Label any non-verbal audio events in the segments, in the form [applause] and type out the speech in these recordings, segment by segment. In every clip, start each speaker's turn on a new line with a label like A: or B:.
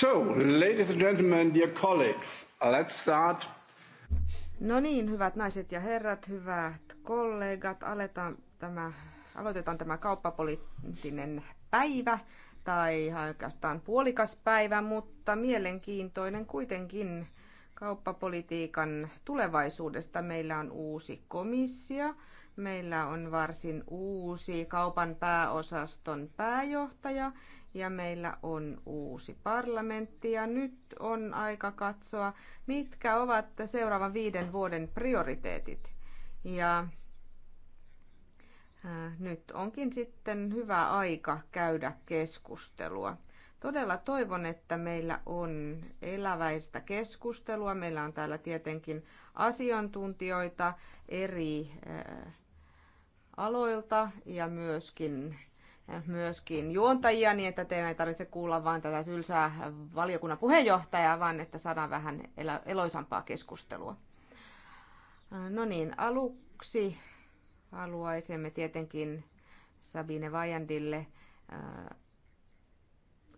A: So, ladies and gentlemen, dear colleagues, let's start.
B: No niin, hyvät naiset ja herrat, hyvät kollegat, aletaan tämä, aloitetaan tämä kauppapoliittinen päivä tai ihan oikeastaan puolikas päivä, mutta mielenkiintoinen kuitenkin kauppapolitiikan tulevaisuudesta. Meillä on uusi komissio, meillä on varsin uusi kaupan pääosaston pääjohtaja – ja meillä on uusi parlamentti. Ja nyt on aika katsoa, mitkä ovat seuraavan viiden vuoden prioriteetit. Ja nyt onkin sitten hyvä aika käydä keskustelua. Todella toivon, että meillä on eläväistä keskustelua. Meillä on täällä tietenkin asiantuntijoita eri aloilta ja myöskin myöskin juontajia, niin että teidän ei tarvitse kuulla vain tätä tylsää valiokunnan puheenjohtajaa, vaan että saadaan vähän eloisampaa keskustelua. Äh, no niin, aluksi haluaisimme tietenkin Sabine Vajandille, äh,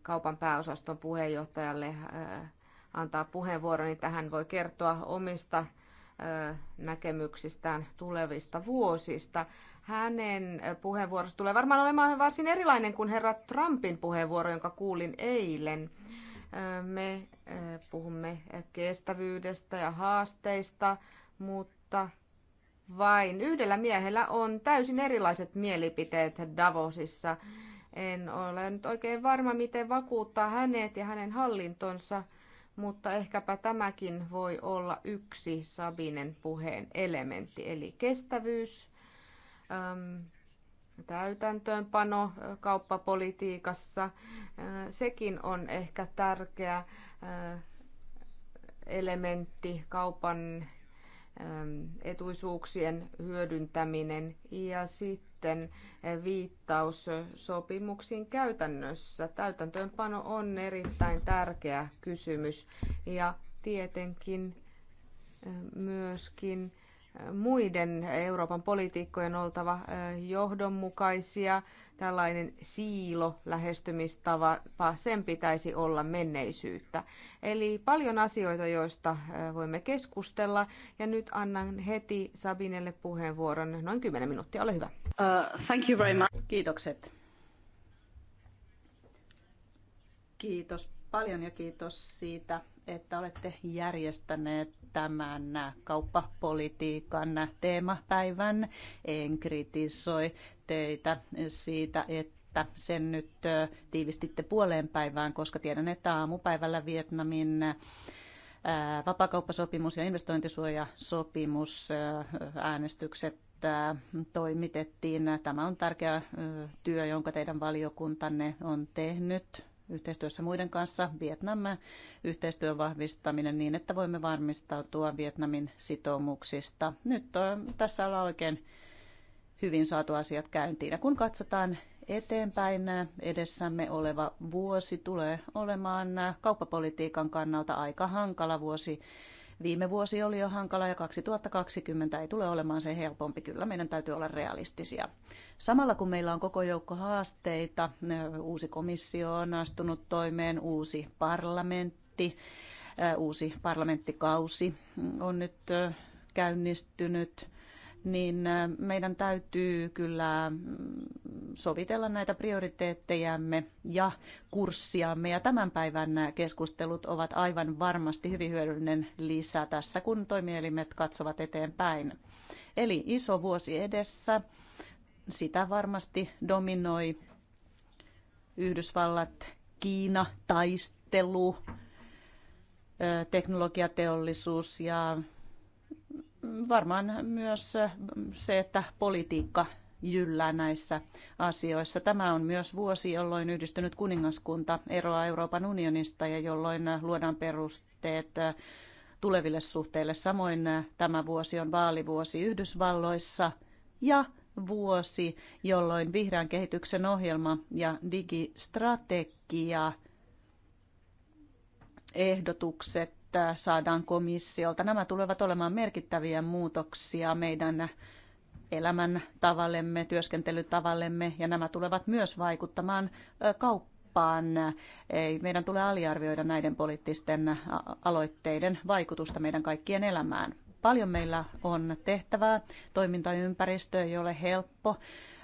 B: kaupan pääosaston puheenjohtajalle, äh, antaa puheenvuoron, niin tähän voi kertoa omista näkemyksistään tulevista vuosista hänen puheenvuorossa tulee varmaan olemaan varsin erilainen kuin herra Trumpin puheenvuoro, jonka kuulin eilen. Me puhumme kestävyydestä ja haasteista, mutta vain yhdellä miehellä on täysin erilaiset mielipiteet Davosissa. En ole nyt oikein varma, miten vakuuttaa hänet ja hänen hallintonsa, mutta ehkäpä tämäkin voi olla yksi Sabinen puheen elementti, eli kestävyys, Ähm, täytäntöönpano äh, kauppapolitiikassa. Äh, sekin on ehkä tärkeä äh, elementti kaupan ähm, etuisuuksien hyödyntäminen ja sitten viittaus sopimuksiin käytännössä. Täytäntöönpano on erittäin tärkeä kysymys ja tietenkin myöskin muiden Euroopan poliitikkojen oltava johdonmukaisia. Tällainen siilo lähestymistapa, sen pitäisi olla menneisyyttä. Eli paljon asioita, joista voimme keskustella. Ja nyt annan heti Sabinelle puheenvuoron. Noin 10 minuuttia, ole hyvä.
C: Uh,
D: thank you very much.
C: Kiitokset. Kiitos paljon ja kiitos siitä että olette järjestäneet tämän kauppapolitiikan teemapäivän. En kritisoi teitä siitä, että sen nyt tiivistitte puoleen päivään, koska tiedän, että aamupäivällä Vietnamin vapakauppasopimus ja investointisuojasopimus äänestykset toimitettiin. Tämä on tärkeä työ, jonka teidän valiokuntanne on tehnyt yhteistyössä muiden kanssa Vietnamin yhteistyön vahvistaminen niin, että voimme varmistautua Vietnamin sitoumuksista. Nyt on, tässä ollaan oikein hyvin saatu asiat käyntiin. Ja kun katsotaan eteenpäin, edessämme oleva vuosi tulee olemaan kauppapolitiikan kannalta aika hankala vuosi Viime vuosi oli jo hankala ja 2020 ei tule olemaan se helpompi. Kyllä meidän täytyy olla realistisia. Samalla kun meillä on koko joukko haasteita, uusi komissio on astunut toimeen, uusi parlamentti, uusi parlamenttikausi on nyt käynnistynyt – niin äh, meidän täytyy kyllä mm, sovitella näitä prioriteettejamme ja kurssiamme. Ja tämän päivän keskustelut ovat aivan varmasti hyvin hyödyllinen lisä tässä, kun toimielimet katsovat eteenpäin. Eli iso vuosi edessä. Sitä varmasti dominoi Yhdysvallat, Kiina, taistelu, teknologiateollisuus ja varmaan myös se, että politiikka jyllää näissä asioissa. Tämä on myös vuosi, jolloin yhdistynyt kuningaskunta eroaa Euroopan unionista ja jolloin luodaan perusteet tuleville suhteille. Samoin tämä vuosi on vaalivuosi Yhdysvalloissa ja vuosi, jolloin vihreän kehityksen ohjelma ja digistrategia ehdotukset saadaan komissiolta. Nämä tulevat olemaan merkittäviä muutoksia meidän elämän tavallemme, työskentelytavallemme ja nämä tulevat myös vaikuttamaan kauppaan. Ei, meidän tulee aliarvioida näiden poliittisten aloitteiden vaikutusta meidän kaikkien elämään. Paljon meillä on tehtävää, toimintaympäristö ei ole helppo.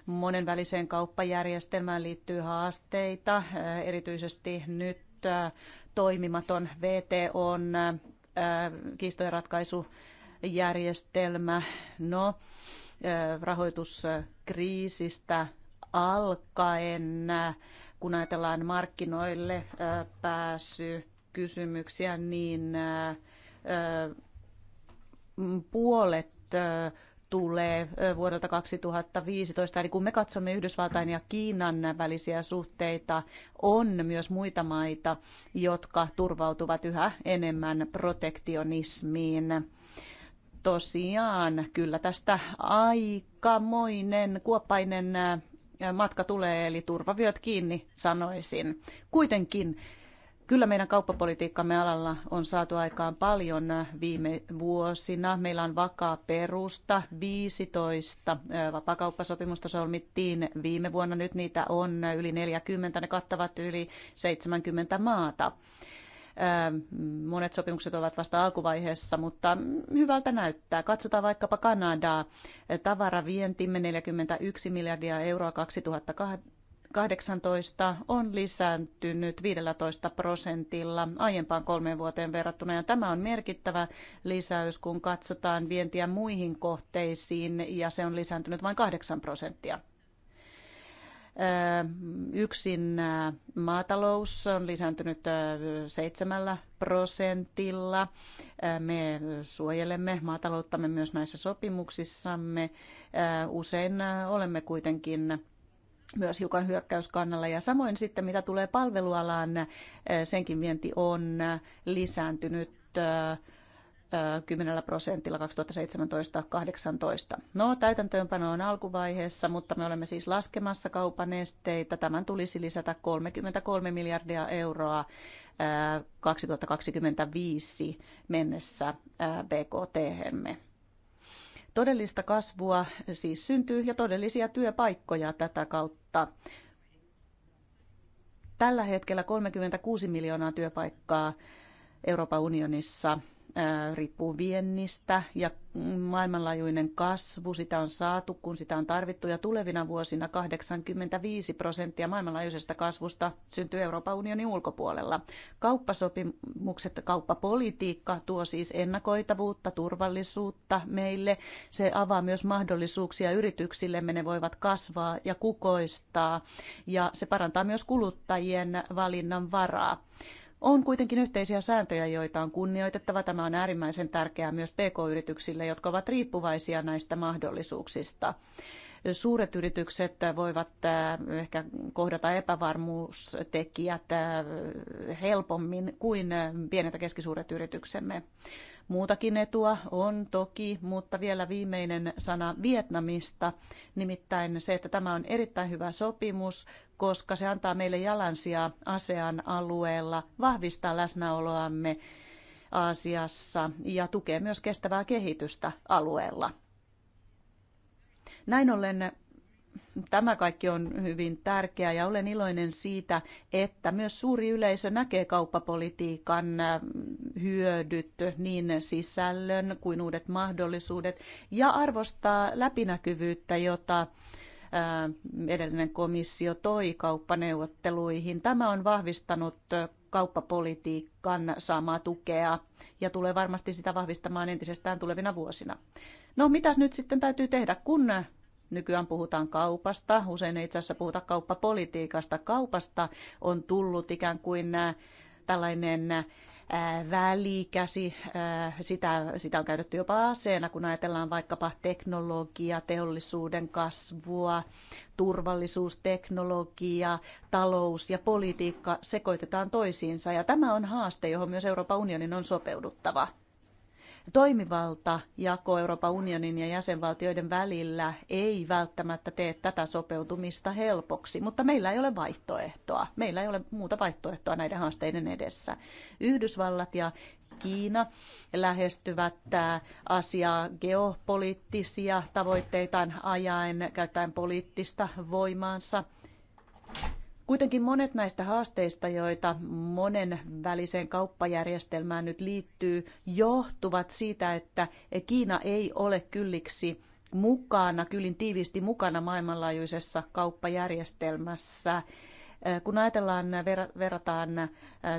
C: Monenväliseen kauppajärjestelmään liittyy haasteita, erityisesti nyt Äh, toimimaton VTOn äh, kiistojen ratkaisujärjestelmä. No, äh, rahoituskriisistä alkaen, kun ajatellaan markkinoille pääsy kysymyksiä, niin puolet tulee vuodelta 2015. Eli kun me katsomme Yhdysvaltain ja Kiinan välisiä suhteita, on myös muita maita, jotka turvautuvat yhä enemmän protektionismiin. Tosiaan, kyllä tästä aikamoinen kuoppainen matka tulee, eli turvavyöt kiinni, sanoisin. Kuitenkin Kyllä meidän kauppapolitiikkamme alalla on saatu aikaan paljon viime vuosina. Meillä on vakaa perusta. 15 vapakauppasopimusta solmittiin viime vuonna. Nyt niitä on yli 40. Ne kattavat yli 70 maata. Monet sopimukset ovat vasta alkuvaiheessa, mutta hyvältä näyttää. Katsotaan vaikkapa Kanadaa. Tavaravientimme 41 miljardia euroa 2008 2018 on lisääntynyt 15 prosentilla aiempaan kolmeen vuoteen verrattuna. Ja tämä on merkittävä lisäys, kun katsotaan vientiä muihin kohteisiin, ja se on lisääntynyt vain 8 prosenttia. Yksin maatalous on lisääntynyt 7 prosentilla. Me suojelemme maatalouttamme myös näissä sopimuksissamme. Usein olemme kuitenkin myös hiukan hyökkäyskannalla. Ja samoin sitten mitä tulee palvelualaan, eh, senkin vienti on lisääntynyt 10 eh, eh, prosentilla 2017-2018. No, täytäntöönpano on alkuvaiheessa, mutta me olemme siis laskemassa kaupan esteitä. Tämän tulisi lisätä 33 miljardia euroa 2025 mennessä BKT-hemme. Todellista kasvua siis syntyy ja todellisia työpaikkoja tätä kautta. Tällä hetkellä 36 miljoonaa työpaikkaa Euroopan unionissa riippuu viennistä ja maailmanlaajuinen kasvu, sitä on saatu, kun sitä on tarvittu ja tulevina vuosina 85 prosenttia maailmanlaajuisesta kasvusta syntyy Euroopan unionin ulkopuolella. Kauppasopimukset, kauppapolitiikka tuo siis ennakoitavuutta, turvallisuutta meille. Se avaa myös mahdollisuuksia yrityksille ne voivat kasvaa ja kukoistaa ja se parantaa myös kuluttajien valinnan varaa. On kuitenkin yhteisiä sääntöjä, joita on kunnioitettava. Tämä on äärimmäisen tärkeää myös pk-yrityksille, jotka ovat riippuvaisia näistä mahdollisuuksista suuret yritykset voivat äh, ehkä kohdata epävarmuustekijät äh, helpommin kuin äh, pienet ja keskisuuret yrityksemme. Muutakin etua on toki, mutta vielä viimeinen sana Vietnamista, nimittäin se, että tämä on erittäin hyvä sopimus, koska se antaa meille jalansijaa ASEAN alueella, vahvistaa läsnäoloamme Aasiassa ja tukee myös kestävää kehitystä alueella. Näin ollen Tämä kaikki on hyvin tärkeää ja olen iloinen siitä, että myös suuri yleisö näkee kauppapolitiikan hyödyt, niin sisällön kuin uudet mahdollisuudet ja arvostaa läpinäkyvyyttä, jota edellinen komissio toi kauppaneuvotteluihin. Tämä on vahvistanut kauppapolitiikan saamaa tukea ja tulee varmasti sitä vahvistamaan entisestään tulevina vuosina. No mitäs nyt sitten täytyy tehdä, kun Nykyään puhutaan kaupasta, usein ei itse asiassa puhuta kauppapolitiikasta. Kaupasta on tullut ikään kuin äh, tällainen äh, välikäsi, äh, sitä, sitä on käytetty jopa aseena, kun ajatellaan vaikkapa teknologia, teollisuuden kasvua, turvallisuusteknologia, talous ja politiikka sekoitetaan toisiinsa. Ja tämä on haaste, johon myös Euroopan unionin on sopeuduttava toimivaltajako Euroopan unionin ja jäsenvaltioiden välillä ei välttämättä tee tätä sopeutumista helpoksi, mutta meillä ei ole vaihtoehtoa. Meillä ei ole muuta vaihtoehtoa näiden haasteiden edessä. Yhdysvallat ja Kiina lähestyvät äh, asiaa geopoliittisia tavoitteitaan ajaen, käyttäen poliittista voimaansa – Kuitenkin monet näistä haasteista, joita monen väliseen kauppajärjestelmään nyt liittyy, johtuvat siitä, että Kiina ei ole kylliksi mukana, kyllin tiiviisti mukana maailmanlaajuisessa kauppajärjestelmässä. Kun ajatellaan, verrataan äh,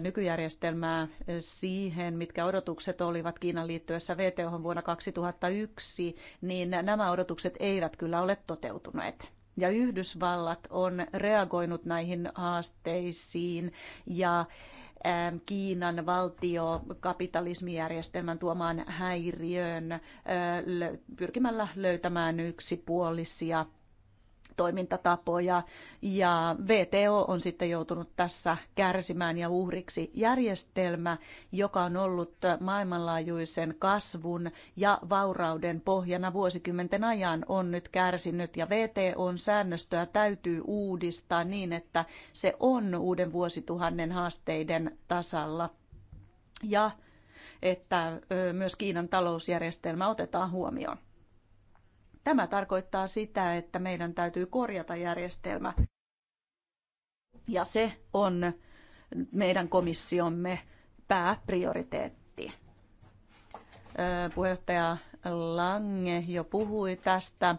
C: nykyjärjestelmää siihen, mitkä odotukset olivat Kiinan liittyessä VTO vuonna 2001, niin nämä odotukset eivät kyllä ole toteutuneet ja Yhdysvallat on reagoinut näihin haasteisiin ja Kiinan valtio kapitalismijärjestelmän tuomaan häiriöön pyrkimällä löytämään yksipuolisia toimintatapoja ja VTO on sitten joutunut tässä kärsimään ja uhriksi järjestelmä, joka on ollut maailmanlaajuisen kasvun ja vaurauden pohjana vuosikymmenten ajan on nyt kärsinyt ja VTOn säännöstöä täytyy uudistaa niin, että se on uuden vuosituhannen haasteiden tasalla ja että myös Kiinan talousjärjestelmä otetaan huomioon. Tämä tarkoittaa sitä, että meidän täytyy korjata järjestelmä. Ja se on meidän komissiomme pääprioriteetti. Puheenjohtaja Lange jo puhui tästä.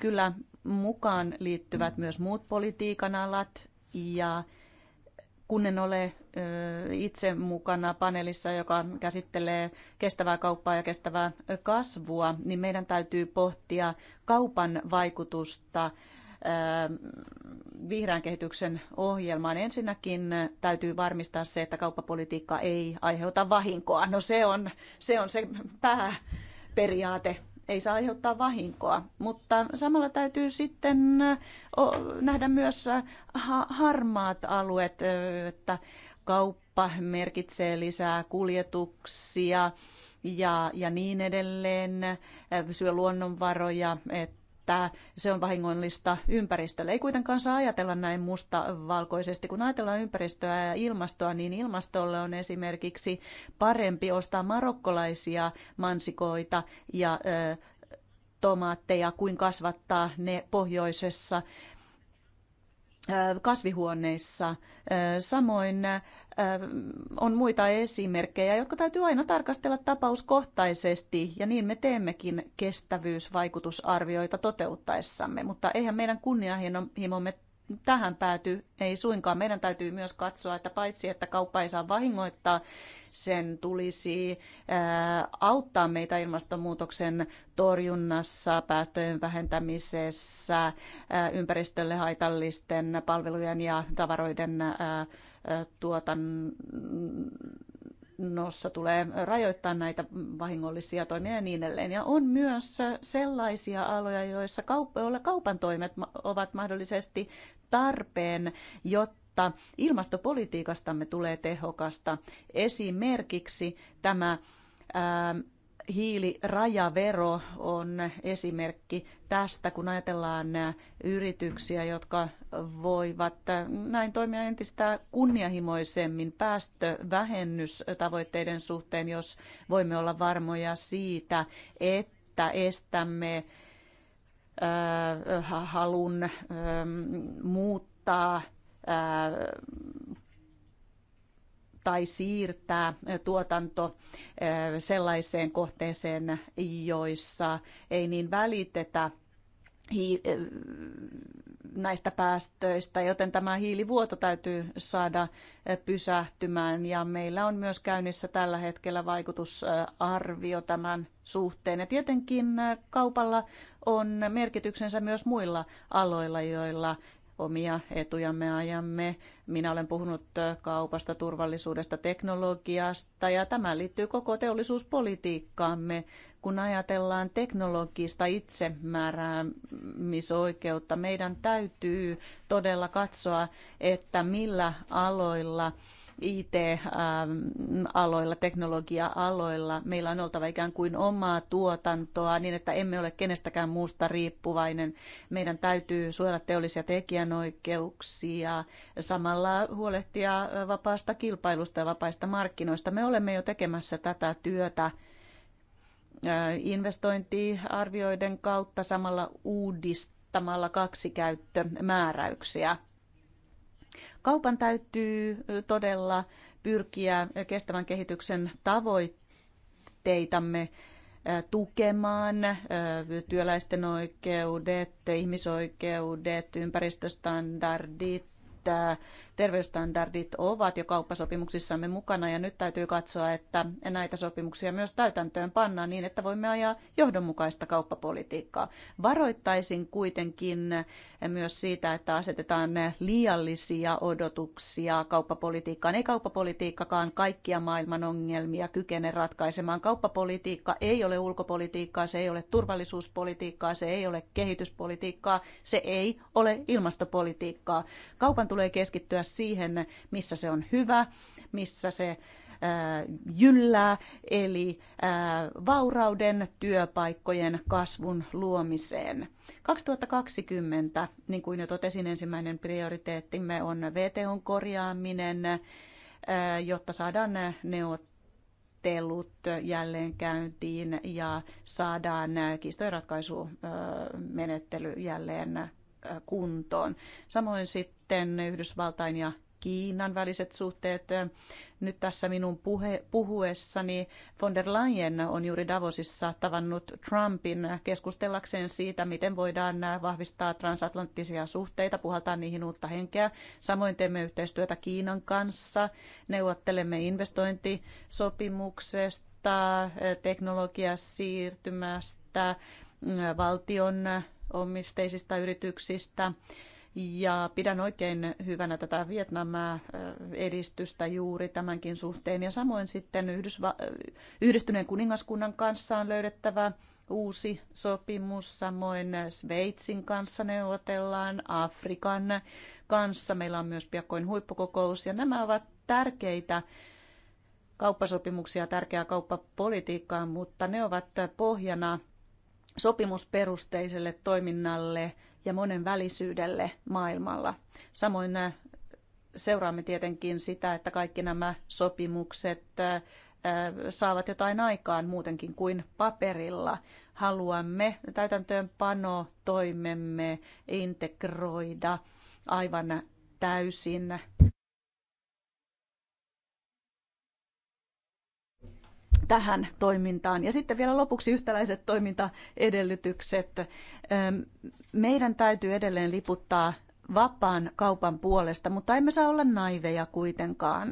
C: Kyllä mukaan liittyvät myös muut politiikan alat ja kun en ole itse mukana paneelissa, joka käsittelee kestävää kauppaa ja kestävää kasvua, niin meidän täytyy pohtia kaupan vaikutusta vihreän kehityksen ohjelmaan. Ensinnäkin täytyy varmistaa se, että kauppapolitiikka ei aiheuta vahinkoa. No se on se, on se pääperiaate ei saa aiheuttaa vahinkoa, mutta samalla täytyy sitten nähdä myös harmaat alueet, että kauppa merkitsee lisää kuljetuksia ja, ja niin edelleen, syö luonnonvaroja, että se on vahingollista ympäristölle. Ei kuitenkaan saa ajatella näin mustavalkoisesti. Kun ajatellaan ympäristöä ja ilmastoa, niin ilmastolle on esimerkiksi parempi ostaa marokkolaisia mansikoita ja tomaatteja kuin kasvattaa ne pohjoisessa kasvihuoneissa. Samoin on muita esimerkkejä, jotka täytyy aina tarkastella tapauskohtaisesti, ja niin me teemmekin kestävyysvaikutusarvioita toteuttaessamme, mutta eihän meidän kunnianhimomme tähän pääty ei suinkaan. Meidän täytyy myös katsoa, että paitsi että kauppa ei saa vahingoittaa, sen tulisi auttaa meitä ilmastonmuutoksen torjunnassa, päästöjen vähentämisessä, ympäristölle haitallisten palvelujen ja tavaroiden tuotan, hallinnossa tulee rajoittaa näitä vahingollisia toimia ja niin edelleen. Ja on myös sellaisia aloja, joissa kaupan toimet ovat mahdollisesti tarpeen, jotta mutta ilmastopolitiikastamme tulee tehokasta. Esimerkiksi tämä ää, hiilirajavero on esimerkki tästä, kun ajatellaan yrityksiä, jotka voivat näin toimia entistä kunnianhimoisemmin päästövähennystavoitteiden suhteen, jos voimme olla varmoja siitä, että estämme äh, halun ähm, muuttaa äh, tai siirtää tuotanto sellaiseen kohteeseen, joissa ei niin välitetä näistä päästöistä, joten tämä hiilivuoto täytyy saada pysähtymään ja meillä on myös käynnissä tällä hetkellä vaikutusarvio tämän suhteen. Ja tietenkin kaupalla on merkityksensä myös muilla aloilla, joilla omia etujamme ajamme. Minä olen puhunut kaupasta, turvallisuudesta, teknologiasta ja tämä liittyy koko teollisuuspolitiikkaamme. Kun ajatellaan teknologista itsemääräämisoikeutta, meidän täytyy todella katsoa, että millä aloilla – IT-aloilla, teknologia-aloilla. Meillä on oltava ikään kuin omaa tuotantoa niin, että emme ole kenestäkään muusta riippuvainen. Meidän täytyy suojella teollisia tekijänoikeuksia, samalla huolehtia vapaasta kilpailusta ja vapaista markkinoista. Me olemme jo tekemässä tätä työtä investointiarvioiden kautta samalla uudistamalla kaksikäyttömääräyksiä Kaupan täytyy todella pyrkiä kestävän kehityksen tavoitteitamme tukemaan työläisten oikeudet, ihmisoikeudet, ympäristöstandardit, terveysstandardit ovat jo kauppasopimuksissamme mukana ja nyt täytyy katsoa, että näitä sopimuksia myös täytäntöön pannaan niin, että voimme ajaa johdonmukaista kauppapolitiikkaa. Varoittaisin kuitenkin myös siitä, että asetetaan liiallisia odotuksia kauppapolitiikkaan. Ei kauppapolitiikkakaan kaikkia maailman ongelmia kykene ratkaisemaan. Kauppapolitiikka ei ole ulkopolitiikkaa, se ei ole turvallisuuspolitiikkaa, se ei ole kehityspolitiikkaa, se ei ole ilmastopolitiikkaa. Kaupan tulee keskittyä siihen, missä se on hyvä, missä se äh, jyllää, eli äh, vaurauden, työpaikkojen, kasvun luomiseen. 2020, niin kuin jo totesin, ensimmäinen prioriteettimme on VTOn korjaaminen, äh, jotta saadaan neuvottelut jälleen käyntiin ja saadaan ratkaisumenettely jälleen kuntoon. Samoin sitten Yhdysvaltain ja Kiinan väliset suhteet. Nyt tässä minun puhe, puhuessani von der Leyen on juuri Davosissa tavannut Trumpin keskustellakseen siitä, miten voidaan vahvistaa transatlanttisia suhteita, puhaltaa niihin uutta henkeä. Samoin teemme yhteistyötä Kiinan kanssa, neuvottelemme investointisopimuksesta, teknologiasiirtymästä, valtion omisteisista yrityksistä. Ja pidän oikein hyvänä tätä Vietnamää edistystä juuri tämänkin suhteen. Ja samoin sitten Yhdysva- yhdistyneen kuningaskunnan kanssa on löydettävä uusi sopimus. Samoin Sveitsin kanssa neuvotellaan, Afrikan kanssa. Meillä on myös piakkoin huippukokous ja nämä ovat tärkeitä kauppasopimuksia, tärkeää kauppapolitiikkaa, mutta ne ovat pohjana sopimusperusteiselle toiminnalle ja monenvälisyydelle maailmalla. Samoin äh, seuraamme tietenkin sitä, että kaikki nämä sopimukset äh, saavat jotain aikaan muutenkin kuin paperilla. Haluamme täytäntöönpano toimemme integroida aivan täysin tähän toimintaan. Ja sitten vielä lopuksi yhtäläiset toimintaedellytykset. Meidän täytyy edelleen liputtaa vapaan kaupan puolesta, mutta emme saa olla naiveja kuitenkaan.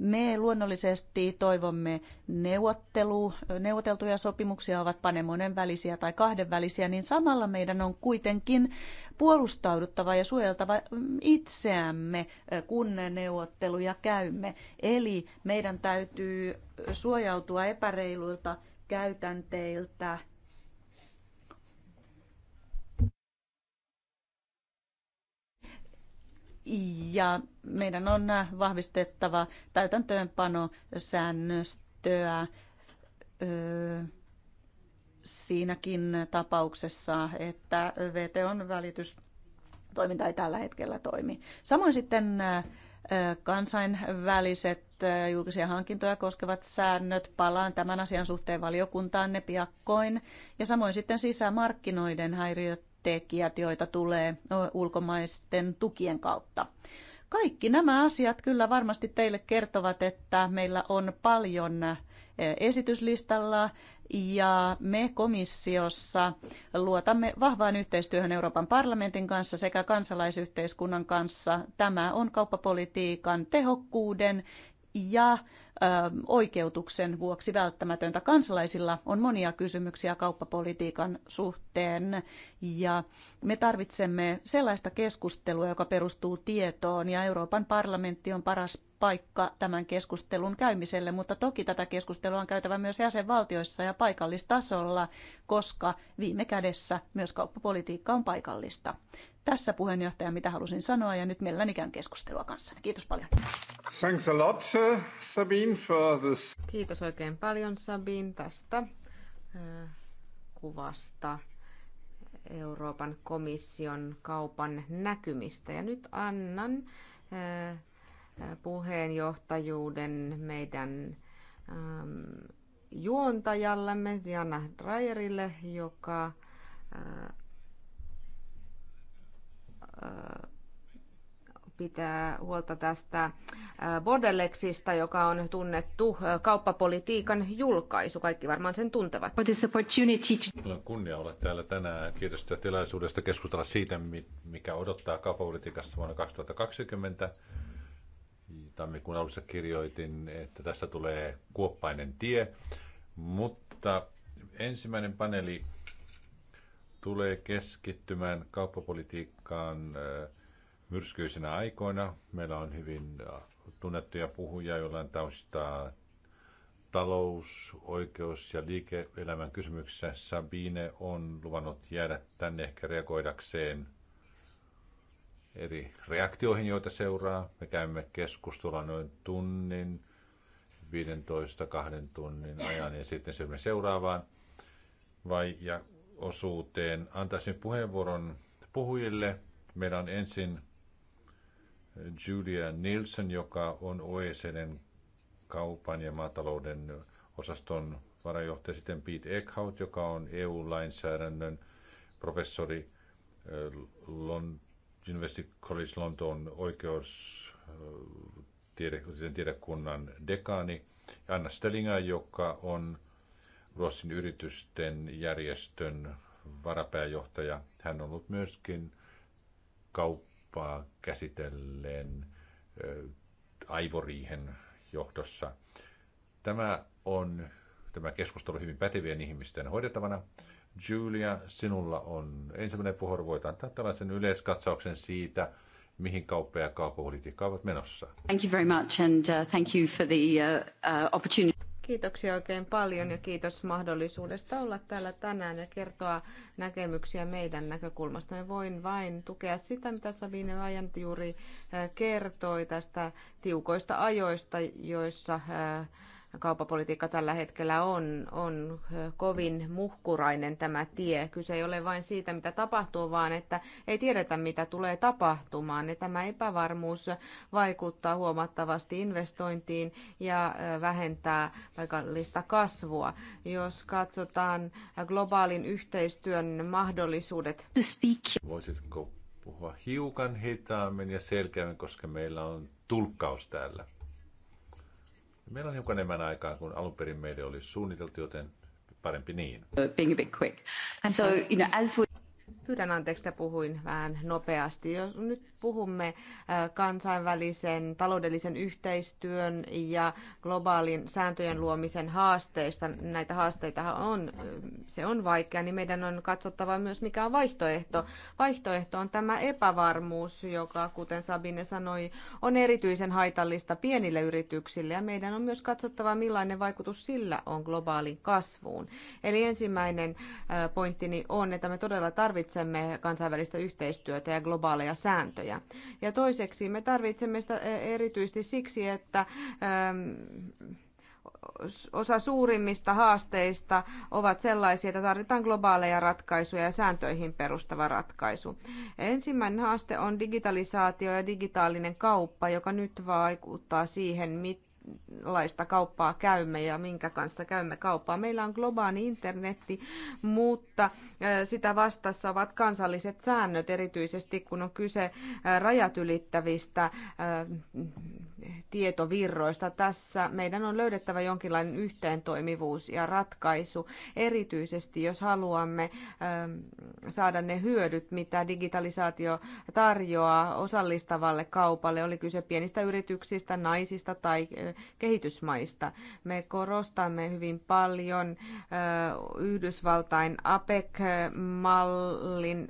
C: Me luonnollisesti toivomme neuvottelu, neuvoteltuja sopimuksia, ovat panemonen välisiä tai kahdenvälisiä, niin samalla meidän on kuitenkin puolustauduttava ja suojeltava itseämme, kun neuvotteluja käymme. Eli meidän täytyy suojautua epäreiluilta käytänteiltä. Ja meidän on vahvistettava täytäntöönpano säännöstöä. Öö, siinäkin tapauksessa, että VTOn välitystoiminta ei tällä hetkellä toimi. Samoin sitten äh, kansainväliset äh, julkisia hankintoja koskevat säännöt. Palaan tämän asian suhteen valiokuntaan ne piakkoin. Ja samoin sitten sisämarkkinoiden häiriötekijät, joita tulee ulkomaisten tukien kautta. Kaikki nämä asiat kyllä varmasti teille kertovat, että meillä on paljon Eh, esityslistalla ja me komissiossa luotamme vahvaan yhteistyöhön Euroopan parlamentin kanssa sekä kansalaisyhteiskunnan kanssa. Tämä on kauppapolitiikan tehokkuuden ja Ähm, oikeutuksen vuoksi välttämätöntä. Kansalaisilla on monia kysymyksiä kauppapolitiikan suhteen ja me tarvitsemme sellaista keskustelua, joka perustuu tietoon ja Euroopan parlamentti on paras paikka tämän keskustelun käymiselle, mutta toki tätä keskustelua on käytävä myös jäsenvaltioissa ja paikallistasolla, koska viime kädessä myös kauppapolitiikka on paikallista. Tässä puheenjohtaja, mitä halusin sanoa ja nyt mielelläni käyn keskustelua kanssa. Kiitos paljon.
A: Thanks a lot, uh,
E: Sabine, for this.
C: Kiitos oikein paljon Sabine tästä
B: uh, kuvasta Euroopan komission kaupan näkymistä. Ja nyt annan uh, puheenjohtajuuden meidän um, juontajallemme Diana Dreyerille, joka pitää huolta tästä Bordeleksista, joka on tunnettu kauppapolitiikan julkaisu. Kaikki varmaan sen tuntevat.
D: Minulla
A: on kunnia olla täällä tänään. Kiitos tilaisuudesta keskustella siitä, mikä odottaa kauppapolitiikassa vuonna 2020. Tammikuun alussa kirjoitin, että tästä tulee kuoppainen tie, mutta ensimmäinen paneeli tulee keskittymään kauppapolitiikkaan myrskyisinä aikoina. Meillä on hyvin tunnettuja puhujia, joilla on taustaa talous, oikeus ja liike-elämän kysymyksessä. Sabine on luvannut jäädä tänne ehkä reagoidakseen eri reaktioihin, joita seuraa. Me käymme keskustelua noin tunnin, 15-2 tunnin ajan ja sitten seuraavaan. Vai, ja osuuteen. Antaisin puheenvuoron puhujille. Meillä on ensin Julia Nielsen, joka on OECDn kaupan ja maatalouden osaston varajohtaja. Sitten Pete Eckhout, joka on EU-lainsäädännön professori Lon- University College Lontoon tiedekunnan dekaani. Ja Anna Stellinger, joka on Ruotsin yritysten järjestön varapääjohtaja. Hän on ollut myöskin kauppaa käsitelleen aivoriihen johdossa. Tämä on tämä keskustelu hyvin pätevien ihmisten hoidettavana. Julia, sinulla on ensimmäinen puheenvuoro. Voit antaa tällaisen yleiskatsauksen siitä, mihin kauppa ja kauppapolitiikka ovat menossa. Thank you very much and uh, thank you
C: for the uh, uh opportunity.
B: Kiitoksia oikein paljon ja kiitos mahdollisuudesta olla täällä tänään ja kertoa näkemyksiä meidän näkökulmasta. Me voin vain tukea sitä, mitä Sabine Vajant juuri äh, kertoi tästä tiukoista ajoista, joissa äh, kaupapolitiikka tällä hetkellä on, on kovin muhkurainen tämä tie. Kyse ei ole vain siitä, mitä tapahtuu, vaan että ei tiedetä, mitä tulee tapahtumaan. Ja tämä epävarmuus vaikuttaa huomattavasti investointiin ja vähentää paikallista kasvua. Jos katsotaan globaalin yhteistyön mahdollisuudet.
A: Voisitko puhua hiukan hitaammin ja selkeämmin, koska meillä on tulkkaus täällä. Meillä on hiukan enemmän aikaa kuin alun perin meille oli suunniteltu, joten parempi niin.
E: Uh, being a bit quick.
C: And
A: so, you know,
B: as we... Pyydän anteeksi, että puhuin vähän nopeasti. Jos nyt puhumme äh, kansainvälisen taloudellisen yhteistyön ja globaalin sääntöjen luomisen haasteista, näitä haasteita on, äh, se on vaikea, niin meidän on katsottava myös mikä on vaihtoehto. Vaihtoehto on tämä epävarmuus, joka kuten Sabine sanoi, on erityisen haitallista pienille yrityksille ja meidän on myös katsottava millainen vaikutus sillä on globaaliin kasvuun. Eli ensimmäinen äh, pointtini on, että me todella tarvitsemme kansainvälistä yhteistyötä ja globaaleja sääntöjä varoja. Ja toiseksi me tarvitsemme sitä e, erityisesti siksi, että ähm, osa suurimmista haasteista ovat sellaisia, että tarvitaan globaaleja ratkaisuja ja sääntöihin perustava ratkaisu. Ensimmäinen haaste on digitalisaatio ja digitaalinen kauppa, joka nyt vaikuttaa siihen, mitä minkälaista kauppaa käymme ja minkä kanssa käymme kauppaa. Meillä on globaali internetti, mutta sitä vastassa ovat kansalliset säännöt, erityisesti kun on kyse rajat ylittävistä tietovirroista. Tässä meidän on löydettävä jonkinlainen yhteentoimivuus ja ratkaisu, erityisesti jos haluamme ähm, saada ne hyödyt, mitä digitalisaatio tarjoaa osallistavalle kaupalle, oli kyse pienistä yrityksistä, naisista tai äh, kehitysmaista. Me korostamme hyvin paljon äh, Yhdysvaltain APEC-mallin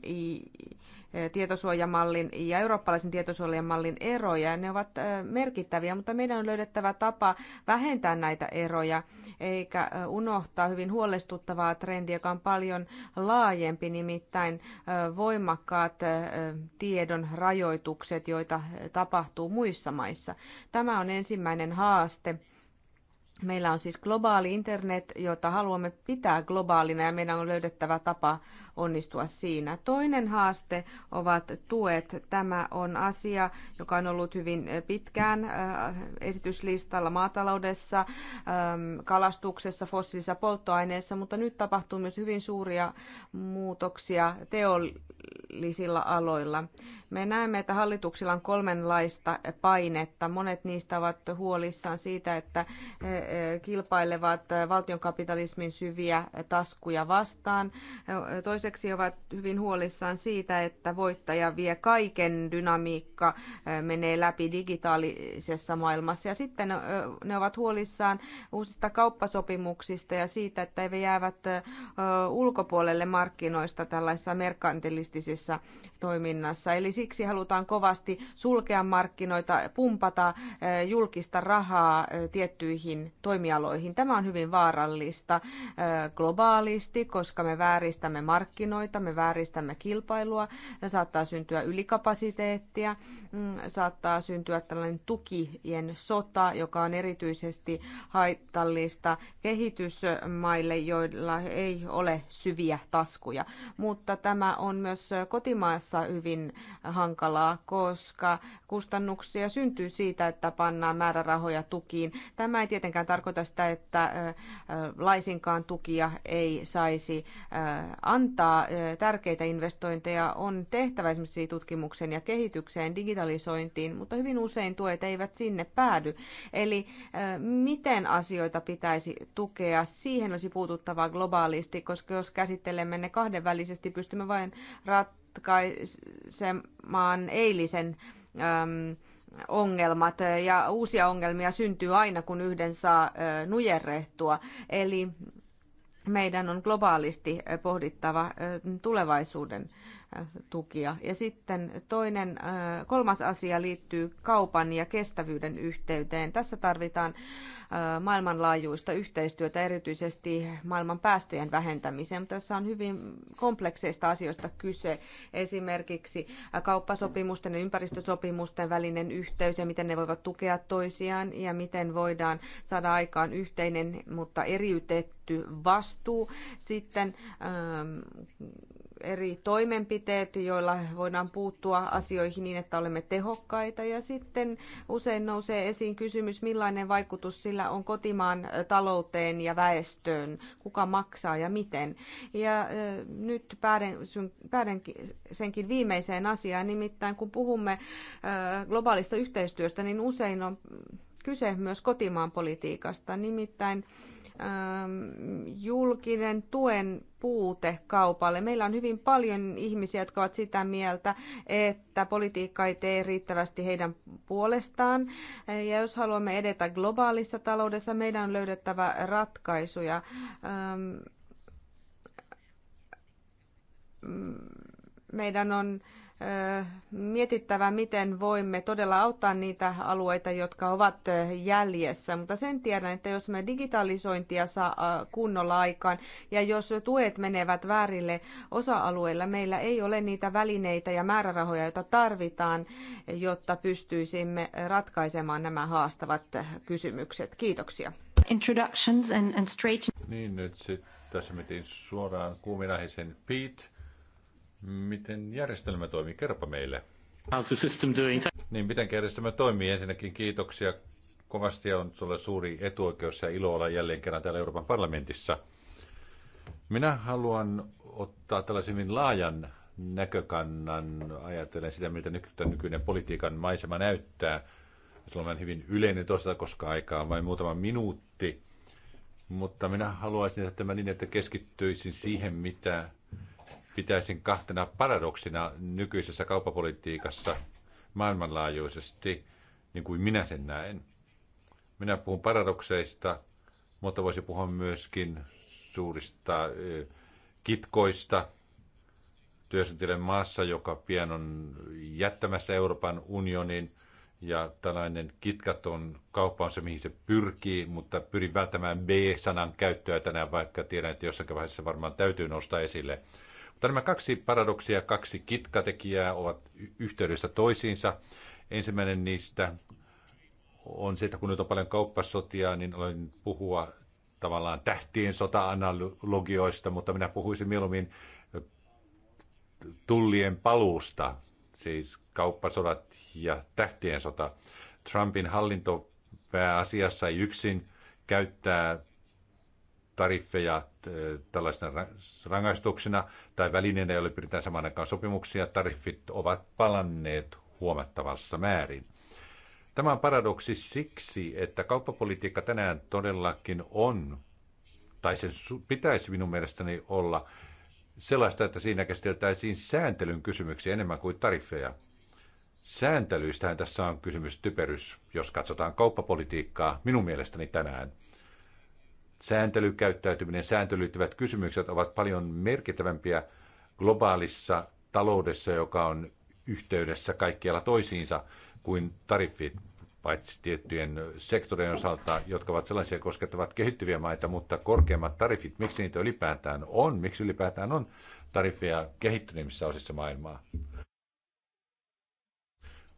B: tietosuojamallin ja eurooppalaisen tietosuojamallin eroja. Ne ovat merkittäviä, mutta meidän on löydettävä tapa vähentää näitä eroja, eikä unohtaa hyvin huolestuttavaa trendiä, joka on paljon laajempi, nimittäin voimakkaat tiedon rajoitukset, joita tapahtuu muissa maissa. Tämä on ensimmäinen haaste. Meillä on siis globaali internet, jota haluamme pitää globaalina ja meidän on löydettävä tapa onnistua siinä. Toinen haaste ovat tuet. Tämä on asia, joka on ollut hyvin pitkään äh, esityslistalla maataloudessa, ähm, kalastuksessa, fossiilisissa polttoaineissa, mutta nyt tapahtuu myös hyvin suuria muutoksia teollisilla aloilla. Me näemme, että hallituksilla on kolmenlaista painetta. Monet niistä ovat huolissaan siitä, että äh, äh, kilpailevat valtionkapitalismin syviä taskuja vastaan. Toisaalta Toiseksi ovat hyvin huolissaan siitä, että voittaja vie kaiken dynamiikka, menee läpi digitaalisessa maailmassa. Ja sitten ne ovat huolissaan uusista kauppasopimuksista ja siitä, että he jäävät ulkopuolelle markkinoista tällaisissa merkantilistisissa toiminnassa. Eli siksi halutaan kovasti sulkea markkinoita, pumpata eh, julkista rahaa eh, tiettyihin toimialoihin. Tämä on hyvin vaarallista eh, globaalisti, koska me vääristämme markkinoita, me vääristämme kilpailua, saattaa syntyä ylikapasiteettia, mm, saattaa syntyä tällainen tukien sota, joka on erityisesti haitallista kehitysmaille, joilla ei ole syviä taskuja. Mutta tämä on myös kotimaassa kanssa hyvin hankalaa, koska kustannuksia syntyy siitä, että pannaan määrärahoja tukiin. Tämä ei tietenkään tarkoita sitä, että laisinkaan tukia ei saisi antaa. Tärkeitä investointeja on tehtävä esimerkiksi tutkimukseen ja kehitykseen, digitalisointiin, mutta hyvin usein tuet eivät sinne päädy. Eli miten asioita pitäisi tukea, siihen olisi puututtava globaalisti, koska jos käsittelemme ne kahdenvälisesti, pystymme vain rat- ratkaisemaan eilisen äm, ongelmat ja uusia ongelmia syntyy aina, kun yhden saa nujerrehtua. Eli meidän on globaalisti pohdittava tulevaisuuden tukia. Ja sitten toinen, kolmas asia liittyy kaupan ja kestävyyden yhteyteen. Tässä tarvitaan maailmanlaajuista yhteistyötä, erityisesti maailman päästöjen vähentämiseen. Tässä on hyvin komplekseista asioista kyse, esimerkiksi kauppasopimusten ja ympäristösopimusten välinen yhteys ja miten ne voivat tukea toisiaan ja miten voidaan saada aikaan yhteinen, mutta eriytetty vastuu. Sitten ähm, eri toimenpiteet, joilla voidaan puuttua asioihin niin, että olemme tehokkaita. Ja sitten usein nousee esiin kysymys, millainen vaikutus sillä on kotimaan talouteen ja väestöön, kuka maksaa ja miten. Ja nyt pääden, pääden senkin viimeiseen asiaan, nimittäin kun puhumme globaalista yhteistyöstä, niin usein on kyse myös kotimaan politiikasta, nimittäin Ähm, julkinen tuen puute kaupalle. Meillä on hyvin paljon ihmisiä, jotka ovat sitä mieltä, että politiikka ei tee riittävästi heidän puolestaan. Ja jos haluamme edetä globaalissa taloudessa, meidän on löydettävä ratkaisuja. Ähm, mm, meidän on mietittävä, miten voimme todella auttaa niitä alueita, jotka ovat jäljessä. Mutta sen tiedän, että jos me digitalisointia saa kunnolla aikaan ja jos tuet menevät väärille osa alueille meillä ei ole niitä välineitä ja määrärahoja, joita tarvitaan, jotta pystyisimme ratkaisemaan nämä haastavat kysymykset.
D: Kiitoksia. Introductions and, and straight...
A: Niin, nyt sitten tässä metin suoraan kuuminaiheeseen Pete Miten järjestelmä toimii? Kerropa meille. How's the system doing? Niin, miten järjestelmä toimii? Ensinnäkin kiitoksia kovasti ja on sulle suuri etuoikeus ja ilo olla jälleen kerran täällä Euroopan parlamentissa. Minä haluan ottaa tällaisen hyvin laajan näkökannan, ajatellen sitä, miltä nykyinen politiikan maisema näyttää. Se on hyvin yleinen tosiaan koska aikaa on vain muutama minuutti. Mutta minä haluaisin että mä niin, että keskittyisin siihen, mitä pitäisin kahtena paradoksina nykyisessä kauppapolitiikassa maailmanlaajuisesti, niin kuin minä sen näen. Minä puhun paradokseista, mutta voisi puhua myöskin suurista kitkoista. Työskentelen maassa, joka pian on jättämässä Euroopan unionin, ja tällainen kitkaton kauppa on se, mihin se pyrkii, mutta pyrin välttämään B-sanan käyttöä tänään, vaikka tiedän, että jossakin vaiheessa varmaan täytyy nostaa esille – mutta nämä kaksi paradoksia, kaksi kitkatekijää ovat yhteydessä toisiinsa. Ensimmäinen niistä on se, että kun nyt on paljon kauppasotia, niin olen puhua tavallaan tähtien sota-analogioista, mutta minä puhuisin mieluummin tullien paluusta, siis kauppasodat ja tähtien sota. Trumpin hallinto pääasiassa yksin käyttää tariffeja tällaisena rangaistuksena tai välineenä, joilla pyritään samaan aikaan sopimuksia, tariffit ovat palanneet huomattavassa määrin. Tämä on paradoksi siksi, että kauppapolitiikka tänään todellakin on, tai sen pitäisi minun mielestäni olla, sellaista, että siinä käsiteltäisiin sääntelyn kysymyksiä enemmän kuin tariffeja. Sääntelyistähän tässä on kysymys typerys, jos katsotaan kauppapolitiikkaa minun mielestäni tänään sääntelykäyttäytyminen, sääntelyyn liittyvät kysymykset ovat paljon merkittävämpiä globaalissa taloudessa, joka on yhteydessä kaikkialla toisiinsa kuin tariffit, paitsi tiettyjen sektorien osalta, jotka ovat sellaisia koskettavat kehittyviä maita, mutta korkeammat tariffit. miksi niitä ylipäätään on, miksi ylipäätään on tariffeja kehittyneimmissä osissa maailmaa.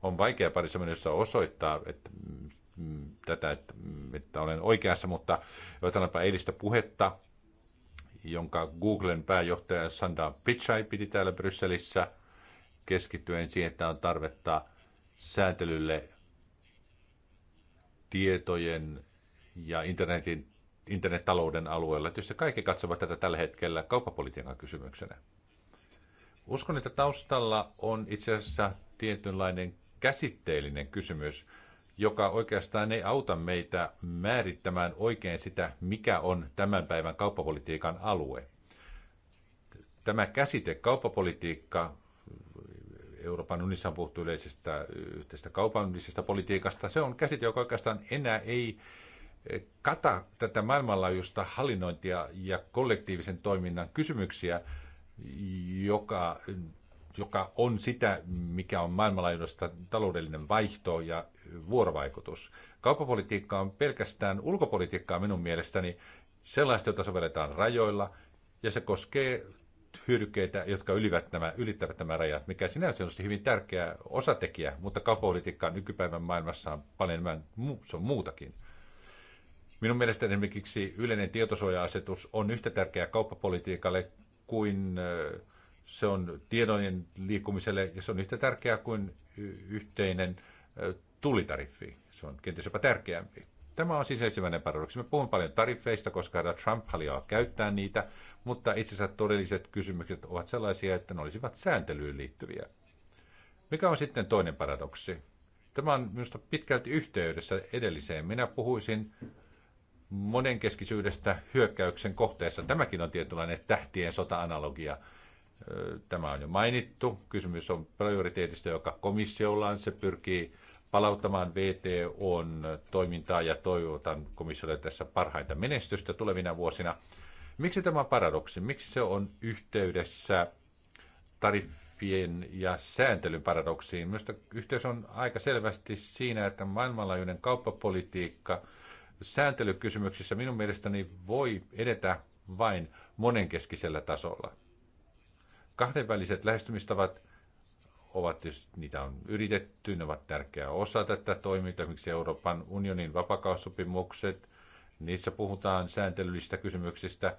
A: On vaikea parissa minuutissa osoittaa, että Mm, tätä, mm, että olen oikeassa, mutta otanpa eilistä puhetta, jonka Googlen pääjohtaja Sanda Pichai piti täällä Brysselissä keskittyen siihen, että on tarvetta sääntelylle tietojen ja internetin, internettalouden alueella. Tietysti kaikki katsovat tätä tällä hetkellä kauppapolitiikan kysymyksenä. Uskon, että taustalla on itse asiassa tietynlainen käsitteellinen kysymys – joka oikeastaan ei auta meitä määrittämään oikein sitä, mikä on tämän päivän kauppapolitiikan alue. Tämä käsite kauppapolitiikka, Euroopan unionissa on puhuttu yleisestä yhteisestä kaupallisesta politiikasta, se on käsite, joka oikeastaan enää ei kata tätä maailmanlaajuista hallinnointia ja kollektiivisen toiminnan kysymyksiä, joka joka on sitä, mikä on maailmanlaajuista taloudellinen vaihto ja vuorovaikutus. Kauppapolitiikka on pelkästään ulkopolitiikkaa minun mielestäni sellaista, jota sovelletaan rajoilla, ja se koskee hyödykkeitä, jotka ylivät nämä, ylittävät nämä rajat, mikä sinänsä on hyvin tärkeä osatekijä, mutta kauppapolitiikka nykypäivän maailmassa on paljon enemmän, se on muutakin. Minun mielestäni esimerkiksi yleinen tietosuoja-asetus on yhtä tärkeä kauppapolitiikalle kuin se on tiedojen liikkumiselle ja se on yhtä tärkeää kuin yhteinen tulitariffi. Se on kenties jopa tärkeämpi. Tämä on siis ensimmäinen paradoksi. Me puhun paljon tariffeista, koska Trump haluaa käyttää niitä, mutta itse asiassa todelliset kysymykset ovat sellaisia, että ne olisivat sääntelyyn liittyviä. Mikä on sitten toinen paradoksi? Tämä on minusta pitkälti yhteydessä edelliseen. Minä puhuisin monenkeskisyydestä hyökkäyksen kohteessa. Tämäkin on tietynlainen tähtien sota-analogia. Tämä on jo mainittu. Kysymys on prioriteetista, joka komissiolla on. Se pyrkii palauttamaan VTOn toimintaa ja toivotan komissiolle tässä parhainta menestystä tulevina vuosina. Miksi tämä on paradoksi? Miksi se on yhteydessä tariffien ja sääntelyn paradoksiin? Minusta yhteys on aika selvästi siinä, että maailmanlaajuinen kauppapolitiikka sääntelykysymyksissä minun mielestäni voi edetä vain monenkeskisellä tasolla. Kahdenväliset lähestymistavat ovat tietysti, niitä on yritetty, ne ovat tärkeä osa tätä toimintaa, miksi Euroopan unionin vapakaussopimukset, niissä puhutaan sääntelyllisistä kysymyksistä,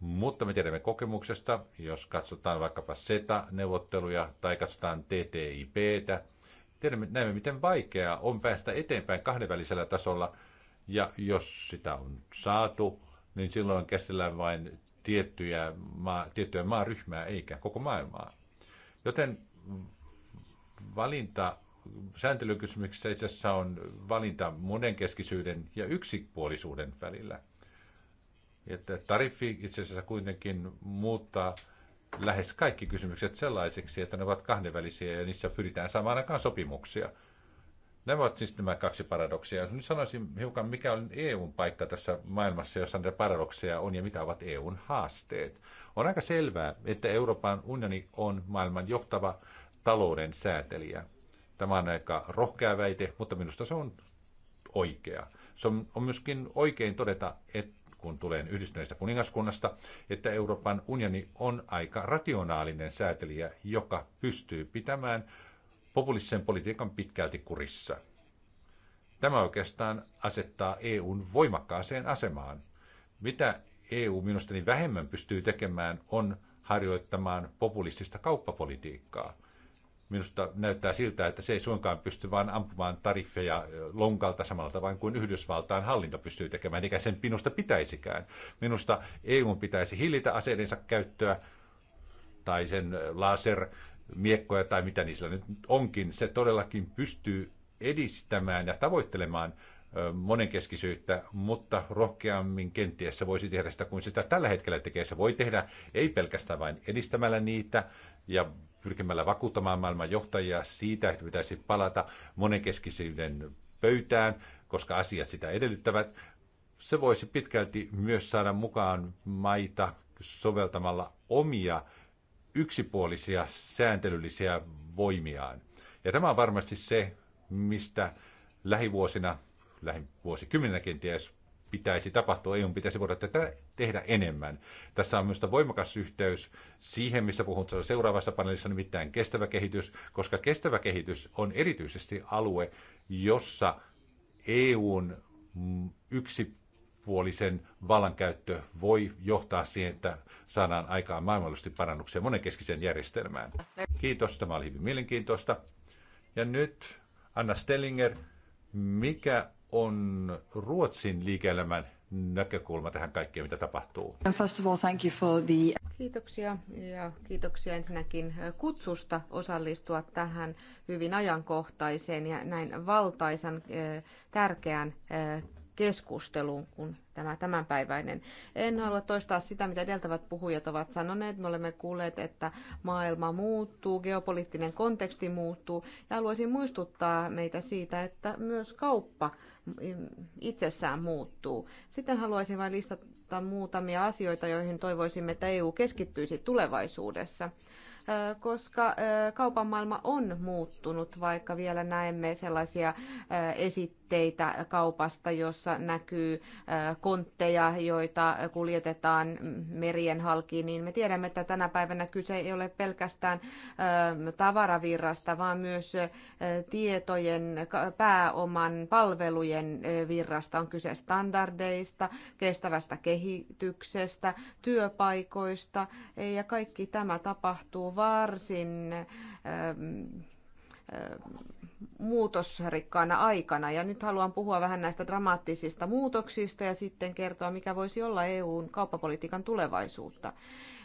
A: mutta me tiedämme kokemuksesta, jos katsotaan vaikkapa SETA-neuvotteluja tai katsotaan TTIPtä, tiedämme, näemme miten vaikeaa on päästä eteenpäin kahdenvälisellä tasolla, ja jos sitä on saatu, niin silloin käsitellään vain tiettyjä maa, tiettyä maaryhmää eikä koko maailmaa. Joten valinta sääntelykysymyksessä itse asiassa on valinta monenkeskisyyden ja yksipuolisuuden välillä. Että tariffi itse asiassa kuitenkin muuttaa lähes kaikki kysymykset sellaisiksi, että ne ovat kahdenvälisiä ja niissä pyritään saamaan aikaan sopimuksia – Nämä ovat siis nämä kaksi paradoksia. Nyt sanoisin hiukan, mikä on EUn paikka tässä maailmassa, jossa näitä paradokseja on ja mitä ovat EUn haasteet. On aika selvää, että Euroopan unioni on maailman johtava talouden säätelijä. Tämä on aika rohkea väite, mutta minusta se on oikea. Se on, on myöskin oikein todeta, että kun tulee yhdistyneestä kuningaskunnasta, että Euroopan unioni on aika rationaalinen säätelijä, joka pystyy pitämään populistisen politiikan pitkälti kurissa. Tämä oikeastaan asettaa EUn voimakkaaseen asemaan. Mitä EU minusta niin vähemmän pystyy tekemään, on harjoittamaan populistista kauppapolitiikkaa. Minusta näyttää siltä, että se ei suinkaan pysty vain ampumaan tariffeja lonkalta samalla tavoin kuin Yhdysvaltain hallinto pystyy tekemään, eikä sen minusta pitäisikään. Minusta EU pitäisi hillitä aseidensa käyttöä tai sen laser miekkoja tai mitä niillä nyt onkin, se todellakin pystyy edistämään ja tavoittelemaan monenkeskisyyttä, mutta rohkeammin kenties se voisi tehdä sitä kuin sitä tällä hetkellä tekee. Se voi tehdä ei pelkästään vain edistämällä niitä ja pyrkimällä vakuuttamaan maailman johtajia siitä, että pitäisi palata monenkeskisyyden pöytään, koska asiat sitä edellyttävät. Se voisi pitkälti myös saada mukaan maita soveltamalla omia yksipuolisia sääntelyllisiä voimiaan. Ja tämä on varmasti se, mistä lähivuosina, lähivuosikymmeninä kenties pitäisi tapahtua, EU pitäisi voida tätä tehdä enemmän. Tässä on myös voimakas yhteys siihen, missä tuossa seuraavassa paneelissa, nimittäin kestävä kehitys, koska kestävä kehitys on erityisesti alue, jossa EUn yksi monipuolisen vallankäyttö voi johtaa siihen, että saadaan aikaan maailmallisesti parannuksia monenkeskiseen järjestelmään. Kiitos, tämä oli hyvin mielenkiintoista. Ja nyt Anna Stellinger, mikä on Ruotsin liike-elämän näkökulma tähän kaikkeen, mitä tapahtuu?
D: First of all, thank you for the...
B: Kiitoksia ja kiitoksia ensinnäkin kutsusta osallistua tähän hyvin ajankohtaiseen ja näin valtaisan eh, tärkeän eh, keskusteluun kuin tämä tämänpäiväinen. En halua toistaa sitä, mitä edeltävät puhujat ovat sanoneet. Me olemme kuulleet, että maailma muuttuu, geopoliittinen konteksti muuttuu ja haluaisin muistuttaa meitä siitä, että myös kauppa itsessään muuttuu. Sitten haluaisin vain listata muutamia asioita, joihin toivoisimme, että EU keskittyisi tulevaisuudessa koska kaupan maailma on muuttunut, vaikka vielä näemme sellaisia esit viitteitä kaupasta, jossa näkyy kontteja, joita kuljetetaan merien halki, niin me tiedämme, että tänä päivänä kyse ei ole pelkästään tavaravirrasta, vaan myös tietojen, pääoman, palvelujen virrasta. On kyse standardeista, kestävästä kehityksestä, työpaikoista ja kaikki tämä tapahtuu varsin muutosrikkaana aikana. Ja nyt haluan puhua vähän näistä dramaattisista muutoksista ja sitten kertoa, mikä voisi olla EUn kauppapolitiikan tulevaisuutta.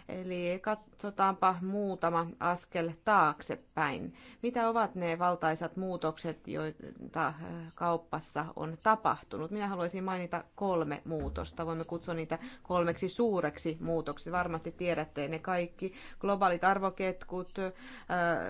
B: Eli katsotaanpa muutama askel taaksepäin. Mitä ovat ne valtaisat muutokset, joita äh, kaupassa on tapahtunut? Minä haluaisin mainita kolme muutosta. Voimme kutsua niitä kolmeksi suureksi muutoksi. Varmasti tiedätte ne kaikki. Globaalit arvoketkut, äh,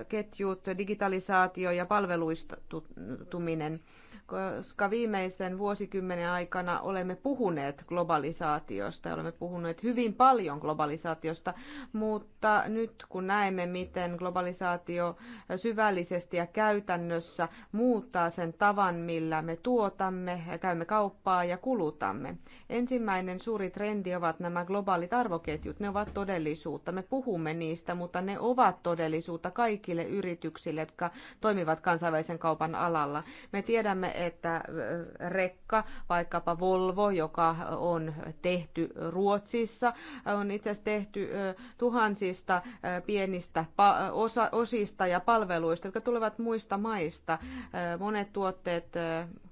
B: ketjut, digitalisaatio ja palveluistuminen koska viimeisten vuosikymmenen aikana olemme puhuneet globalisaatiosta ja olemme puhuneet hyvin paljon globalisaatiosta ilmastonmuutosta, mutta nyt kun näemme, miten globalisaatio syvällisesti ja käytännössä muuttaa sen tavan, millä me tuotamme, käymme kauppaa ja kulutamme. Ensimmäinen suuri trendi ovat nämä globaalit arvoketjut. Ne ovat todellisuutta. Me puhumme niistä, mutta ne ovat todellisuutta kaikille yrityksille, jotka toimivat kansainvälisen kaupan alalla. Me tiedämme, että äh, rekka, vaikkapa Volvo, joka on tehty Ruotsissa, on itse asiassa tehty tuhansista pienistä osista ja palveluista, jotka tulevat muista maista. Monet tuotteet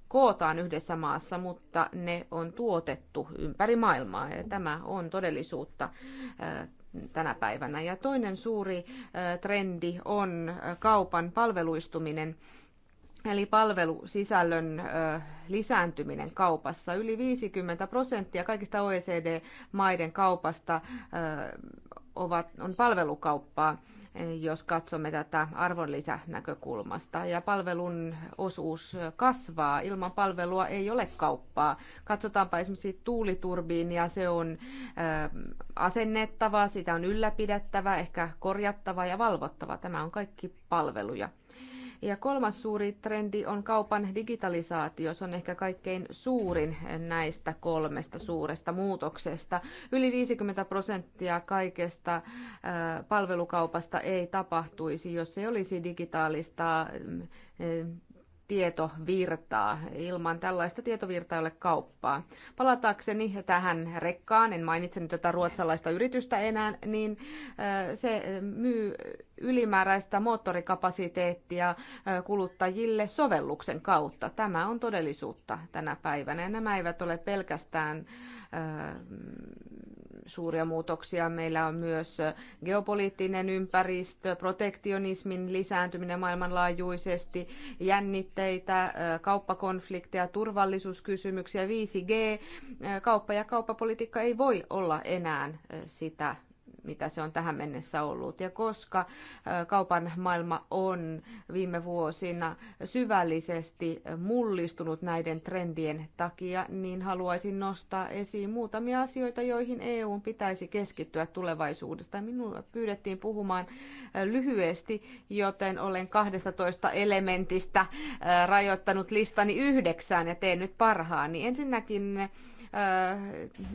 B: kootaan yhdessä maassa, mutta ne on tuotettu ympäri maailmaa ja tämä on todellisuutta tänä päivänä. Ja toinen suuri trendi on kaupan palveluistuminen. Eli palvelusisällön lisääntyminen kaupassa. Yli 50 prosenttia kaikista OECD-maiden kaupasta ovat, on palvelukauppaa, jos katsomme tätä arvonlisänäkökulmasta. Ja palvelun osuus kasvaa. Ilman palvelua ei ole kauppaa. Katsotaanpa esimerkiksi tuuliturbiinia. Se on asennettava, sitä on ylläpidettävä, ehkä korjattava ja valvottava. Tämä on kaikki palveluja. Ja kolmas suuri trendi on kaupan digitalisaatio. Se on ehkä kaikkein suurin näistä kolmesta suuresta muutoksesta. Yli 50 prosenttia kaikesta palvelukaupasta ei tapahtuisi, jos ei olisi digitaalista mm, tietovirtaa. Ilman tällaista tietovirtaa ei ole kauppaa. Palataakseni tähän rekkaan, en mainitse nyt tätä ruotsalaista yritystä enää, niin se myy ylimääräistä moottorikapasiteettia kuluttajille sovelluksen kautta. Tämä on todellisuutta tänä päivänä. Ja nämä eivät ole pelkästään suuria muutoksia. Meillä on myös geopoliittinen ympäristö, protektionismin lisääntyminen maailmanlaajuisesti, jännitteitä, kauppakonflikteja, turvallisuuskysymyksiä, 5G. Kauppa ja kauppapolitiikka ei voi olla enää sitä, mitä se on tähän mennessä ollut. Ja koska kaupan maailma on viime vuosina syvällisesti mullistunut näiden trendien takia, niin haluaisin nostaa esiin muutamia asioita, joihin EU pitäisi keskittyä tulevaisuudesta. Minulla pyydettiin puhumaan lyhyesti, joten olen 12 elementistä rajoittanut listani yhdeksään ja teen nyt parhaani. Ensinnäkin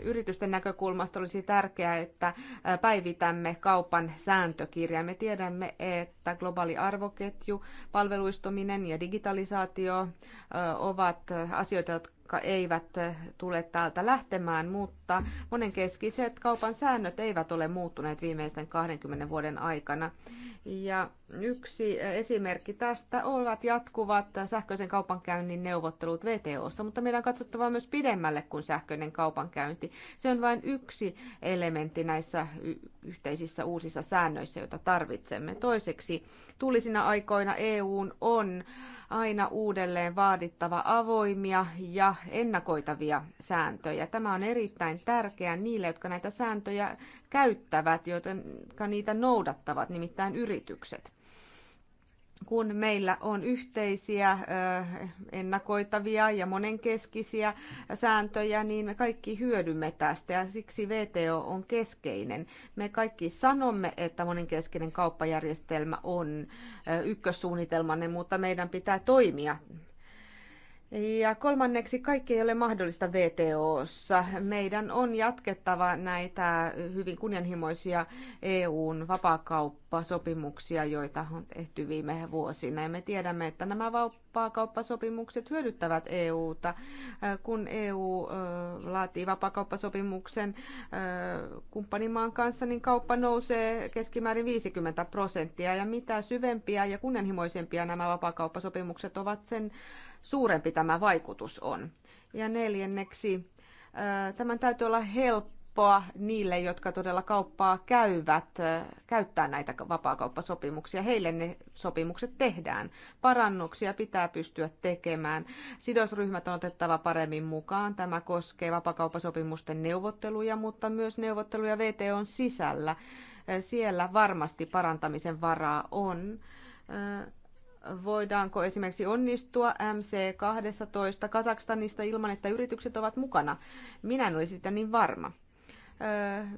B: yritysten näkökulmasta olisi tärkeää, että päivitämme kaupan sääntökirjaa. Me tiedämme, että globaali arvoketju, palveluistuminen ja digitalisaatio ovat asioita, jotka eivät tule täältä lähtemään, mutta monenkeskiset kaupan säännöt eivät ole muuttuneet viimeisten 20 vuoden aikana. Ja yksi esimerkki tästä ovat jatkuvat sähköisen kaupankäynnin neuvottelut VTOssa, mutta meidän on katsottava myös pidemmälle kuin sähköinen kaupankäynti. Se on vain yksi elementti näissä yhteisissä uusissa säännöissä, joita tarvitsemme. Toiseksi, tulisina aikoina EUn on aina uudelleen vaadittava avoimia ja ennakoitavia sääntöjä. Tämä on erittäin tärkeää niille, jotka näitä sääntöjä käyttävät, jotka niitä noudattavat, nimittäin yritykset kun meillä on yhteisiä, ennakoitavia ja monenkeskisiä sääntöjä, niin me kaikki hyödymme tästä ja siksi VTO on keskeinen. Me kaikki sanomme, että monenkeskinen kauppajärjestelmä on ykkössuunnitelmanne, mutta meidän pitää toimia ja kolmanneksi, kaikki ei ole mahdollista VTOssa. Meidän on jatkettava näitä hyvin kunnianhimoisia EUn vapaakauppasopimuksia, joita on tehty viime vuosina. Ja me tiedämme, että nämä vapaakauppasopimukset hyödyttävät EUta. Kun EU laatii vapaakauppasopimuksen kumppanimaan kanssa, niin kauppa nousee keskimäärin 50 prosenttia. Ja mitä syvempiä ja kunnianhimoisempia nämä vapaakauppasopimukset ovat, sen suurempi tämä vaikutus on. Ja neljänneksi, tämän täytyy olla helppoa niille, jotka todella kauppaa käyvät, käyttää näitä vapaakauppasopimuksia. Heille ne sopimukset tehdään. Parannuksia pitää pystyä tekemään. Sidosryhmät on otettava paremmin mukaan. Tämä koskee vapaakauppasopimusten neuvotteluja, mutta myös neuvotteluja VTOn sisällä. Siellä varmasti parantamisen varaa on voidaanko esimerkiksi onnistua MC12 Kazakstanista ilman, että yritykset ovat mukana? Minä en olisi sitä niin varma.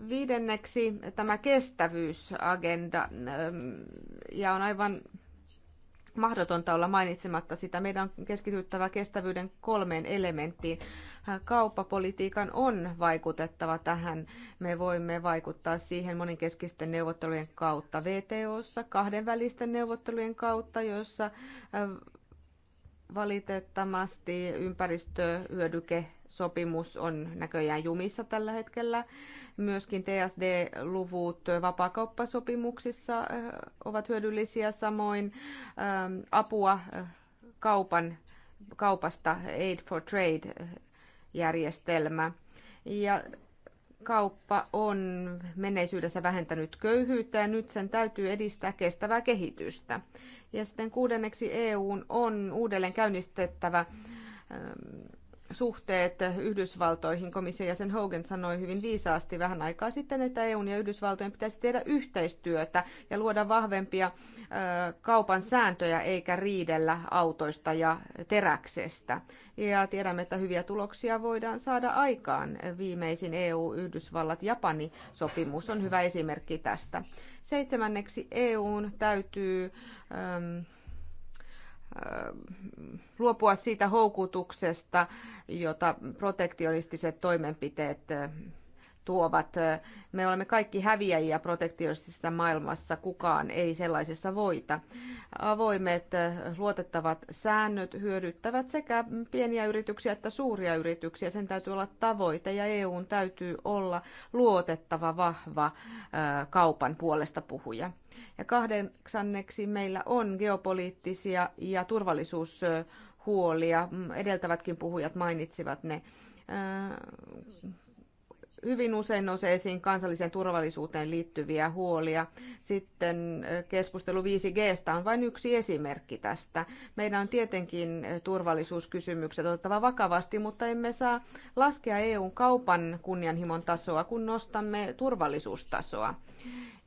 B: Viidenneksi tämä kestävyysagenda. Ja on aivan mahdotonta olla mainitsematta sitä. Meidän on keskityttävä kestävyyden kolmeen elementtiin. Kauppapolitiikan on vaikutettava tähän. Me voimme vaikuttaa siihen moninkeskisten neuvottelujen kautta VTOssa, kahdenvälisten neuvottelujen kautta, joissa äh, valitettavasti ympäristöhyödyke sopimus on näköjään jumissa tällä hetkellä. Myöskin TSD-luvut vapaakauppasopimuksissa äh, ovat hyödyllisiä, samoin ähm, apua äh, kaupan, kaupasta Aid for Trade-järjestelmä. Äh, ja kauppa on menneisyydessä vähentänyt köyhyyttä ja nyt sen täytyy edistää kestävää kehitystä. Ja sitten kuudenneksi EU on uudelleen käynnistettävä ähm, suhteet Yhdysvaltoihin. Komission jäsen Hogan sanoi hyvin viisaasti vähän aikaa sitten, että EUn ja Yhdysvaltojen pitäisi tehdä yhteistyötä ja luoda vahvempia kaupan sääntöjä eikä riidellä autoista ja teräksestä. Ja tiedämme, että hyviä tuloksia voidaan saada aikaan. Viimeisin EU-Yhdysvallat-Japani-sopimus on hyvä esimerkki tästä. Seitsemänneksi EUn täytyy... Ähm, luopua siitä houkutuksesta, jota protektionistiset toimenpiteet tuovat. Me olemme kaikki häviäjiä protektionistisessa maailmassa, kukaan ei sellaisessa voita. Avoimet, eh, luotettavat säännöt hyödyttävät sekä pieniä yrityksiä että suuria yrityksiä. Sen täytyy olla tavoite ja EUn täytyy olla luotettava, vahva eh, kaupan puolesta puhuja. Ja kahdeksanneksi meillä on geopoliittisia ja turvallisuushuolia. Mm, edeltävätkin puhujat mainitsivat ne eh, hyvin usein nousee esiin kansalliseen turvallisuuteen liittyviä huolia. Sitten keskustelu 5Gstä on vain yksi esimerkki tästä. Meidän on tietenkin turvallisuuskysymykset otettava vakavasti, mutta emme saa laskea EUn kaupan kunnianhimon tasoa, kun nostamme turvallisuustasoa.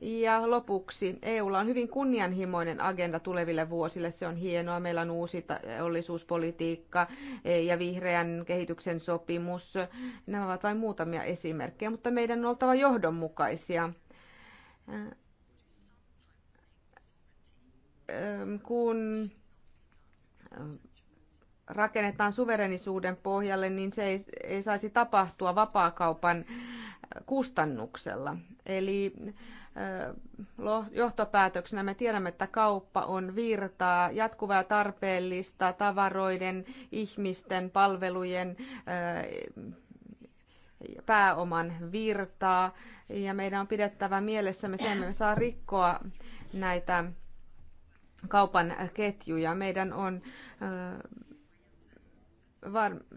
B: Ja lopuksi, EUlla on hyvin kunnianhimoinen agenda tuleville vuosille. Se on hienoa. Meillä on uusi teollisuuspolitiikka ja vihreän kehityksen sopimus. Nämä ovat vain muutamia esimerkkejä, mutta meidän on oltava johdonmukaisia kun rakennetaan suverenisuuden pohjalle, niin se ei, ei saisi tapahtua vapaakaupan kustannuksella. Eli johtopäätöksenä me tiedämme, että kauppa on virtaa, jatkuvaa tarpeellista tavaroiden, ihmisten, palvelujen, pääoman virtaa. Ja meidän on pidettävä mielessämme se, että me saa rikkoa näitä kaupan ketjuja. Meidän on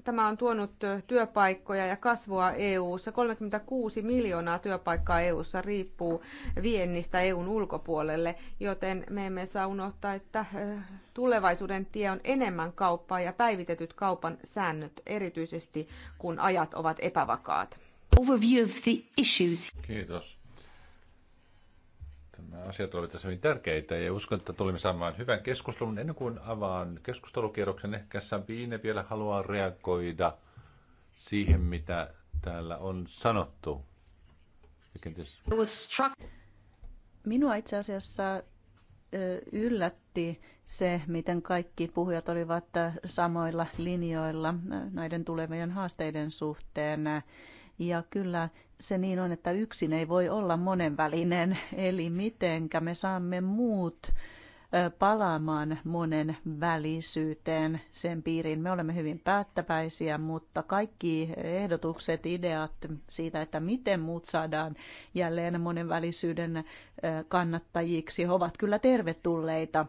B: Tämä on tuonut työpaikkoja ja kasvua EU-ssa. 36 miljoonaa työpaikkaa EU-ssa riippuu viennistä EUn ulkopuolelle, joten me emme saa unohtaa, että tulevaisuuden tie on enemmän kauppaa ja päivitetyt kaupan säännöt, erityisesti kun ajat ovat epävakaat.
D: Overview of the issues.
A: Kiitos asiat olivat tässä hyvin tärkeitä ja uskon, että tulimme saamaan hyvän keskustelun. Ennen kuin avaan keskustelukierroksen, ehkä Sabine vielä haluaa reagoida siihen, mitä täällä on sanottu.
C: Minua itse asiassa yllätti se, miten kaikki puhujat olivat samoilla linjoilla näiden tulevien haasteiden suhteen. Ja kyllä se niin on, että yksin ei voi olla monenvälinen, eli mitenkä me saamme muut palaamaan monen välisyyteen sen piiriin. Me olemme hyvin päättäväisiä, mutta kaikki ehdotukset, ideat siitä, että miten muut saadaan jälleen monen välisyyden kannattajiksi, ovat kyllä tervetulleita.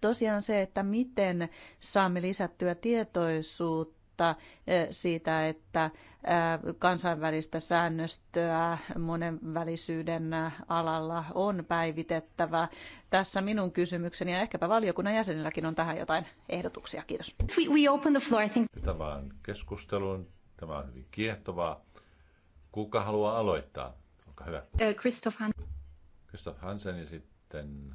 C: Tosiaan se, että miten saamme lisättyä tietoisuutta huolimatta eh, siitä, että eh, kansainvälistä säännöstöä monenvälisyyden eh, alalla on päivitettävä. Tässä minun kysymykseni ja ehkäpä valiokunnan jäsenilläkin on
D: tähän jotain ehdotuksia. Kiitos. We open the floor, I think.
A: Tämä on keskustelun. Tämä on hyvin kiehtovaa. Kuka haluaa aloittaa? Olkaa hyvä.
D: Uh, Christoph Hansen.
A: Christoph Hansen ja sitten...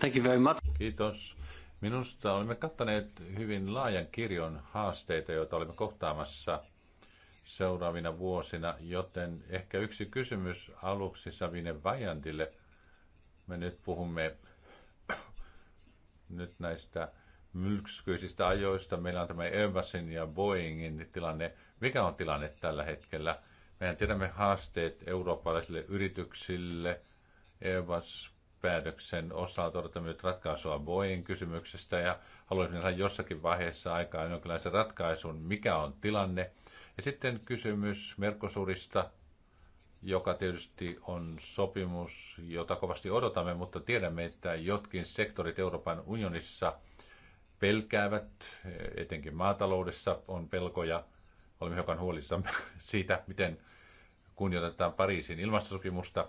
A: Thank you very much. Kiitos. Minusta olemme kattaneet hyvin laajan kirjon haasteita, joita olemme kohtaamassa seuraavina vuosina, joten ehkä yksi kysymys aluksi Savine Vajantille. Me nyt puhumme [coughs] nyt näistä myrskyisistä ajoista. Meillä on tämä Airbusin ja Boeingin tilanne. Mikä on tilanne tällä hetkellä? Mehän tiedämme haasteet eurooppalaisille yrityksille. Airbus päätöksen osalta odotamme nyt ratkaisua Boeing kysymyksestä ja haluaisin saada jossakin vaiheessa aikaa, jonkinlaisen ratkaisun, mikä on tilanne. Ja sitten kysymys Merkosurista, joka tietysti on sopimus, jota kovasti odotamme, mutta tiedämme, että jotkin sektorit Euroopan unionissa pelkäävät, etenkin maataloudessa on pelkoja. Olemme hiukan huolissamme [laughs] siitä, miten kunnioitetaan Pariisin ilmastosopimusta.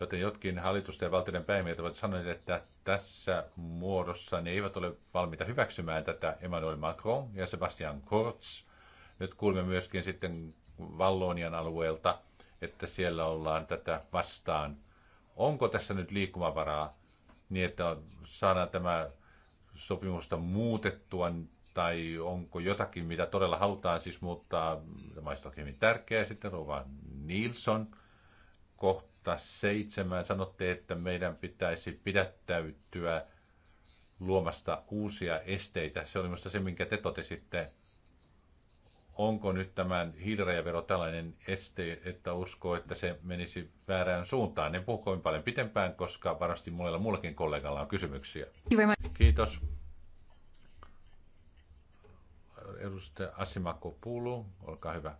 A: Joten jotkin hallitusten ja valtioiden päämiehet ovat sanoneet, että tässä muodossa ne eivät ole valmiita hyväksymään tätä Emmanuel Macron ja Sebastian Kurz. Nyt kuulemme myöskin sitten Vallonian alueelta, että siellä ollaan tätä vastaan. Onko tässä nyt liikkumavaraa niin, että saadaan tämä sopimusta muutettua tai onko jotakin, mitä todella halutaan siis muuttaa. Tämä olisi toki hyvin tärkeää. Sitten Rova Nilsson kohta 2007 sanotte, että meidän pitäisi pidättäytyä luomasta uusia esteitä. Se oli minusta se, minkä te totesitte. Onko nyt tämän hiilirajavero tällainen este, että uskoo, että se menisi väärään suuntaan? En puhu kovin paljon pitempään, koska varmasti monella muullakin kollegalla on kysymyksiä. Kiitos. Edustaja Asimakopulu, olkaa hyvä.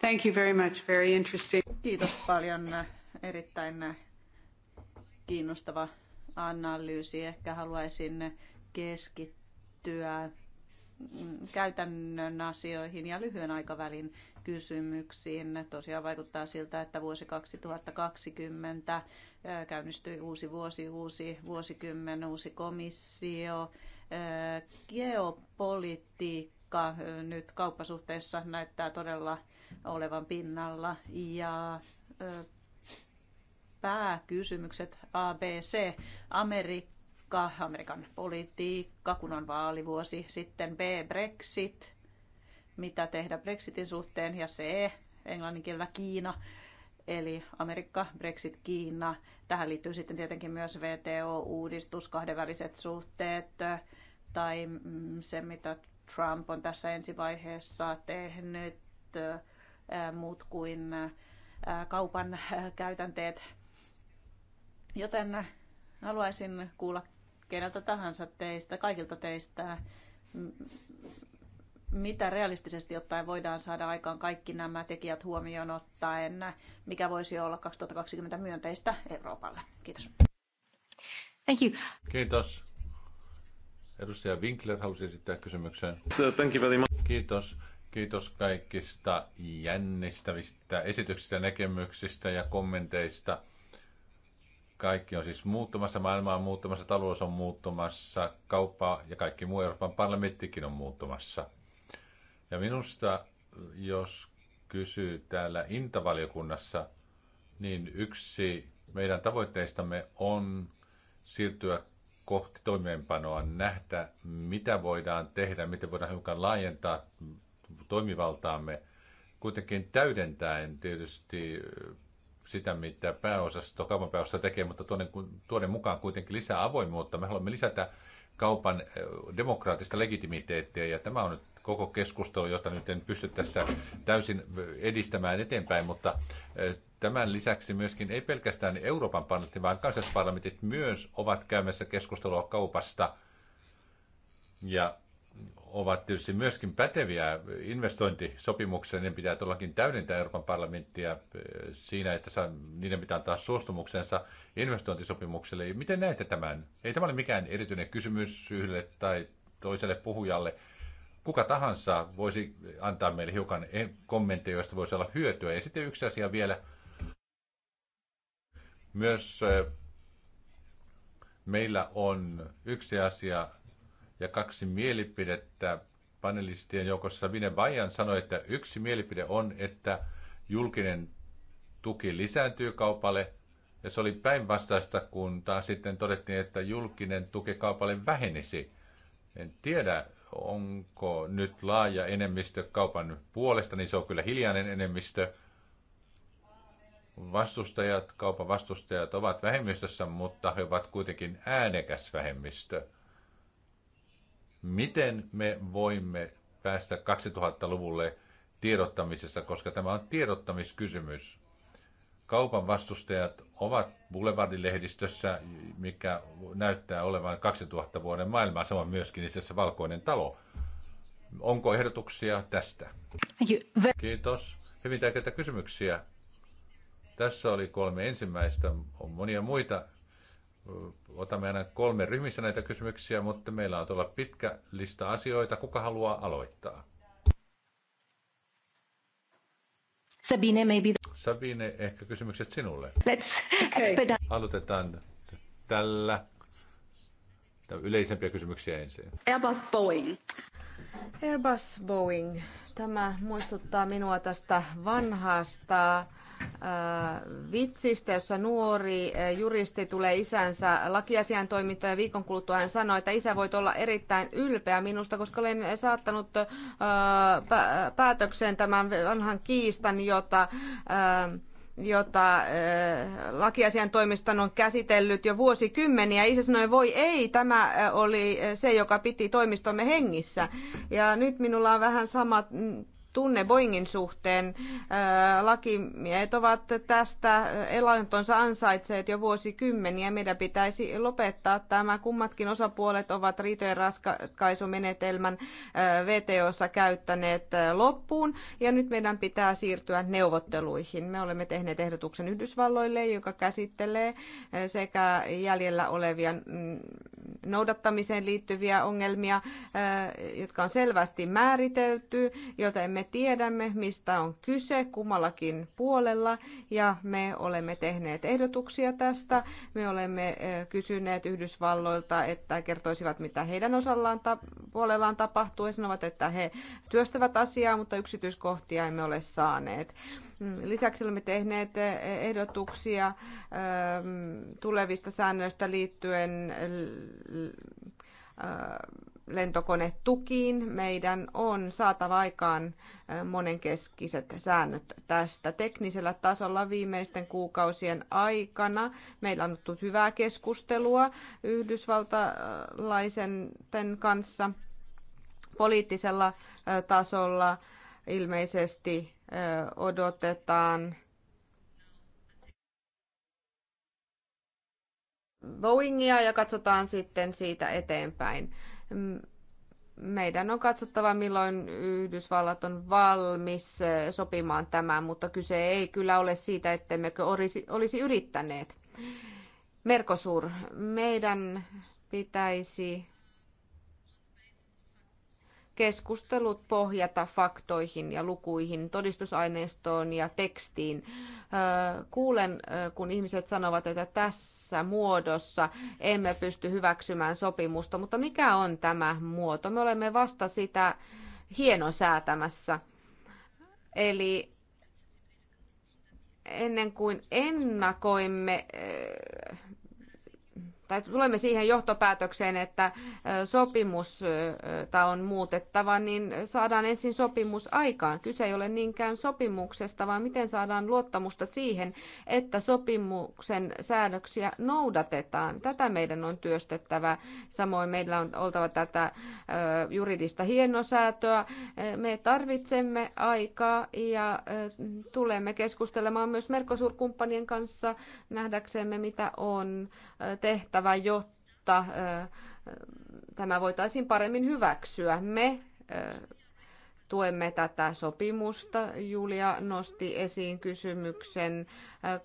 C: Thank you very much. Very interesting. Kiitos paljon. Erittäin kiinnostava analyysi. Ehkä haluaisin keskittyä käytännön asioihin ja lyhyen aikavälin kysymyksiin. Tosiaan vaikuttaa siltä, että vuosi 2020 käynnistyi uusi vuosi, uusi vuosikymmen, uusi komissio. Geopolitiikka jotka nyt kauppasuhteessa näyttää todella olevan pinnalla. Ja pääkysymykset ABC, Amerikka, Amerikan politiikka, kun on vaalivuosi, sitten B, Brexit, mitä tehdä Brexitin suhteen, ja C, englanninkielellä Kiina, eli Amerikka, Brexit, Kiina. Tähän liittyy sitten tietenkin myös VTO-uudistus, kahdenväliset suhteet tai mm, se, mitä Trump on tässä ensivaiheessa tehnyt, muut kuin kaupan käytänteet. Joten haluaisin kuulla keneltä tahansa teistä, kaikilta teistä, mitä realistisesti ottaen voidaan saada aikaan kaikki nämä tekijät huomioon ottaen, mikä voisi olla 2020 myönteistä Euroopalle. Kiitos.
E: Thank you.
A: Kiitos. Edustaja Winkler halusi esittää kysymyksen. Thank you very much. Kiitos. Kiitos kaikista jännistävistä esityksistä, näkemyksistä ja kommenteista. Kaikki on siis muuttumassa, maailma on muuttumassa, talous on muuttumassa, kauppa ja kaikki muu Euroopan parlamenttikin on muuttumassa. Ja minusta, jos kysyy täällä Intavaliokunnassa, niin yksi meidän tavoitteistamme on siirtyä kohti toimeenpanoa, nähdä mitä voidaan tehdä, miten voidaan hiukan laajentaa toimivaltaamme, kuitenkin täydentäen tietysti eh, sitä, mitä pääosasto, kaupan pääosasto tekee, mutta tuoden, tuoden mukaan kuitenkin lisää avoimuutta. Me haluamme lisätä kaupan eh, demokraattista legitimiteettiä ja tämä on nyt koko keskustelu, jota nyt en pysty tässä täysin eh, edistämään eteenpäin, mutta Tämän lisäksi myöskin ei pelkästään Euroopan parlamentti, vaan kansallisparlamentit myös ovat käymässä keskustelua kaupasta ja ovat tietysti myöskin päteviä investointisopimuksia. Ne pitää todellakin täydentää Euroopan parlamenttia äh, siinä, että saa, niiden pitää antaa suostumuksensa investointisopimukselle. Miten näette tämän? Ei tämä ole mikään erityinen kysymys yhdelle tai toiselle puhujalle kuka tahansa voisi antaa meille hiukan e- kommentteja, joista voisi olla hyötyä. Ja sitten yksi asia vielä, myös meillä on yksi asia ja kaksi mielipidettä panelistien joukossa. Vine Vajan sanoi, että yksi mielipide on, että julkinen tuki lisääntyy kaupalle, ja se oli päinvastaista, kun taas sitten todettiin, että julkinen tuki kaupalle vähenisi. En tiedä, onko nyt laaja enemmistö kaupan puolesta, niin se on kyllä hiljainen enemmistö, vastustajat, kaupan vastustajat ovat vähemmistössä, mutta he ovat kuitenkin äänekäs vähemmistö. Miten me voimme päästä 2000-luvulle tiedottamisessa, koska tämä on tiedottamiskysymys. Kaupan vastustajat ovat Boulevardilehdistössä, mikä näyttää olevan 2000 vuoden maailmaa, samoin myöskin itse Valkoinen talo. Onko ehdotuksia tästä? Kiitos. Hyvin tärkeitä kysymyksiä. Tässä oli kolme ensimmäistä, on monia muita. Otamme aina kolme ryhmissä näitä kysymyksiä, mutta meillä on tuolla pitkä lista asioita. Kuka haluaa aloittaa?
D: Sabine, maybe.
A: Sabine, ehkä kysymykset sinulle.
D: Let's expedite.
A: Aloitetaan tällä. Yleisempiä kysymyksiä ensin. Airbus Boeing.
B: Airbus Boeing. Tämä muistuttaa minua tästä vanhasta Äh, vitsistä, jossa nuori äh, juristi tulee isänsä lakiasian toimintoon ja viikon kuluttua hän sanoi, että isä voit olla erittäin ylpeä minusta, koska olen saattanut äh, päätökseen tämän vanhan kiistan, jota jota äh, lakiasian toimiston on käsitellyt jo vuosikymmeniä. Isä sanoi, voi ei, tämä oli se, joka piti toimistomme hengissä. Ja nyt minulla on vähän sama tunne Boeingin suhteen. Lakimiehet ovat tästä elantonsa ansaitseet jo vuosikymmeniä. Meidän pitäisi lopettaa tämä. Kummatkin osapuolet ovat riitojen ratkaisumenetelmän VTOssa käyttäneet loppuun. Ja nyt meidän pitää siirtyä neuvotteluihin. Me olemme tehneet ehdotuksen Yhdysvalloille, joka käsittelee sekä jäljellä olevia mm, noudattamiseen liittyviä ongelmia, jotka on selvästi määritelty, joten me tiedämme, mistä on kyse kummallakin puolella ja me olemme tehneet ehdotuksia tästä. Me olemme eh, kysyneet Yhdysvalloilta, että kertoisivat, mitä heidän osallaan ta- puolellaan tapahtuu. He sanovat, että he työstävät asiaa, mutta yksityiskohtia emme ole saaneet. Mm, lisäksi olemme tehneet eh, ehdotuksia ehm, tulevista säännöistä liittyen ehm, lentokonetukiin. Meidän on saatava aikaan monenkeskiset säännöt tästä teknisellä tasolla viimeisten kuukausien aikana. Meillä on ollut hyvää keskustelua yhdysvaltalaisen kanssa poliittisella tasolla ilmeisesti odotetaan Boeingia ja katsotaan sitten siitä eteenpäin meidän on katsottava, milloin Yhdysvallat on valmis eh, sopimaan tämän, mutta kyse ei kyllä ole siitä, ettemmekö olisi, olisi yrittäneet. Merkosur, meidän pitäisi keskustelut pohjata faktoihin ja lukuihin, todistusaineistoon ja tekstiin. Kuulen, kun ihmiset sanovat, että tässä muodossa emme pysty hyväksymään sopimusta, mutta mikä on tämä muoto? Me olemme vasta sitä säätämässä. Eli ennen kuin ennakoimme tai tulemme siihen johtopäätökseen, että sopimusta on muutettava, niin saadaan ensin sopimus aikaan. Kyse ei ole niinkään sopimuksesta, vaan miten saadaan luottamusta siihen, että sopimuksen säädöksiä noudatetaan. Tätä meidän on työstettävä. Samoin meillä on oltava tätä juridista hienosäätöä. Me tarvitsemme aikaa ja tulemme keskustelemaan myös Mercosur-kumppanien kanssa nähdäksemme, mitä on tehtävä tehtävä, jotta tämä voitaisiin paremmin hyväksyä. Me tuemme tätä sopimusta. Julia nosti esiin kysymyksen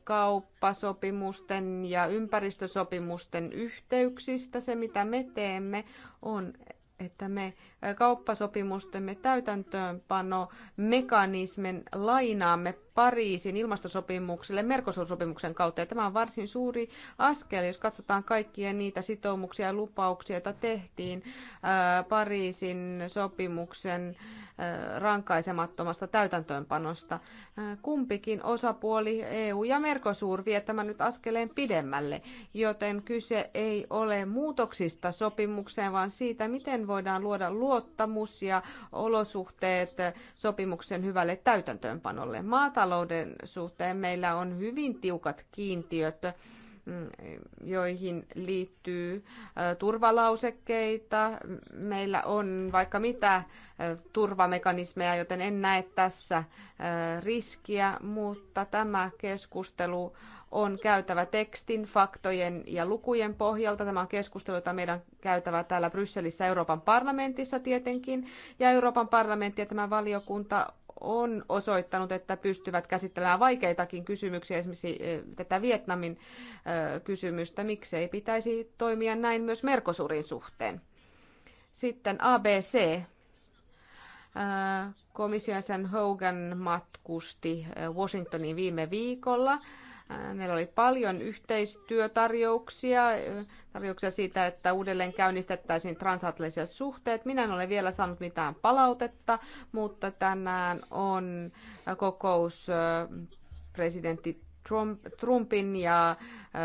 B: kauppasopimusten ja ympäristösopimusten yhteyksistä. Se, mitä me teemme, on että me kauppasopimustemme täytäntöönpano mekanismin lainaamme Pariisin ilmastosopimukselle Mercosur-sopimuksen kautta. Ja tämä on varsin suuri askel, jos katsotaan kaikkia niitä sitoumuksia ja lupauksia, joita tehtiin Pariisin sopimuksen rankaisemattomasta täytäntöönpanosta. kumpikin osapuoli, EU ja Mercosur, vie tämän nyt askeleen pidemmälle, joten kyse ei ole muutoksista sopimukseen, vaan siitä, miten voidaan luoda luottamus ja olosuhteet sopimuksen hyvälle täytäntöönpanolle. Maatalous maatalouden suhteen meillä on hyvin tiukat kiintiöt, mm, joihin liittyy turvalausekkeita. Meillä on vaikka mitä turvamekanismeja, joten en näe tässä riskiä, mutta tämä keskustelu on käytävä tekstin, faktojen ja lukujen pohjalta. Tämä on keskustelu, jota meidän käytävä täällä Brysselissä Euroopan parlamentissa tietenkin. Ja Euroopan parlamentti ja tämä valiokunta on osoittanut, että pystyvät käsittelemään vaikeitakin kysymyksiä, esimerkiksi tätä Vietnamin kysymystä, miksei pitäisi toimia näin myös Merkosurin suhteen. Sitten ABC. Komission sen Hogan matkusti Washingtoniin viime viikolla. Meillä oli paljon yhteistyötarjouksia, tarjouksia siitä, että uudelleen käynnistettäisiin transatlantiset suhteet. Minä en ole vielä saanut mitään palautetta, mutta tänään on kokous presidentti Trump, Trumpin ja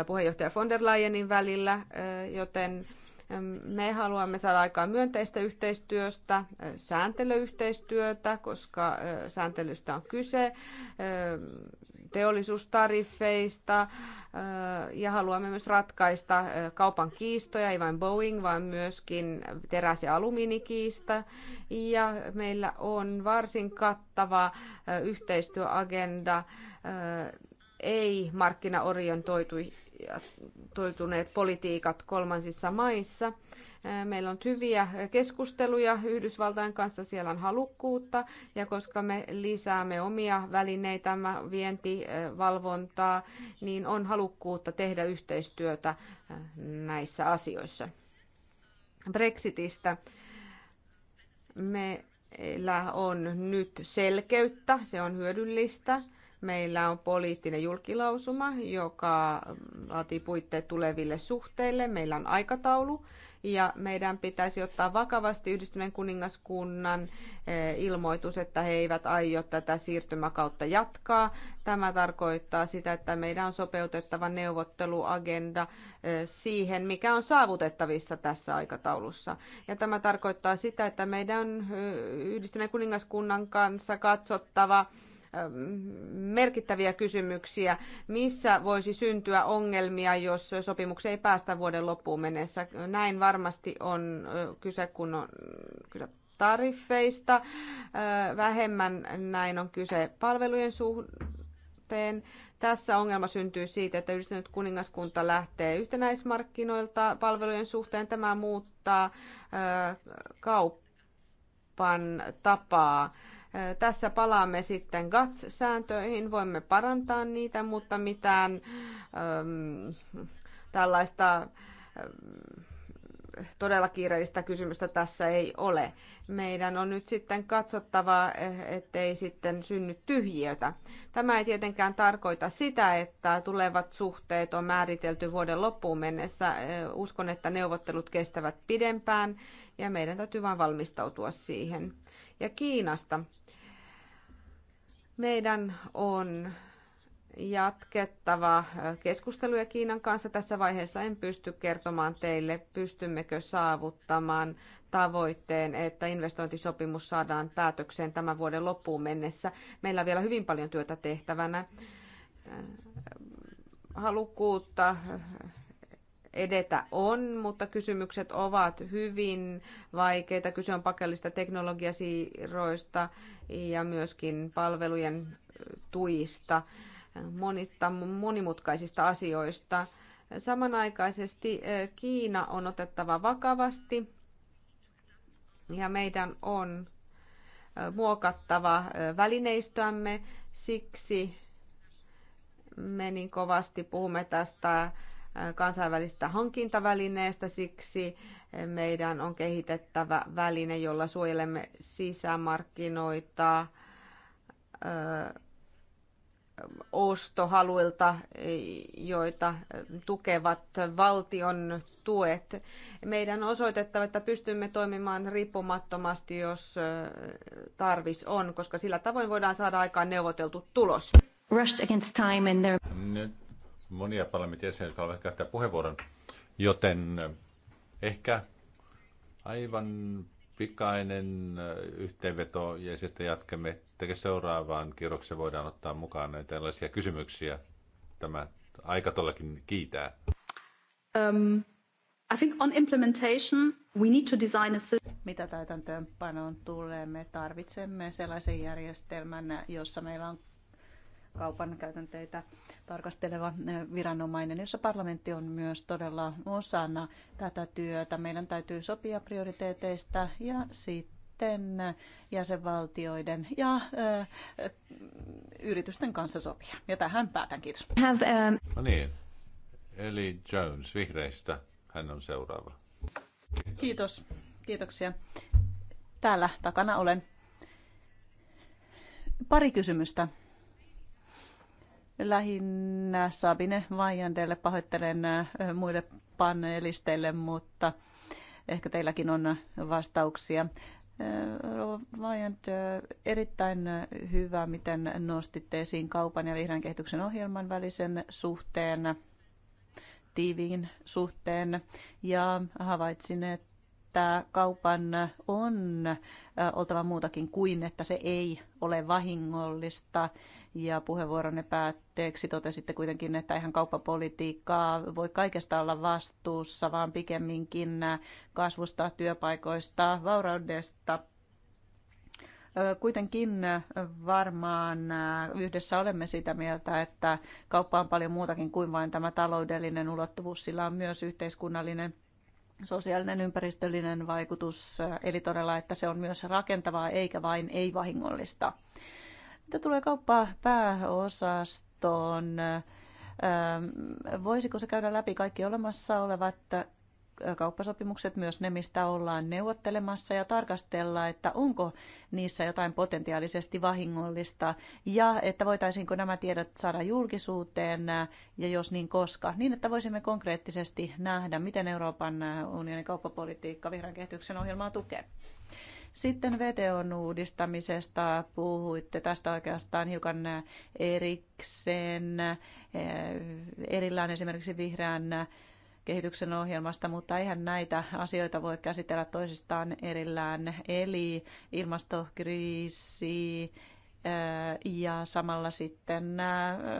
B: puheenjohtaja von der Leyenin välillä, joten me haluamme saada aikaan myönteistä yhteistyöstä, sääntelyyhteistyötä, koska sääntelystä on kyse, teollisuustariffeista äh, ja haluamme myös ratkaista äh, kaupan kiistoja, ei vain Boeing, vaan myöskin teräs- ja alumiinikiista. Ja meillä on varsin kattava äh, yhteistyöagenda ei markkinaorientoituneet politiikat kolmansissa maissa. Meillä on hyviä keskusteluja Yhdysvaltain kanssa, siellä on halukkuutta ja koska me lisäämme omia välineitä, vientivalvontaa, niin on halukkuutta tehdä yhteistyötä näissä asioissa. Brexitistä meillä on nyt selkeyttä, se on hyödyllistä. Meillä on poliittinen julkilausuma, joka laatii puitteet tuleville suhteille. Meillä on aikataulu, ja meidän pitäisi ottaa vakavasti yhdistyneen kuningaskunnan eh, ilmoitus, että he eivät aio tätä siirtymäkautta jatkaa. Tämä tarkoittaa sitä, että meidän on sopeutettava neuvotteluagenda eh, siihen, mikä on saavutettavissa tässä aikataulussa. Ja tämä tarkoittaa sitä, että meidän on eh, yhdistyneen kuningaskunnan kanssa katsottava, merkittäviä kysymyksiä, missä voisi syntyä ongelmia, jos sopimukseen ei päästä vuoden loppuun mennessä. Näin varmasti on kyse, kun on kyse tariffeista, vähemmän näin on kyse palvelujen suhteen. Tässä ongelma syntyy siitä, että yhdistynyt kuningaskunta lähtee yhtenäismarkkinoilta palvelujen suhteen. Tämä muuttaa kauppaa kaupan tapaa. Tässä palaamme sitten GATS-sääntöihin, voimme parantaa niitä, mutta mitään äm, tällaista äm, todella kiireellistä kysymystä tässä ei ole. Meidän on nyt sitten katsottava, e, ettei sitten synny tyhjiötä. Tämä ei tietenkään tarkoita sitä, että tulevat suhteet on määritelty vuoden loppuun mennessä. E, uskon, että neuvottelut kestävät pidempään ja meidän täytyy vain valmistautua siihen ja Kiinasta. Meidän on jatkettava keskusteluja Kiinan kanssa. Tässä vaiheessa en pysty kertomaan teille, pystymmekö saavuttamaan tavoitteen, että investointisopimus saadaan päätökseen tämän vuoden loppuun mennessä. Meillä on vielä hyvin paljon työtä tehtävänä. Halukkuutta edetä on, mutta kysymykset ovat hyvin vaikeita. Kyse on pakellista teknologiasiirroista ja myöskin palvelujen tuista, monista monimutkaisista asioista. Samanaikaisesti Kiina on otettava vakavasti ja meidän on muokattava välineistöämme. Siksi me niin kovasti puhumme tästä kansainvälistä hankintavälineestä, siksi meidän on kehitettävä väline, jolla suojelemme sisämarkkinoita ostohaluilta, joita tukevat valtion tuet. Meidän on osoitettava, että pystymme toimimaan riippumattomasti, jos tarvis on, koska sillä tavoin voidaan saada aikaan neuvoteltu tulos.
A: Nyt monia parlamentin jäseniä, jotka haluavat käyttää puheenvuoron, joten eh, ehkä aivan pikainen eh, yhteenveto ja sitten jatkamme. tekee seuraavaan kierrokseen voidaan ottaa mukaan näitä erilaisia kysymyksiä. Tämä aika todellakin kiitää.
C: Um, I think on implementation we need to design a system. Mitä täytäntöönpanoon tulee? Me tarvitsemme sellaisen järjestelmän, jossa meillä on kaupan käytänteitä tarkasteleva eh, viranomainen, jossa parlamentti on myös todella osana tätä työtä. Meidän täytyy sopia prioriteeteista ja sitten jäsenvaltioiden ja äh, yritysten kanssa sopia. Ja tähän päätän, kiitos. Have, um...
A: No niin, eli Jones vihreistä, hän on seuraava.
C: Kiitos, kiitoksia. Täällä takana olen. Pari kysymystä lähinnä Sabine Vajandelle, pahoittelen muille panelisteille, mutta ehkä teilläkin on vastauksia. Vajant, erittäin hyvä, miten nostitte esiin kaupan ja vihreän kehityksen ohjelman välisen suhteen, tiiviin suhteen, ja havaitsin, että että kaupan on oltava muutakin kuin, että se ei ole vahingollista. Ja puheenvuoronne päätteeksi totesitte kuitenkin, että ihan kauppapolitiikkaa voi kaikesta olla vastuussa, vaan pikemminkin kasvusta, työpaikoista, vauraudesta. Kuitenkin varmaan yhdessä olemme sitä mieltä, että kauppa on paljon muutakin kuin vain tämä taloudellinen ulottuvuus. Sillä on myös yhteiskunnallinen sosiaalinen ympäristöllinen vaikutus, eli todella, että se on myös rakentavaa eikä vain ei-vahingollista. Mitä tulee kauppaa pääosastoon, ähm, voisiko se käydä läpi kaikki olemassa olevat äh, kauppasopimukset, myös ne, mistä ollaan neuvottelemassa ja tarkastella, että onko niissä jotain potentiaalisesti vahingollista ja että voitaisiinko nämä tiedot saada julkisuuteen äh, ja jos niin koska, niin että voisimme konkreettisesti nähdä, miten Euroopan äh, unionin kauppapolitiikka vihreän kehityksen ohjelmaa tukee. Sitten VTOn uudistamisesta puhuitte tästä oikeastaan hiukan erikseen. Eh, erillään esimerkiksi vihreän kehityksen ohjelmasta, mutta eihän näitä asioita voi käsitellä toisistaan erillään. Eli ilmastokriisi, ja samalla sitten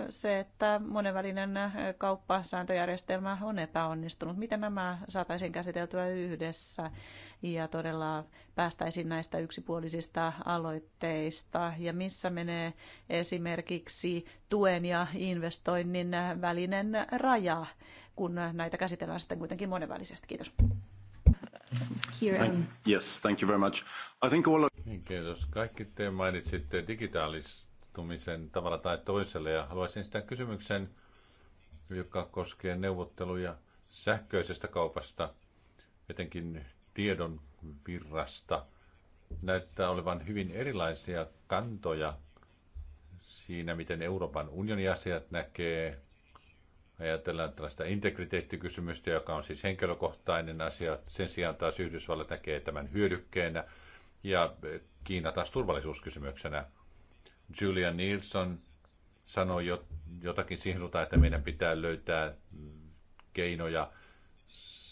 C: se, että monenvälinen kauppasääntöjärjestelmä on epäonnistunut. Miten nämä saataisiin käsiteltyä yhdessä ja todella päästäisiin näistä yksipuolisista aloitteista ja missä menee esimerkiksi tuen ja investoinnin välinen raja, kun näitä käsitellään sitten kuitenkin monenvälisesti. Kiitos
A: yes, thank you very much. I think all of... Niin, kiitos. Kaikki te mainitsitte digitaalistumisen tavalla tai toisella ja haluaisin sitä kysymyksen, joka koskee neuvotteluja sähköisestä kaupasta, etenkin tiedon virrasta. Näyttää olevan hyvin erilaisia kantoja siinä, miten Euroopan unionin asiat näkee, ajatellaan tällaista integriteettikysymystä, joka on siis henkilökohtainen asia. Sen sijaan taas Yhdysvallat näkee tämän hyödykkeenä ja eh, Kiina taas turvallisuuskysymyksenä. Julian Nielsen sanoi jotakin siihen suuntaan, että meidän pitää löytää mm, keinoja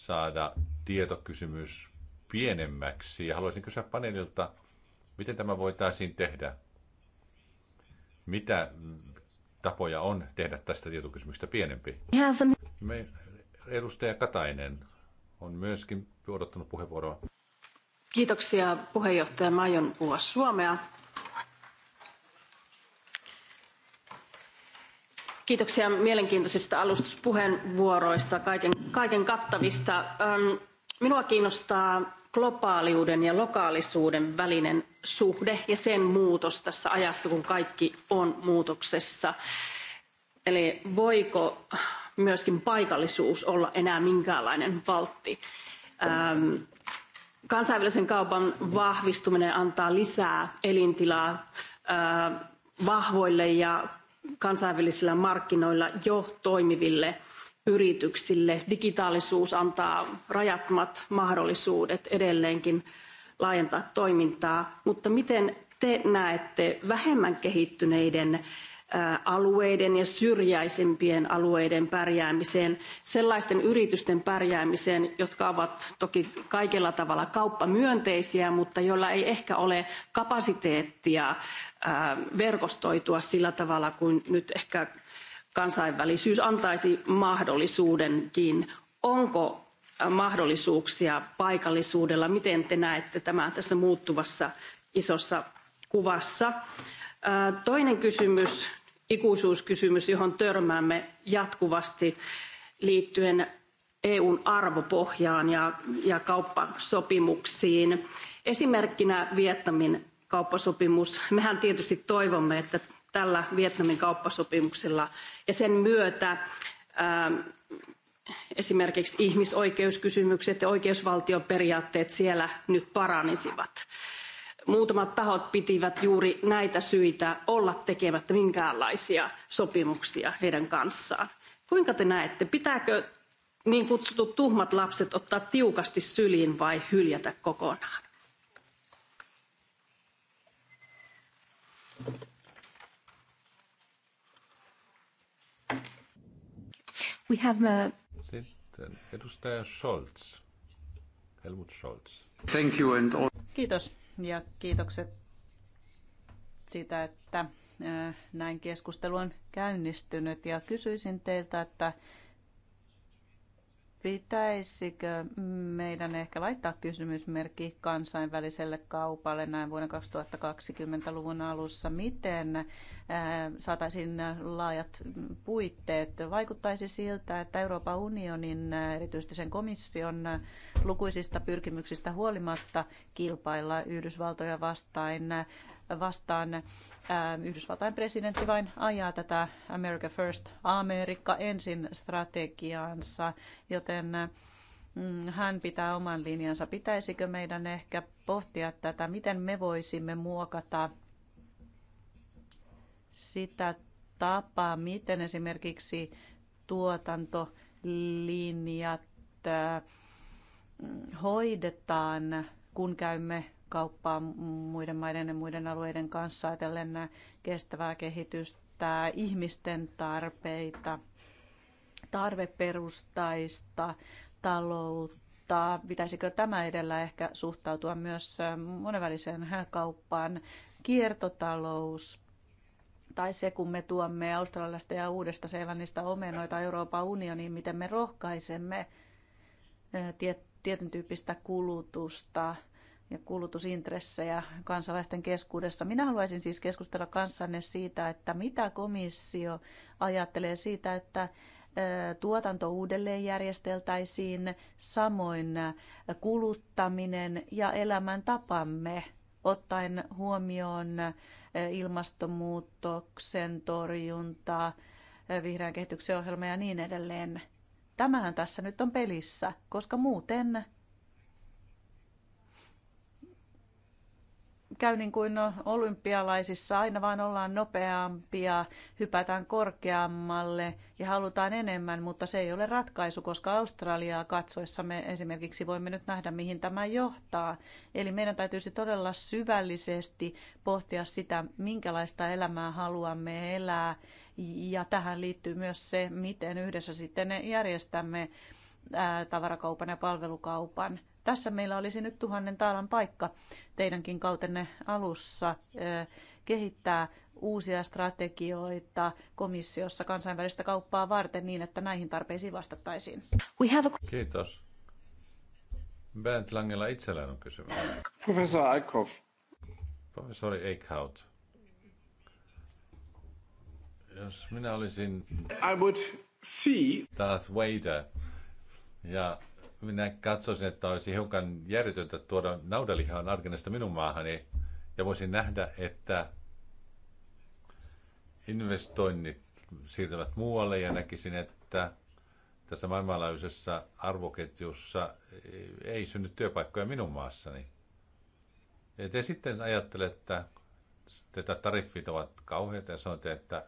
A: saada tietokysymys pienemmäksi. Ja haluaisin kysyä paneelilta, miten tämä voitaisiin tehdä? Mitä mm, tapoja on tehdä tästä tietokysymyksestä pienempi. Me, edustaja Katainen on myöskin odottanut puheenvuoroa.
D: Kiitoksia puheenjohtaja. Mä aion puhua suomea. Kiitoksia mielenkiintoisista alustuspuheenvuoroista, kaiken, kaiken kattavista. Minua kiinnostaa globaaliuden ja lokaalisuuden välinen suhde ja sen muutos tässä ajassa, kun kaikki on muutoksessa. Eli voiko myöskin paikallisuus olla enää minkäänlainen valtti? Ähm, kansainvälisen kaupan vahvistuminen antaa lisää elintilaa äh, vahvoille ja kansainvälisillä markkinoilla jo toimiville yrityksille. Digitaalisuus antaa rajattomat mahdollisuudet edelleenkin laajentaa toimintaa, mutta miten te näette vähemmän kehittyneiden alueiden ja syrjäisempien alueiden pärjäämiseen, sellaisten yritysten pärjäämiseen, jotka ovat toki kaikella tavalla kauppamyönteisiä, mutta joilla ei ehkä ole kapasiteettia verkostoitua sillä tavalla kuin nyt ehkä kansainvälisyys antaisi mahdollisuudenkin. Onko äh, mahdollisuuksia paikallisuudella? Miten te näette tämän tässä muuttuvassa isossa kuvassa? Äh, toinen kysymys, ikuisuuskysymys, johon törmäämme jatkuvasti liittyen EUn arvopohjaan ja, ja kauppasopimuksiin. Esimerkkinä Vietnamin kauppasopimus. Mehän tietysti toivomme, että tällä Vietnamin kauppasopimuksella ja sen myötä ähm, esimerkiksi ihmisoikeuskysymykset ja oikeusvaltioperiaatteet siellä nyt paranisivat. Muutamat tahot pitivät juuri näitä syitä olla tekemättä minkäänlaisia sopimuksia heidän kanssaan. Kuinka te näette, pitääkö niin kutsutut tuhmat lapset ottaa tiukasti syliin vai hyljätä kokonaan? We have a... Uh,
A: Sitten edustaja Scholz. Helmut Scholz.
D: Thank you and all...
C: Kiitos ja kiitokset siitä, että äh, näin keskustelu on käynnistynyt ja kysyisin teiltä, että pitäisikö meidän ehkä laittaa kysymysmerkki kansainväliselle kaupalle näin vuoden 2020-luvun alussa? Miten äh, saataisiin laajat puitteet? Vaikuttaisi siltä, että Euroopan unionin, äh, erityisesti sen komission äh, lukuisista pyrkimyksistä huolimatta kilpailla Yhdysvaltoja vastaan vastaan. Ähm, Yhdysvaltain presidentti vain ajaa tätä America First, Amerikka ensin strategiaansa, joten mm, hän pitää oman linjansa. Pitäisikö meidän ehkä pohtia tätä, miten me voisimme muokata sitä tapaa, miten esimerkiksi tuotantolinjat äh, hoidetaan, kun käymme kauppaa muiden maiden ja muiden alueiden kanssa ajatellen kestävää kehitystä, ihmisten tarpeita, tarveperustaista taloutta. Pitäisikö tämä edellä ehkä suhtautua myös monenväliseen kauppaan, kiertotalous, tai se, kun me tuomme Australiasta ja Uudesta Seelannista omenoita Euroopan unioniin, miten me rohkaisemme eh, tietyn tyyppistä kulutusta ja kulutusintressejä kansalaisten keskuudessa. Minä haluaisin siis keskustella kanssanne siitä, että mitä komissio ajattelee siitä, että tuotanto uudelleen järjesteltäisiin, samoin kuluttaminen ja elämäntapamme ottaen huomioon ilmastonmuutoksen torjunta, vihreän kehityksen ohjelma ja niin edelleen. Tämähän tässä nyt on pelissä, koska muuten käy niin kuin olympialaisissa, aina vaan ollaan nopeampia, hypätään korkeammalle ja halutaan enemmän, mutta se ei ole ratkaisu, koska Australiaa katsoessa me esimerkiksi voimme nyt nähdä, mihin tämä johtaa. Eli meidän täytyisi todella syvällisesti pohtia sitä, minkälaista elämää haluamme elää, ja tähän liittyy myös se, miten yhdessä sitten järjestämme tavarakaupan ja palvelukaupan – tässä meillä olisi nyt tuhannen taalan paikka teidänkin kautenne alussa kehittää uusia strategioita komissiossa kansainvälistä kauppaa varten niin, että näihin tarpeisiin vastattaisiin.
A: We have a... Kiitos. Bernd Langella itsellään on kysymys. Professor Eickhoff. Professori Eichhout. Jos minä olisin... I would see... Darth Vader. Ja minä katsoisin, että olisi hiukan järjetöntä tuoda naudalihaa Argenasta minun maahani ja voisin nähdä, että investoinnit siirtyvät muualle ja näkisin, että tässä maailmanlaajuisessa arvoketjussa ei synny työpaikkoja minun maassani. Ja te sitten ajattelette, että, että tariffit ovat kauheita ja sanotte, että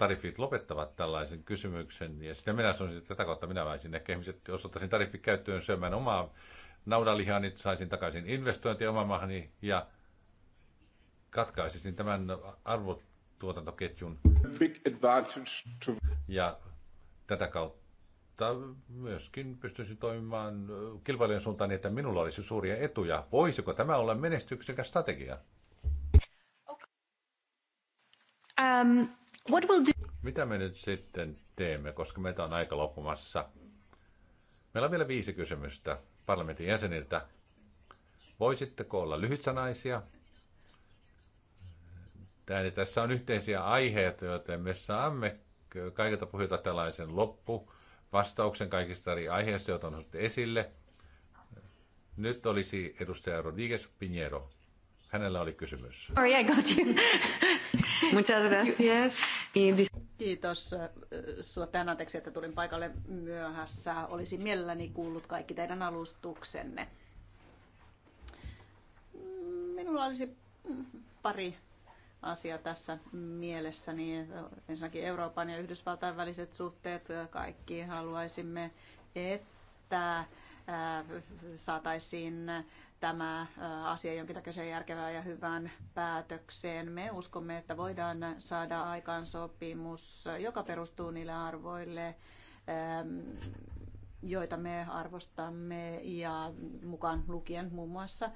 A: tarifit lopettavat tällaisen kysymyksen. Ja sitten minä sanoisin, että tätä kautta minä väisin ehkä ihmiset, jos ottaisin tariffit käyttöön syömään omaa naudanlihaa, niin saisin takaisin investointia oman mahani ja katkaisisin tämän arvotuotantoketjun. Big advantage to... Ja tätä kautta myöskin pystyisin toimimaan kilpailijan suuntaan niin, että minulla olisi suuria etuja. Voisiko tämä olla menestyksekäs strategia?
D: Um, What will do?
A: Mitä me nyt sitten teemme, koska meitä on aika loppumassa? Meillä on vielä viisi kysymystä parlamentin jäseniltä. Voisitteko olla lyhytsanaisia? Tääni niin tässä on yhteisiä aiheita, joten me saamme kaikilta puhuta tällaisen vastauksen kaikista eri aiheista, joita on esille. Nyt olisi edustaja Rodriguez Pinheiro. Hänellä oli kysymys.
E: Sorry, I got you. [laughs] Muchas gracias.
C: Kiitos. Äh, tämän anteeksi, että tulin paikalle myöhässä. Olisin mielelläni kuullut kaikki teidän alustuksenne. Mm, minulla olisi mm, pari asia tässä mielessä. Niin ensinnäkin Euroopan ja Yhdysvaltain väliset suhteet. Kaikki haluaisimme, että äh, saataisiin tämä asia jonkinnäköiseen järkevään ja hyvään päätökseen. Me uskomme, että voidaan saada aikaan sopimus, joka perustuu niille arvoille, joita me arvostamme ja mukaan lukien muun muassa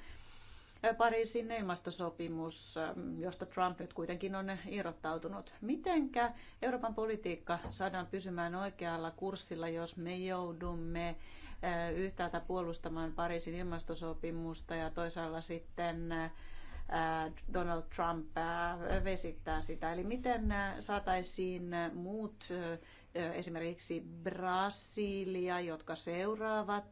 C: Pariisin ilmastosopimus, josta Trump nyt kuitenkin on irrottautunut. Mitenkä Euroopan politiikka saadaan pysymään oikealla kurssilla, jos me joudumme yhtäältä puolustamaan Pariisin ilmastosopimusta ja toisaalla sitten Donald Trump vesittää sitä. Eli miten saataisiin muut, esimerkiksi Brasilia, jotka seuraavat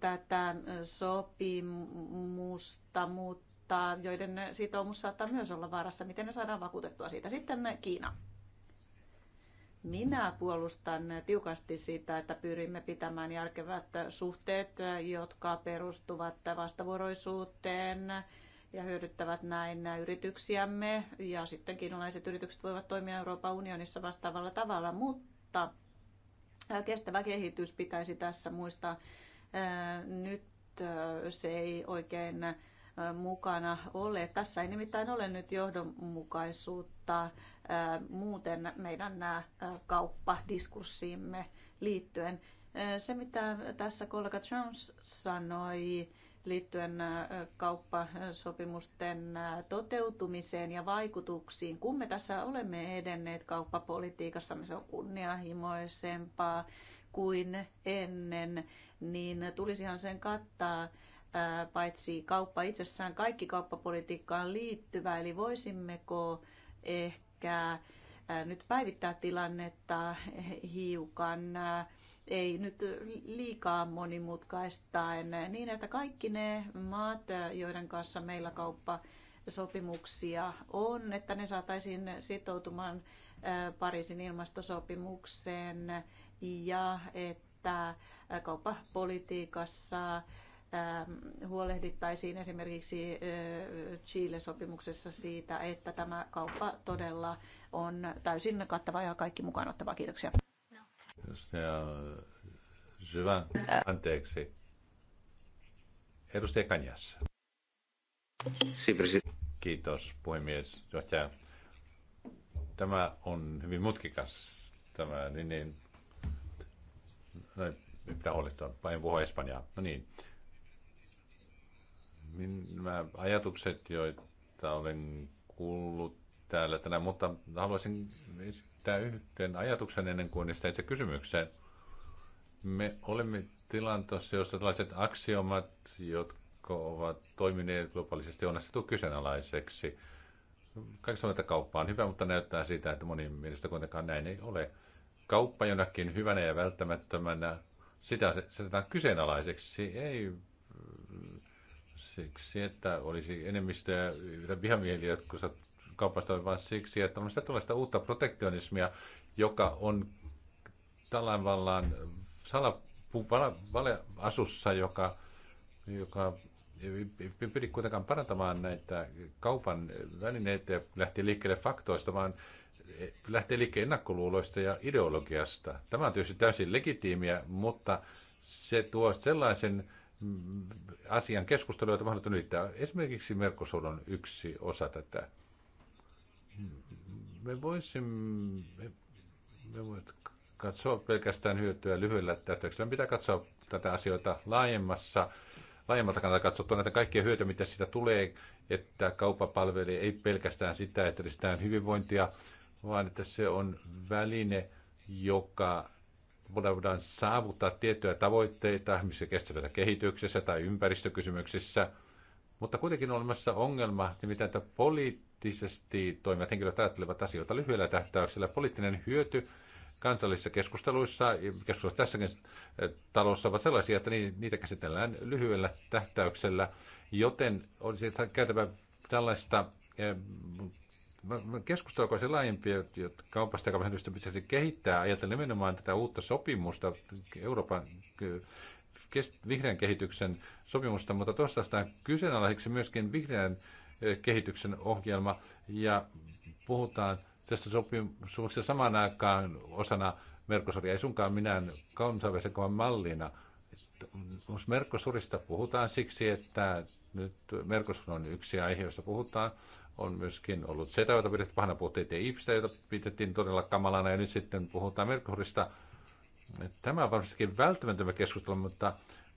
C: tätä sopimusta, mutta joiden sitoumus saattaa myös olla vaarassa, miten ne saadaan vakuutettua siitä. Sitten Kiina. Minä puolustan tiukasti sitä, että pyrimme pitämään järkevät suhteet, jotka perustuvat vastavuoroisuuteen ja hyödyttävät näin yrityksiämme. Ja sitten kiinalaiset yritykset voivat toimia Euroopan unionissa vastaavalla tavalla, mutta kestävä kehitys pitäisi tässä muistaa. Nyt se ei oikein mukana ole. Tässä ei nimittäin ole nyt johdonmukaisuutta muuten meidän nämä kauppadiskurssiimme liittyen. Se, mitä tässä kollega Jones sanoi, liittyen kauppasopimusten toteutumiseen ja vaikutuksiin. Kun me tässä olemme edenneet kauppapolitiikassa, se on kunnianhimoisempaa kuin ennen, niin tulisihan sen kattaa paitsi kauppa itsessään, kaikki kauppapolitiikkaan liittyvä. Eli voisimmeko ehkä nyt päivittää tilannetta hiukan, ei nyt liikaa monimutkaistaen, niin että kaikki ne maat, joiden kanssa meillä kauppa sopimuksia on, että ne saataisiin sitoutumaan Pariisin ilmastosopimukseen ja että kauppapolitiikassa Ähm, huolehdittaisiin esimerkiksi äh, Chile-sopimuksessa siitä, että tämä kauppa todella on täysin kattava ja kaikki mukaan ottava. Kiitoksia. No.
A: Edustaja Syvä, anteeksi. Edustaja Kanjas. Kiitos puhemies. Johtaja. Tämä on hyvin mutkikas tämä, niin, niin. No, pitää huolehtua, vain puhua Espanjaa. No niin, nämä ajatukset, joita olen kuullut täällä tänään, mutta haluaisin esittää yhden ajatuksen ennen kuin niistä itse kysymykseen. Me olemme tilanteessa, jossa tällaiset aksiomat, jotka ovat toimineet globaalisesti, on asetettu kyseenalaiseksi. Kaikki sanoo, että kauppa on hyvä, mutta näyttää siitä, että moni mielestä kuitenkaan näin ei ole. Kauppa jonakin hyvänä ja välttämättömänä, sitä asetetaan kyseenalaiseksi. Ei siksi, että olisi enemmistöä vihamieliä, sä kaupasta vain siksi, että on sitä tällaista uutta protektionismia, joka on tavallaan asussa, joka, joka ei pyri kuitenkaan parantamaan näitä kaupan välineitä ja lähti liikkeelle faktoista, vaan lähtee liikkeelle ennakkoluuloista ja ideologiasta. Tämä on tietysti täysin legitiimiä, mutta se tuo sellaisen asian keskustelua, jota mahdoton ylittää. Esimerkiksi Mercosur on yksi osa tätä. Me voisimme me, me voit katsoa pelkästään hyötyä lyhyellä tähtäyksellä. Pitää katsoa tätä asioita laajemmassa, laajemmalta kannalta katsottuna näitä kaikkia hyötyjä, mitä siitä tulee, että kauppa palvelee ei pelkästään sitä, että edistetään hyvinvointia, vaan että se on väline, joka voidaan saavuttaa tiettyjä tavoitteita, missä kestävässä kehityksessä tai ympäristökysymyksissä, mutta kuitenkin on olemassa ongelma, nimittäin että poliittisesti toimivat henkilöt ajattelevat asioita lyhyellä tähtäyksellä. Poliittinen hyöty kansallisissa keskusteluissa, keskustelussa tässäkin eh, talossa ovat sellaisia, että niitä käsitellään lyhyellä tähtäyksellä, joten olisi käytävä tällaista eh, keskustelua se laajempi, että kaupasta ja pitäisi kehittää, ajatellen nimenomaan tätä uutta sopimusta, Euroopan vihreän kehityksen sopimusta, mutta on kyseenalaiseksi myöskin vihreän eh, kehityksen ohjelma ja puhutaan tästä sopimuksesta samaan aikaan osana Merkosuria, ei sunkaan minään kansainvälisen mallina. Merkosurista puhutaan siksi, että nyt Merkosur on yksi aihe, josta puhutaan, on myöskin ollut setä, jota pidettiin pahana, puhuttiin TIPstä, jota pidettiin todella kamalana, ja nyt sitten puhutaan Merkurista. Tämä on varmastikin välttämätöntä keskustelu, mutta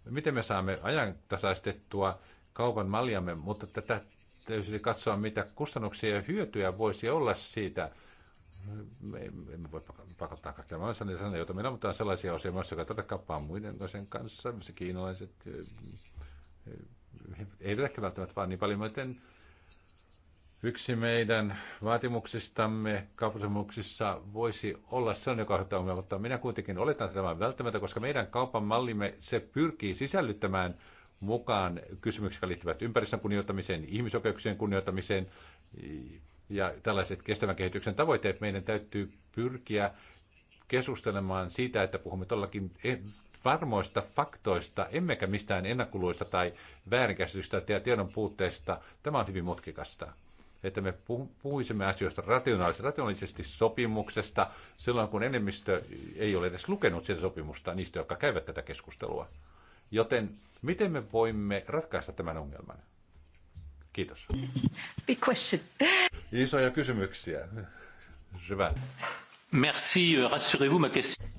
A: miten me saamme ajantasaistettua kaupan maljamme, mutta tätä täytyy katsoa, mitä kustannuksia ja hyötyjä voisi olla siitä. Me emme voi pakottaa kaikkia maailmassa niitä sanoja, joita meillä on, mutta on sellaisia osia maassa, jotka todella kappaa muiden sen kanssa, se kiinalaiset, eh, eh, eh, eivät ehkä välttämättä vaan niin paljon, joten Yksi meidän vaatimuksistamme kauppasopimuksissa voisi olla se, joka aiheuttaa ongelmia, mutta minä kuitenkin oletan, että tämä on välttämätöntä, koska meidän kaupan mallimme se pyrkii sisällyttämään mukaan kysymyksiä, jotka liittyvät ympäristön kunnioittamiseen, ihmisoikeuksien kunnioittamiseen ja tällaiset kestävän kehityksen tavoitteet. Meidän täytyy pyrkiä keskustelemaan siitä, että puhumme todellakin e- varmoista faktoista, emmekä mistään ennakkoluista tai väärinkäsitystä tai tiedon puutteesta. Tämä on hyvin mutkikasta että me puhuisimme asioista rationaalisesti, rationaalisesti sopimuksesta silloin, kun enemmistö ei ole edes lukenut sitä sopimusta niistä, jotka käyvät tätä keskustelua. Joten miten me voimme ratkaista tämän ongelman? Kiitos. Big question. Isoja kysymyksiä. Hyvä. Merci, euh, rassurez-vous ma question.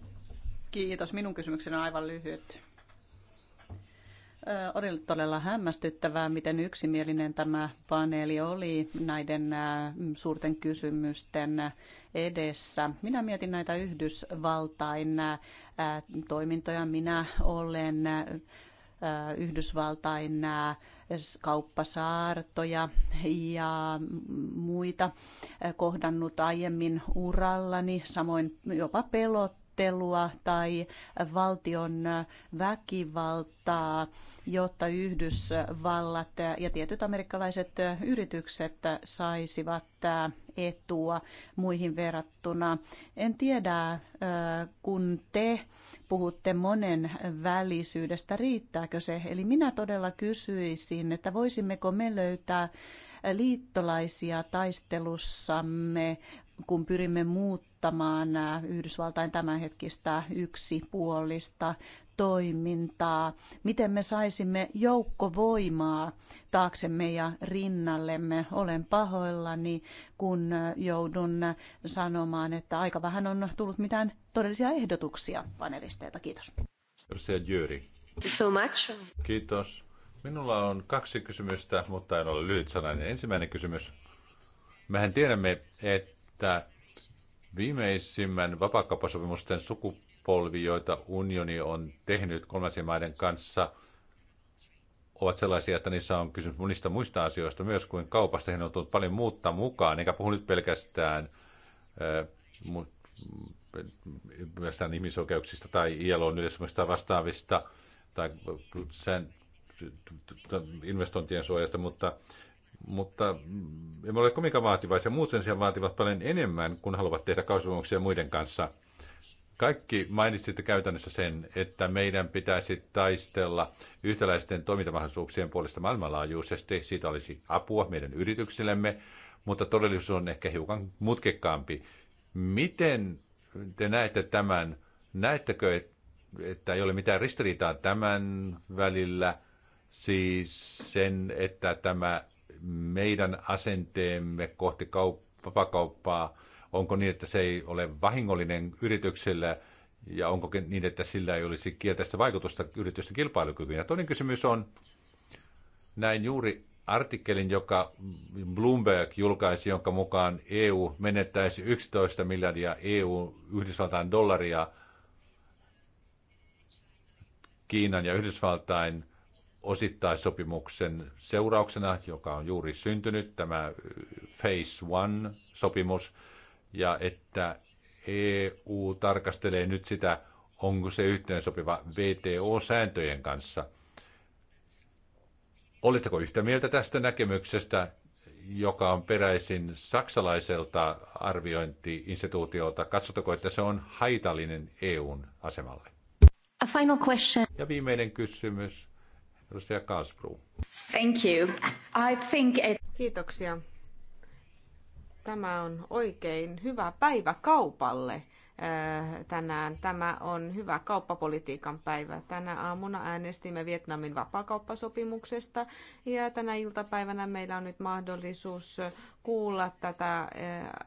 C: Kiitos. Minun kysymykseni on aivan lyhyt. Oli todella hämmästyttävää, miten yksimielinen tämä paneeli oli näiden suurten kysymysten edessä. Minä mietin näitä Yhdysvaltain toimintoja. Minä olen Yhdysvaltain kauppasaartoja ja muita kohdannut aiemmin urallani, samoin jopa pelot kohtelua tai valtion väkivaltaa, jotta Yhdysvallat ja tietyt amerikkalaiset yritykset saisivat etua muihin verrattuna. En tiedä, kun te puhutte monen välisyydestä, riittääkö se? Eli minä todella kysyisin, että voisimmeko me löytää liittolaisia taistelussamme, kun pyrimme muut muuttamaan Yhdysvaltain tämänhetkistä yksipuolista toimintaa, miten me saisimme joukkovoimaa taaksemme ja rinnallemme. Olen pahoillani, kun joudun sanomaan, että aika vähän on tullut mitään todellisia ehdotuksia panelisteilta. Kiitos.
D: So much.
A: Kiitos. Minulla on kaksi kysymystä, mutta en ole lyhyt sanainen. Ensimmäinen kysymys. Mehän tiedämme, että Viimeisimmän vapaakauppasopimusten sukupolvi, joita unioni on tehnyt kolmansien maiden kanssa, ovat sellaisia, että niissä on kysymys monista muista asioista myös kuin kaupasta. Heidän on tullut paljon muutta mukaan, eikä puhu nyt pelkästään äh, ihmisoikeuksista tai ILOn yleisömistä vastaavista tai sen investointien suojasta, mutta mutta emme ole kovinkaan vaativaisia. Muut sen sijaan vaativat paljon enemmän, kun haluavat tehdä kausivuomuksia muiden kanssa. Kaikki mainitsitte käytännössä sen, että meidän pitäisi taistella yhtäläisten toimintamahdollisuuksien puolesta maailmanlaajuisesti. Siitä olisi apua meidän yrityksillemme, mutta todellisuus on ehkä hiukan mutkikkaampi. Miten te näette tämän? Näettekö, että ei ole mitään ristiriitaa tämän välillä? Siis sen, että tämä meidän asenteemme kohti vapakauppaa, onko niin, että se ei ole vahingollinen yritykselle ja onko niin, että sillä ei olisi kielteistä vaikutusta yritysten kilpailukykyyn. Ja toinen kysymys on, näin juuri artikkelin, joka Bloomberg julkaisi, jonka mukaan EU menettäisi 11 miljardia EU Yhdysvaltain dollaria Kiinan ja Yhdysvaltain osittaissopimuksen seurauksena, joka on juuri syntynyt, tämä Phase One-sopimus, ja että EU tarkastelee nyt sitä, onko se yhteensopiva VTO-sääntöjen kanssa. Oletteko yhtä mieltä tästä näkemyksestä, joka on peräisin saksalaiselta arviointiinstituutiolta? Katsotteko, että se on haitallinen EUn asemalle?
D: A final question.
A: Ja viimeinen kysymys. Edustaja Kasbru.
D: Thank you.
B: I think it... Kiitoksia. Tämä on oikein hyvä päivä kaupalle äh, tänään. Tämä on hyvä kauppapolitiikan päivä. Tänä aamuna äänestimme Vietnamin vapaakauppasopimuksesta ja tänä iltapäivänä meillä on nyt mahdollisuus kuulla tätä äh,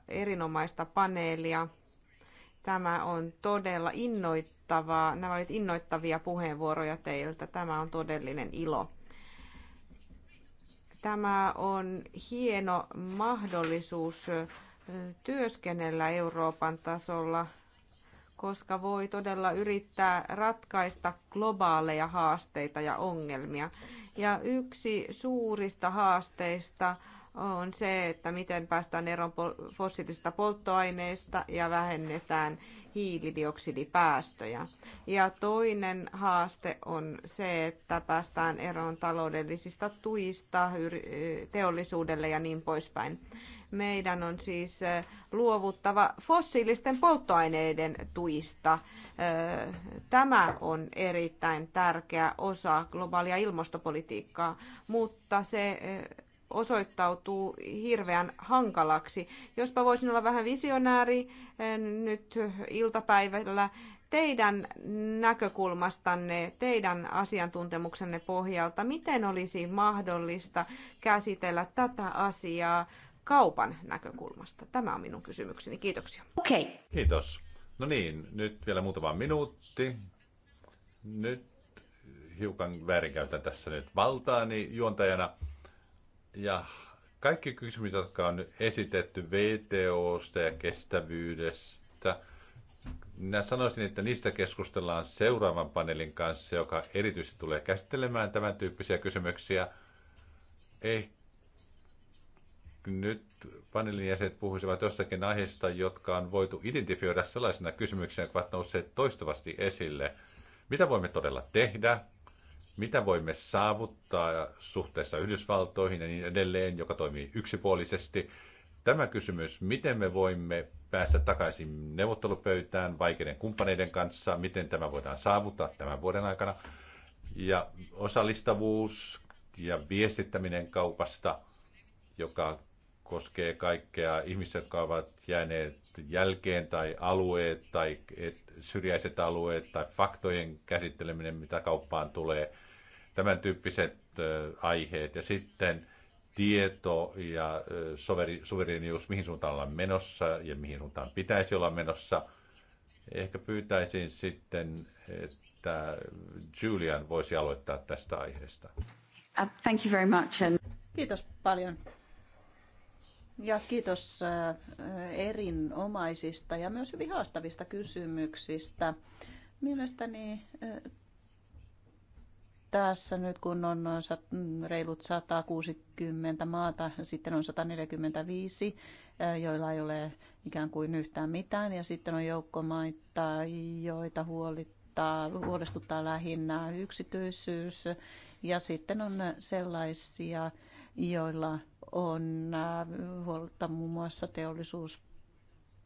B: erinomaista paneelia Tämä on todella innoittavaa. Nämä olivat innoittavia puheenvuoroja teiltä. Tämä on todellinen ilo. Tämä on hieno mahdollisuus työskennellä Euroopan tasolla, koska voi todella yrittää ratkaista globaaleja haasteita ja ongelmia. Ja yksi suurista haasteista on se, että miten päästään eroon fossiilisista polttoaineista ja vähennetään hiilidioksidipäästöjä. Ja toinen haaste on se, että päästään eroon taloudellisista tuista teollisuudelle ja niin poispäin. Meidän on siis luovuttava fossiilisten polttoaineiden tuista. Tämä on erittäin tärkeä osa globaalia ilmastopolitiikkaa, mutta se osoittautuu hirveän hankalaksi. Jospa voisin olla vähän visionääri eh, nyt iltapäivällä teidän näkökulmastanne, teidän asiantuntemuksenne pohjalta, miten olisi mahdollista käsitellä tätä asiaa kaupan näkökulmasta? Tämä on minun kysymykseni. Kiitoksia. Okei. Okay.
A: Kiitos. No niin, nyt vielä muutama minuutti. Nyt hiukan väärinkäytän tässä nyt valtaani juontajana. Ja kaikki kysymykset, jotka on esitetty VTOsta ja kestävyydestä, minä sanoisin, että niistä keskustellaan seuraavan paneelin kanssa, joka erityisesti tulee käsittelemään tämän tyyppisiä kysymyksiä. Ei, eh, nyt paneelin jäsenet puhuisivat jostakin aiheesta, jotka on voitu identifioida sellaisena kysymyksenä, jotka ovat nousseet toistuvasti esille. Mitä voimme todella tehdä? mitä voimme saavuttaa suhteessa Yhdysvaltoihin ja niin edelleen, joka toimii yksipuolisesti. Tämä kysymys, miten me voimme päästä takaisin neuvottelupöytään vaikeiden kumppaneiden kanssa, miten tämä voidaan saavuttaa tämän vuoden aikana, ja osallistavuus ja viestittäminen kaupasta, joka koskee kaikkea ihmisiä, jotka ovat jääneet jälkeen tai alueet tai syrjäiset alueet tai faktojen käsitteleminen, mitä kauppaan tulee, tämän tyyppiset aiheet ja sitten tieto ja suverenius, mihin suuntaan ollaan menossa ja mihin suuntaan pitäisi olla menossa. Ehkä pyytäisin sitten, että Julian voisi aloittaa tästä aiheesta.
E: Uh, thank you very much.
C: Kiitos paljon. Ja kiitos äh, erinomaisista ja myös hyvin haastavista kysymyksistä. Mielestäni äh, tässä nyt kun on reilut 160 maata, sitten on 145, äh, joilla ei ole ikään kuin yhtään mitään, ja sitten on joukko maita, joita huolittaa, huolestuttaa lähinnä yksityisyys, ja sitten on sellaisia, joilla on äh, huolta muun muassa teollisuus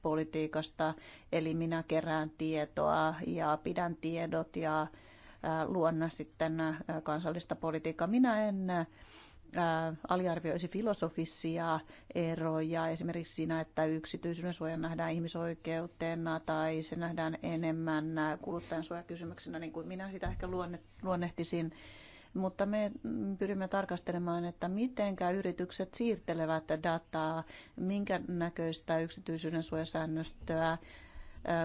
C: politiikasta, eli minä kerään tietoa ja pidän tiedot ja äh, luonna sitten äh, kansallista politiikkaa. Minä en aliarvioisi filosofisia eroja esimerkiksi siinä, että yksityisyyden suoja nähdään ihmisoikeutena tai se nähdään enemmän kuluttajansuojakysymyksenä, niin kuin minä sitä ehkä luonnehtisin mutta me pyrimme tarkastelemaan, että miten yritykset siirtelevät dataa, minkä näköistä yksityisyyden suojasäännöstöä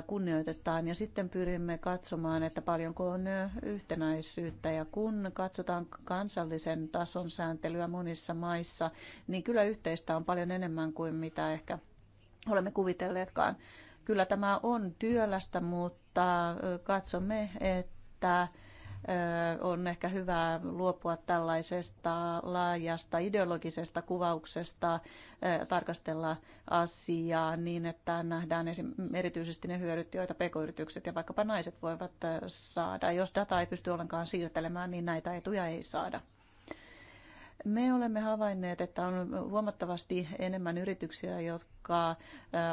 C: kunnioitetaan ja sitten pyrimme katsomaan, että paljonko on yhtenäisyyttä ja kun katsotaan kansallisen tason sääntelyä monissa maissa, niin kyllä yhteistä on paljon enemmän kuin mitä ehkä olemme kuvitelleetkaan. Kyllä tämä on työlästä, mutta katsomme, että on ehkä hyvä luopua tällaisesta laajasta ideologisesta kuvauksesta, tarkastella asiaa niin, että nähdään erityisesti ne hyödyt, joita pk-yritykset ja vaikkapa naiset voivat saada. Jos data ei pysty ollenkaan siirtelemään, niin näitä etuja ei saada. Me olemme havainneet, että on huomattavasti enemmän yrityksiä, jotka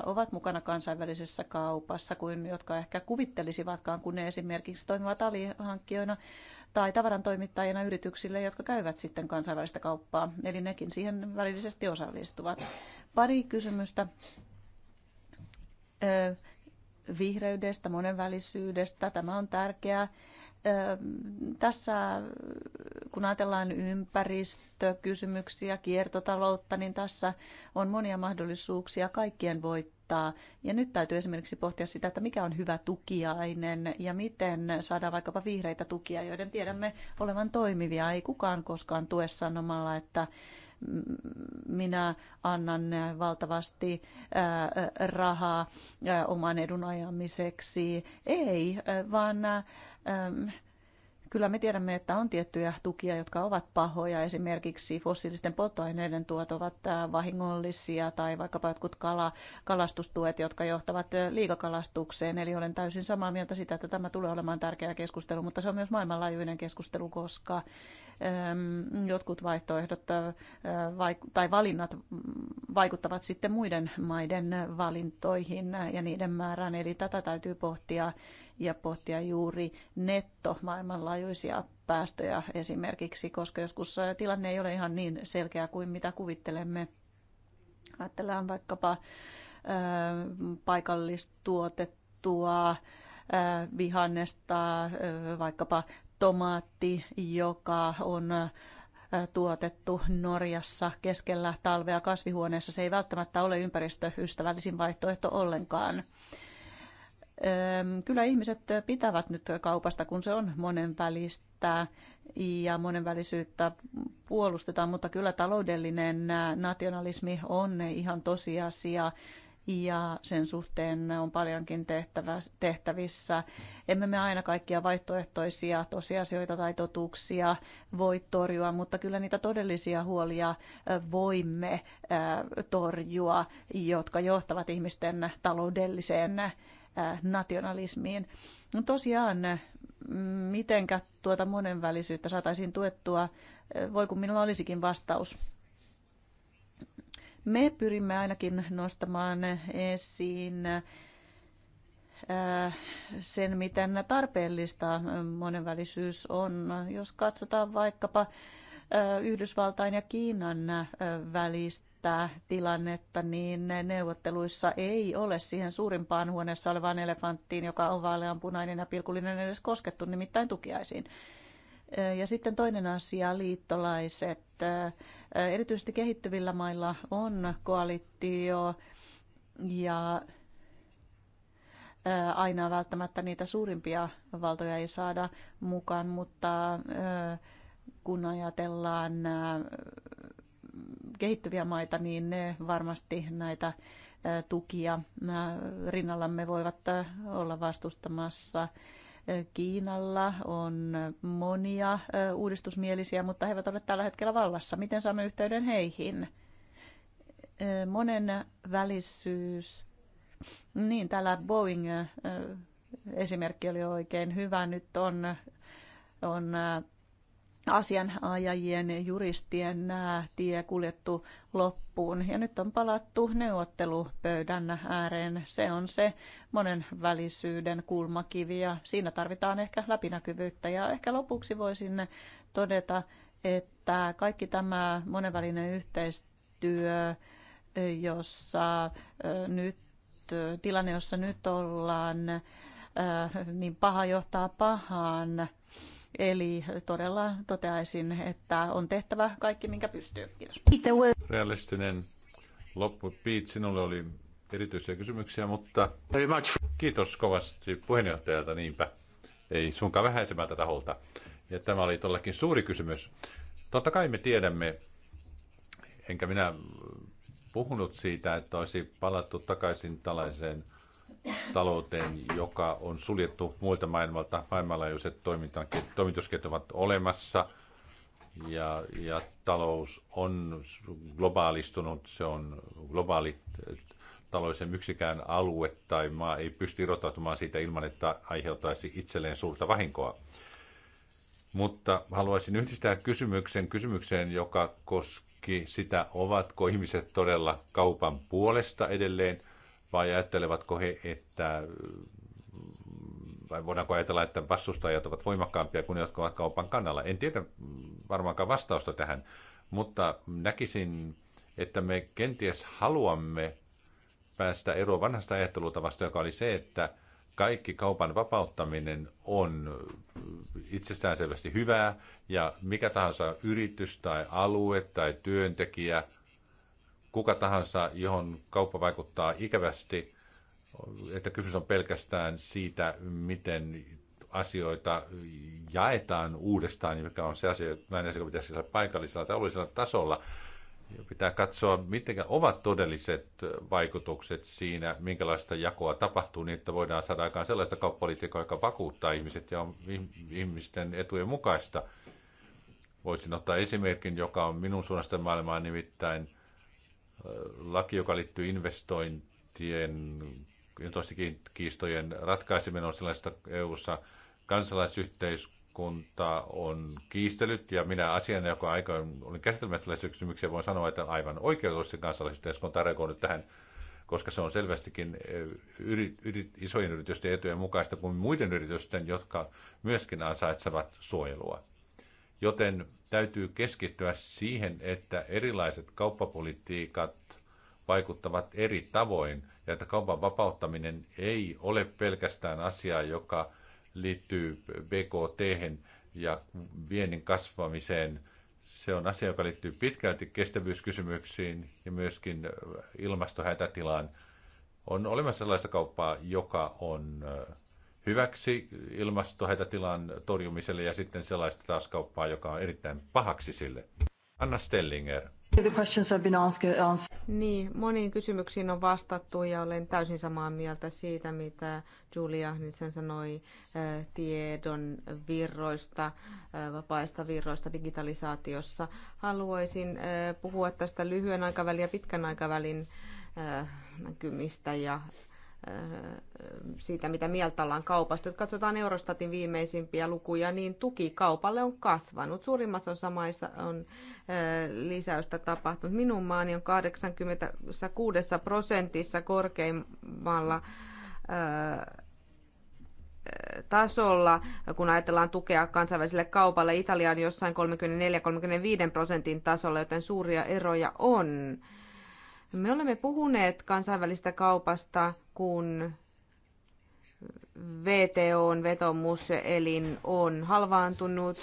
C: ovat mukana kansainvälisessä kaupassa kuin jotka ehkä kuvittelisivatkaan, kun ne esimerkiksi toimivat alihankkijoina tai tavarantoimittajina yrityksille, jotka käyvät sitten kansainvälistä kauppaa. Eli nekin siihen välillisesti osallistuvat. Pari kysymystä vihreydestä, monenvälisyydestä. Tämä on tärkeää tässä kun ajatellaan ympäristökysymyksiä, kiertotaloutta, niin tässä on monia mahdollisuuksia kaikkien voittaa. Ja nyt täytyy esimerkiksi pohtia sitä, että mikä on hyvä tukiainen ja miten saadaan vaikkapa vihreitä tukia, joiden tiedämme olevan toimivia. Ei kukaan koskaan tue sanomalla, että minä annan valtavasti rahaa oman edun ajamiseksi. Ei, vaan Kyllä me tiedämme, että on tiettyjä tukia, jotka ovat pahoja. Esimerkiksi fossiilisten polttoaineiden tuot ovat vahingollisia tai vaikkapa jotkut kala, kalastustuet, jotka johtavat liikakalastukseen. Eli olen täysin samaa mieltä sitä, että tämä tulee olemaan tärkeä keskustelu, mutta se on myös maailmanlaajuinen keskustelu, koska Ehm, jotkut vaihtoehdot äh, tai valinnat vaikuttavat sitten muiden maiden valintoihin ja niiden määrään. Eli tätä täytyy pohtia ja pohtia juuri netto maailmanlaajuisia päästöjä esimerkiksi, koska joskus äh, tilanne ei ole ihan niin selkeä kuin mitä kuvittelemme. Ajatellaan vaikkapa äh, paikallistuotettua vihannesta, vaikkapa tomaatti, joka on äh, tuotettu Norjassa keskellä talvea kasvihuoneessa. Se ei välttämättä ole ympäristöystävällisin vaihtoehto ollenkaan. Kyllä ihmiset pitävät nyt kaupasta, kun se on monenvälistä ja monenvälisyyttä puolustetaan, mutta kyllä taloudellinen äh, nationalismi on ihan tosiasia ja sen suhteen on paljonkin tehtävä, tehtävissä. Emme me aina kaikkia vaihtoehtoisia tosiasioita tai totuuksia voi torjua, mutta kyllä niitä todellisia huolia voimme torjua, jotka johtavat ihmisten taloudelliseen nationalismiin. No tosiaan, mitenkä tuota monenvälisyyttä saataisiin tuettua? Voi kun minulla olisikin vastaus me pyrimme ainakin nostamaan esiin äh, sen, miten tarpeellista monenvälisyys on. Jos katsotaan vaikkapa äh, Yhdysvaltain ja Kiinan äh, välistä tilannetta, niin neuvotteluissa ei ole siihen suurimpaan huoneessa olevaan elefanttiin, joka on vaaleanpunainen ja pilkullinen edes koskettu, nimittäin tukiaisiin. Ja sitten toinen asia, liittolaiset. Erityisesti kehittyvillä mailla on koalitio ja aina välttämättä niitä suurimpia valtoja ei saada mukaan, mutta kun ajatellaan kehittyviä maita, niin ne varmasti näitä tukia rinnallamme voivat olla vastustamassa. Kiinalla on monia uudistusmielisiä, mutta he eivät ole tällä hetkellä vallassa. Miten saamme yhteyden heihin? Monen välisyys. Niin, täällä Boeing esimerkki oli oikein hyvä. Nyt on, on asianajajien, juristien äh, tie kuljettu loppuun. Ja nyt on palattu neuvottelupöydän ääreen. Se on se monen välisyyden kulmakivi ja siinä tarvitaan ehkä läpinäkyvyyttä. Ja ehkä lopuksi voisin todeta, että kaikki tämä monenvälinen yhteistyö, jossa äh, nyt, äh, tilanne, jossa nyt ollaan, niin paha johtaa pahaan Eli todella toteaisin, että on tehtävä kaikki, minkä pystyy. Kiitos.
A: Realistinen loppu. Piit, sinulle oli erityisiä kysymyksiä, mutta kiitos kovasti puheenjohtajalta niinpä. Ei sunkaan vähäisemmältä taholta. Ja tämä oli todellakin suuri kysymys. Totta kai me tiedämme, enkä minä puhunut siitä, että olisi palattu takaisin tällaiseen talouteen, joka on suljettu muilta maailmalta. Maailmanlaajuiset toimitusket ovat olemassa ja, ja talous on globaalistunut. Se on globaali talous, yksikään alue tai maa ei pysty irrottautumaan siitä ilman, että aiheuttaisi itselleen suurta vahinkoa. Mutta haluaisin yhdistää kysymyksen kysymykseen, joka koski sitä, ovatko ihmiset todella kaupan puolesta edelleen vai ajattelevatko he, että vai voidaanko ajatella, että vastustajat ovat voimakkaampia kuin ne, jotka ovat kaupan kannalla? En tiedä varmaankaan vastausta tähän, mutta näkisin, että me kenties haluamme päästä eroon vanhasta ajattelutavasta, joka oli se, että kaikki kaupan vapauttaminen on itsestäänselvästi hyvää ja mikä tahansa yritys tai alue tai työntekijä – kuka tahansa, johon kauppa vaikuttaa ikävästi, että kysymys on pelkästään siitä, miten asioita jaetaan uudestaan, niin mikä on se asia, että näin asia pitäisi saada paikallisella tai alueellisella tasolla. Pitää katsoa, mitkä ovat todelliset vaikutukset siinä, minkälaista jakoa tapahtuu, niin että voidaan saada aikaan sellaista kauppapolitiikkaa, joka vakuuttaa ihmiset ja on ihmisten etujen mukaista. Voisin ottaa esimerkin, joka on minun suunnasta maailmaa nimittäin – laki, joka liittyy investointien, kiistojen ratkaiseminen on sellaista EU-ssa kansalaisyhteiskunta on kiistellyt, ja minä asiana, joka aikaan olin käsittelemässä tällaisia kysymyksiä, voin sanoa, että aivan oikeudellisesti kansalaisyhteiskunta on nyt tähän koska se on selvästikin eh, yrit, yrit, isojen yritysten etujen mukaista kuin muiden yritysten, jotka myöskin ansaitsevat suojelua. Joten täytyy keskittyä siihen, että erilaiset kauppapolitiikat vaikuttavat eri tavoin ja että kaupan vapauttaminen ei ole pelkästään asia, joka liittyy BKT ja viennin kasvamiseen. Se on asia, joka liittyy pitkälti kestävyyskysymyksiin ja myöskin ilmastohätätilaan. On olemassa sellaista kauppaa, joka on hyväksi ilmastohätätilan torjumiselle ja sitten sellaista taas kauppaa, joka on erittäin pahaksi sille. Anna Stellinger.
B: Niin, moniin kysymyksiin on vastattu ja olen täysin samaa mieltä siitä, mitä Julia Nielsen sanoi eh, tiedon virroista, eh, vapaista virroista digitalisaatiossa. Haluaisin eh, puhua tästä lyhyen aikavälin ja pitkän aikavälin näkymistä ja siitä, mitä mieltä ollaan kaupasta. Jos katsotaan Eurostatin viimeisimpiä lukuja, niin tuki kaupalle on kasvanut. Suurimmassa osa maissa on lisäystä tapahtunut. Minun maani on 86 prosentissa korkeimmalla tasolla, kun ajatellaan tukea kansainväliselle kaupalle. Italia on jossain 34-35 prosentin tasolla, joten suuria eroja on. Me olemme puhuneet kansainvälistä kaupasta kun VTOn vetomuselin on halvaantunut.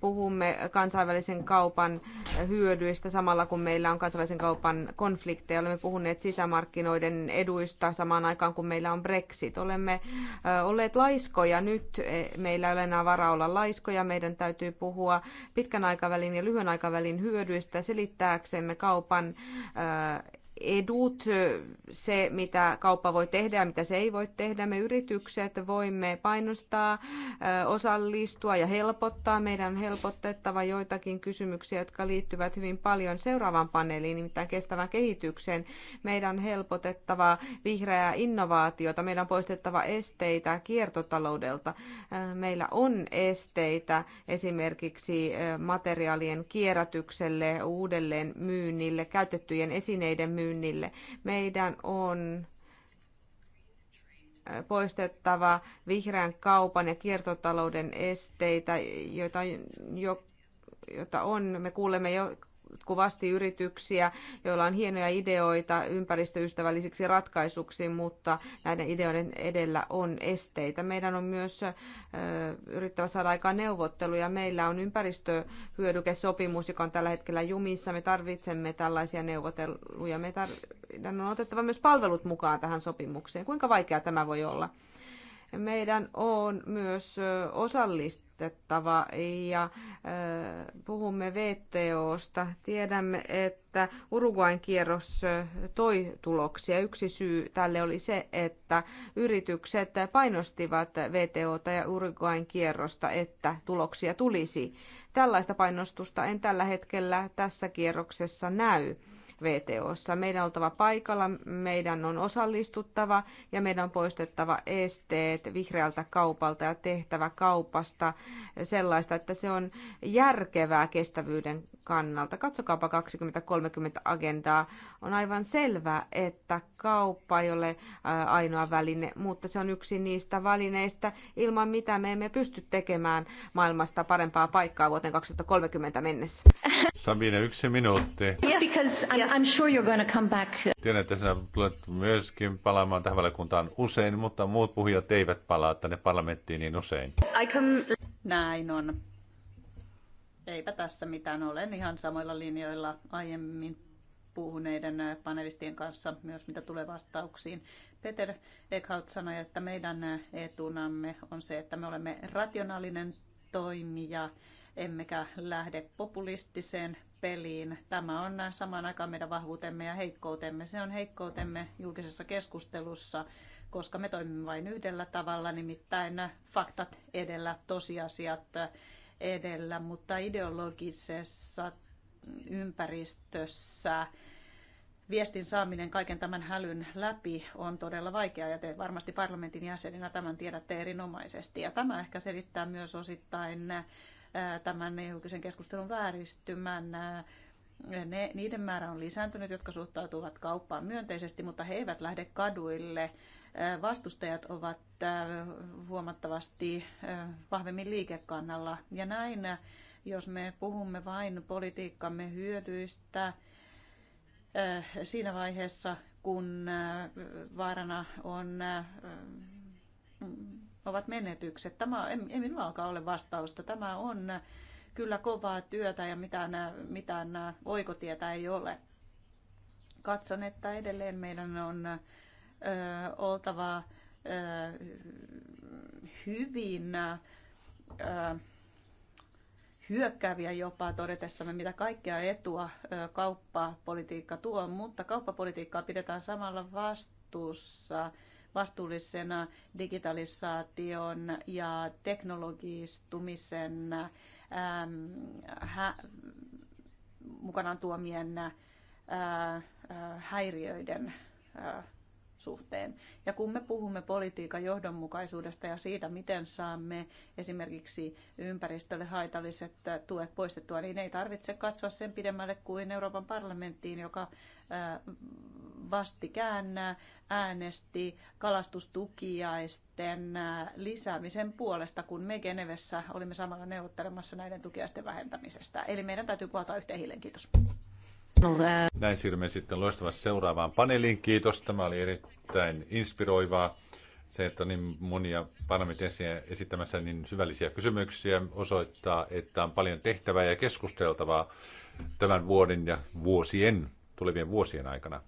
B: Puhumme kansainvälisen kaupan hyödyistä samalla kun meillä on kansainvälisen kaupan konflikteja. Olemme puhuneet sisämarkkinoiden eduista samaan aikaan kun meillä on Brexit. Olemme olleet laiskoja nyt. E, meillä ei ole enää varaa olla laiskoja. Meidän täytyy puhua pitkän aikavälin ja lyhyen aikavälin hyödyistä selittääksemme kaupan edut, se mitä kauppa voi tehdä ja mitä se ei voi tehdä. Me yritykset voimme painostaa, osallistua ja helpottaa. Meidän on helpotettava joitakin kysymyksiä, jotka liittyvät hyvin paljon seuraavaan paneeliin, nimittäin kestävän kehitykseen. Meidän on helpotettava vihreää innovaatiota, meidän on poistettava esteitä kiertotaloudelta. Meillä on esteitä esimerkiksi materiaalien kierrätykselle, uudelleen myynnille, käytettyjen esineiden myynnille myynnille. Meidän on poistettava vihreän kaupan ja kiertotalouden esteitä, joita, jo, joita on. Me kuulemme jo jatkuvasti yrityksiä, joilla on hienoja ideoita ympäristöystävällisiksi ratkaisuksi, mutta näiden ideoiden edellä on esteitä. Meidän on myös yrittävä saada aikaan neuvotteluja. Meillä on ympäristöhyödykesopimus, joka on tällä hetkellä jumissa. Me tarvitsemme tällaisia neuvotteluja. Meidän on otettava myös palvelut mukaan tähän sopimukseen. Kuinka vaikeaa tämä voi olla? meidän on myös osallistettava ja puhumme VTOsta. Tiedämme, että Uruguain kierros toi tuloksia. Yksi syy tälle oli se, että yritykset painostivat VTOta ja Uruguain kierrosta, että tuloksia tulisi. Tällaista painostusta en tällä hetkellä tässä kierroksessa näy. VTOssa. Meidän on oltava paikalla, meidän on osallistuttava ja meidän on poistettava esteet vihreältä kaupalta ja tehtävä kaupasta sellaista, että se on järkevää kestävyyden kannalta. Katsokaapa 2030 agendaa. On aivan selvää, että kauppa ei ole ainoa väline, mutta se on yksi niistä välineistä, ilman mitä me emme pysty tekemään maailmasta parempaa paikkaa vuoteen 2030 mennessä.
A: Sabine, yksi minuutti. Yes,
C: because I'm I'm sure you're going to come back.
A: Tiedän, että sinä tulet myöskin palaamaan tähän valiokuntaan usein, mutta muut puhujat eivät palaa tänne parlamenttiin niin usein.
C: I can... Näin on. Eipä tässä mitään. ole, ihan samoilla linjoilla aiemmin puhuneiden äh, panelistien kanssa myös mitä tulee vastauksiin. Peter Eckhout sanoi, että meidän äh, etunamme on se, että me olemme rationaalinen toimija emmekä lähde populistiseen peliin. Tämä on samaan aikaan meidän vahvuutemme ja heikkoutemme. Se on heikkoutemme julkisessa keskustelussa, koska me toimimme vain yhdellä tavalla, nimittäin faktat edellä, tosiasiat edellä, mutta ideologisessa ympäristössä viestin saaminen kaiken tämän hälyn läpi on todella vaikeaa ja te varmasti parlamentin jäsenenä tämän tiedätte erinomaisesti. Ja tämä ehkä selittää myös osittain tämän julkisen keskustelun vääristymän. Ne, niiden määrä on lisääntynyt, jotka suhtautuvat kauppaan myönteisesti, mutta he eivät lähde kaduille. Vastustajat ovat huomattavasti vahvemmin liikekannalla. Ja näin, jos me puhumme vain politiikkamme hyötyistä siinä vaiheessa, kun vaarana on ovat menetykset. Tämä ei, ei minullakaan ole vastausta. Tämä on kyllä kovaa työtä ja mitään, mitään oikotietä ei ole. Katson, että edelleen meidän on ö, oltava ö, hyvin ö, hyökkääviä jopa todetessamme, mitä kaikkea etua kauppapolitiikka tuo, mutta kauppapolitiikkaa pidetään samalla vastuussa – vastuullisena digitalisaation ja teknologistumisen äm, hä, mukanaan tuomien ää, äh, äh, häiriöiden ää, äh, suhteen. Ja kun me puhumme politiikan johdonmukaisuudesta ja siitä, miten saamme esimerkiksi ympäristölle haitalliset tuet poistettua, niin ei tarvitse katsoa sen pidemmälle kuin Euroopan parlamenttiin, joka vastikään äänesti kalastustukiaisten lisäämisen puolesta, kun me Genevessä olimme samalla neuvottelemassa näiden tukiaisten vähentämisestä. Eli meidän täytyy puhaltaa yhteen hiilen. Kiitos.
A: Näin siirrymme sitten loistavasti seuraavaan paneeliin. Kiitos, tämä oli erittäin inspiroivaa. Se, että on niin monia parlamentin esittämässä niin syvällisiä kysymyksiä, osoittaa, että on paljon tehtävää ja keskusteltavaa tämän vuoden ja vuosien, tulevien vuosien aikana.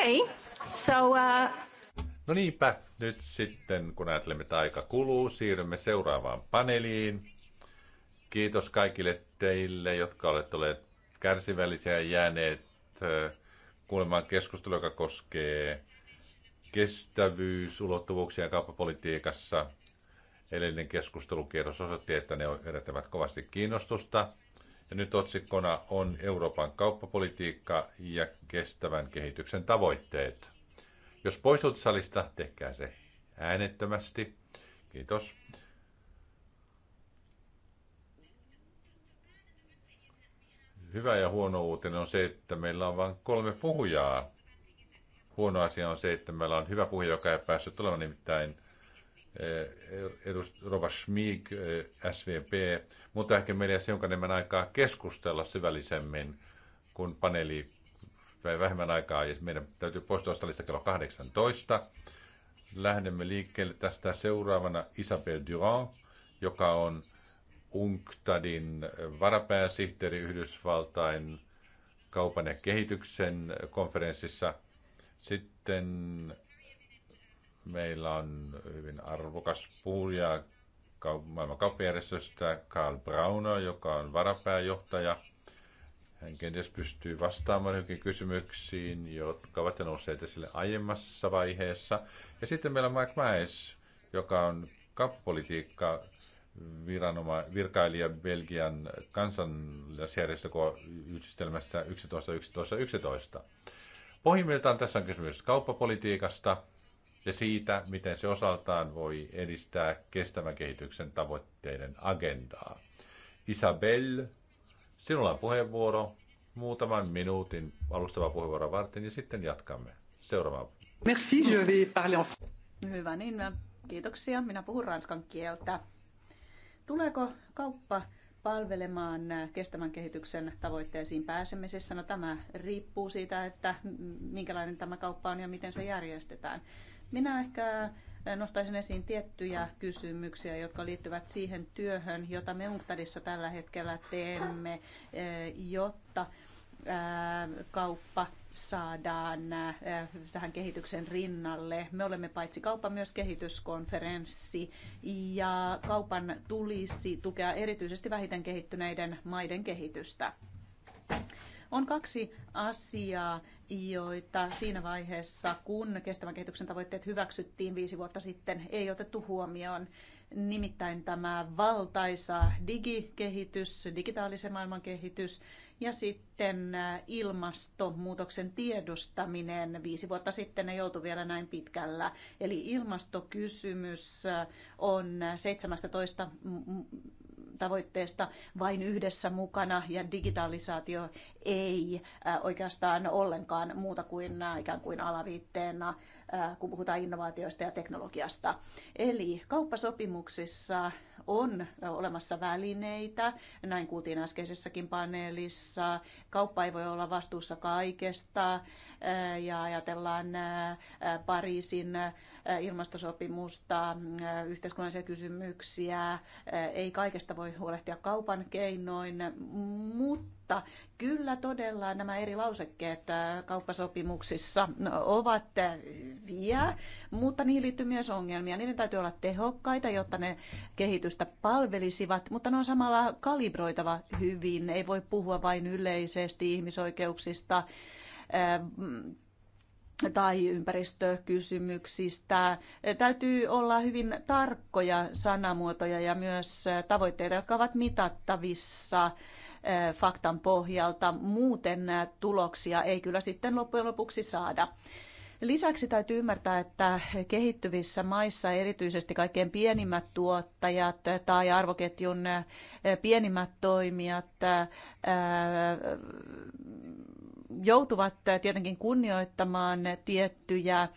D: Okay, so... Uh...
A: No niinpä, nyt sitten kun ajattelemme, että aika kuluu, siirrymme seuraavaan paneeliin. Kiitos kaikille teille, jotka olette olleet kärsivällisiä ja jääneet kuulemaan keskustelua, joka koskee kestävyysulottuvuuksia kauppapolitiikassa. Edellinen keskustelukierros osoitti, että ne herättävät kovasti kiinnostusta. Ja nyt otsikkona on Euroopan kauppapolitiikka ja kestävän kehityksen tavoitteet. Jos poistut salista, tehkää se äänettömästi. Kiitos. Hyvä ja huono uutinen on se, että meillä on vain kolme puhujaa. Huono asia on se, että meillä on hyvä puhuja, joka ei päässyt tulemaan nimittäin Eh, Rova Schmig, eh, SVP, mutta ehkä meillä jäisi jonka enemmän aikaa keskustella syvällisemmin, kun paneeli vähemmän aikaa, ja meidän täytyy poistua salista kello 18. Lähdemme liikkeelle tästä seuraavana Isabel Durand, joka on UNCTADin varapääsihteeri Yhdysvaltain kaupan ja kehityksen konferenssissa. Sitten Meillä on hyvin arvokas puhuja maailman kauppajärjestöstä Karl Brauner, joka on varapääjohtaja. Hän kenties pystyy vastaamaan johonkin kysymyksiin, jotka ovat jo nousseet esille aiemmassa vaiheessa. Ja sitten meillä on Mike Maes, joka on kappolitiikka viranoma- virkailija Belgian kansallisjärjestöyhdistelmästä 11.11.11. Pohjimmiltaan tässä on kysymys kauppapolitiikasta, ja siitä, miten se osaltaan voi edistää kestävän kehityksen tavoitteiden agendaa. Isabel, sinulla on puheenvuoro muutaman minuutin alustava puheenvuoro varten ja sitten jatkamme. Seuraava. Merci, je vais parler
C: en Hyvä, niin kiitoksia. Minä puhun ranskan kieltä. Tuleeko kauppa palvelemaan kestävän kehityksen tavoitteisiin pääsemisessä? No, tämä riippuu siitä, että minkälainen tämä kauppa on ja miten se järjestetään. Minä ehkä nostaisin esiin tiettyjä kysymyksiä, jotka liittyvät siihen työhön, jota me UNCTADissa tällä hetkellä teemme, eh, jotta eh, kauppa saadaan eh, tähän kehityksen rinnalle. Me olemme paitsi kauppa myös kehityskonferenssi ja kaupan tulisi tukea erityisesti vähiten kehittyneiden maiden kehitystä. On kaksi asiaa, joita siinä vaiheessa, kun kestävän kehityksen tavoitteet hyväksyttiin viisi vuotta sitten, ei otettu huomioon. Nimittäin tämä valtaisa digikehitys, digitaalisen maailman kehitys ja sitten äh, ilmastonmuutoksen tiedostaminen. Viisi vuotta sitten ei oltu vielä näin pitkällä. Eli ilmastokysymys äh, on 17 tavoitteesta vain yhdessä mukana ja digitalisaatio ei oikeastaan ollenkaan muuta kuin ikään kuin alaviitteena, kun puhutaan innovaatioista ja teknologiasta. Eli kauppasopimuksissa on olemassa välineitä, näin kuultiin äskeisessäkin paneelissa. Kauppa ei voi olla vastuussa kaikesta, ja ajatellaan Pariisin ilmastosopimusta, yhteiskunnallisia kysymyksiä. Ei kaikesta voi huolehtia kaupan keinoin, mutta kyllä todella nämä eri lausekkeet kauppasopimuksissa ovat hyviä, mutta niihin liittyy myös ongelmia. Niiden täytyy olla tehokkaita, jotta ne kehitystä palvelisivat, mutta ne on samalla kalibroitava hyvin. Ei voi puhua vain yleisesti ihmisoikeuksista tai ympäristökysymyksistä. Täytyy olla hyvin tarkkoja sanamuotoja ja myös tavoitteita, jotka ovat mitattavissa faktan pohjalta. Muuten tuloksia ei kyllä sitten loppujen lopuksi saada. Lisäksi täytyy ymmärtää, että kehittyvissä maissa erityisesti kaikkein pienimmät tuottajat tai arvoketjun pienimmät toimijat joutuvat tietenkin kunnioittamaan tiettyjä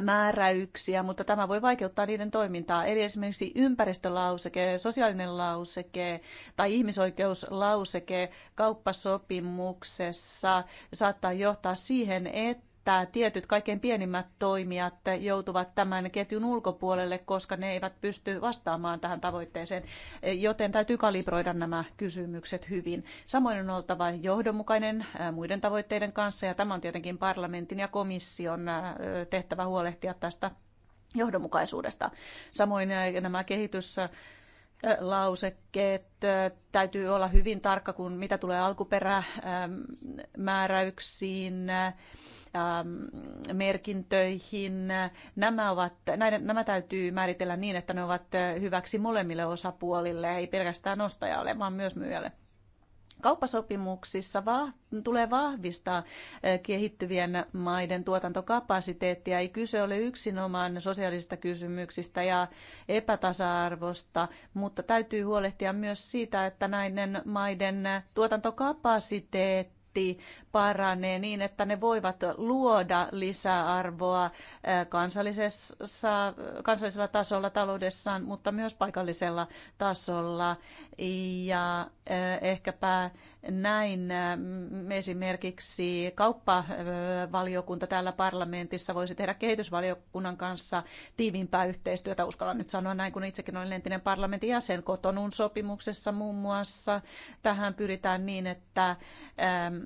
C: määräyksiä, mutta tämä voi vaikeuttaa niiden toimintaa. Eli esimerkiksi ympäristölauseke, sosiaalinen lauseke tai ihmisoikeuslauseke kauppasopimuksessa saattaa johtaa siihen, että että tietyt kaikkein pienimmät toimijat joutuvat tämän ketjun ulkopuolelle, koska ne eivät pysty vastaamaan tähän tavoitteeseen, joten täytyy kalibroida nämä kysymykset hyvin. Samoin on oltava johdonmukainen muiden tavoitteiden kanssa ja tämä on tietenkin parlamentin ja komission tehtävä huolehtia tästä johdonmukaisuudesta. Samoin nämä kehitys lausekkeet. Täytyy olla hyvin tarkka, kun mitä tulee alkuperämääräyksiin. Ähm, merkintöihin. Nämä, ovat, näiden, nämä täytyy määritellä niin, että ne ovat äh, hyväksi molemmille osapuolille, ei pelkästään ostajalle, vaan myös myyjälle kauppasopimuksissa va- tulee vahvistaa äh, kehittyvien maiden tuotantokapasiteettia. Ei kyse ole yksinomaan sosiaalisista kysymyksistä ja epätasa-arvosta, mutta täytyy huolehtia myös siitä, että näiden maiden tuotantokapasiteetti vienti paranee niin, että ne voivat luoda lisäarvoa eh, kansallisessa, kansallisella tasolla taloudessaan, mutta myös paikallisella tasolla. Ja eh, ehkäpä näin äh, esimerkiksi kauppavaliokunta täällä parlamentissa voisi tehdä kehitysvaliokunnan kanssa tiiviimpää yhteistyötä. Uskallan nyt sanoa näin, kun itsekin olen entinen parlamentin jäsen kotonun sopimuksessa muun muassa. Tähän pyritään niin, että, ähm,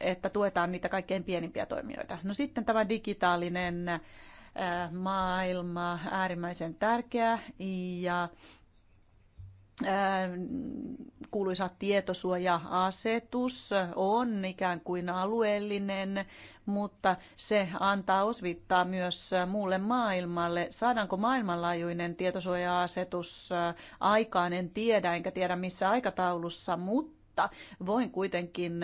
C: että tuetaan niitä kaikkein pienimpiä toimijoita. No sitten tämä digitaalinen äh, maailma äärimmäisen tärkeä ja kuuluisa tietosuoja-asetus on ikään kuin alueellinen, mutta se antaa osvittaa myös muulle maailmalle. Saadaanko maailmanlaajuinen tietosuoja-asetus aikaan, en tiedä, enkä tiedä missä aikataulussa, mutta voin kuitenkin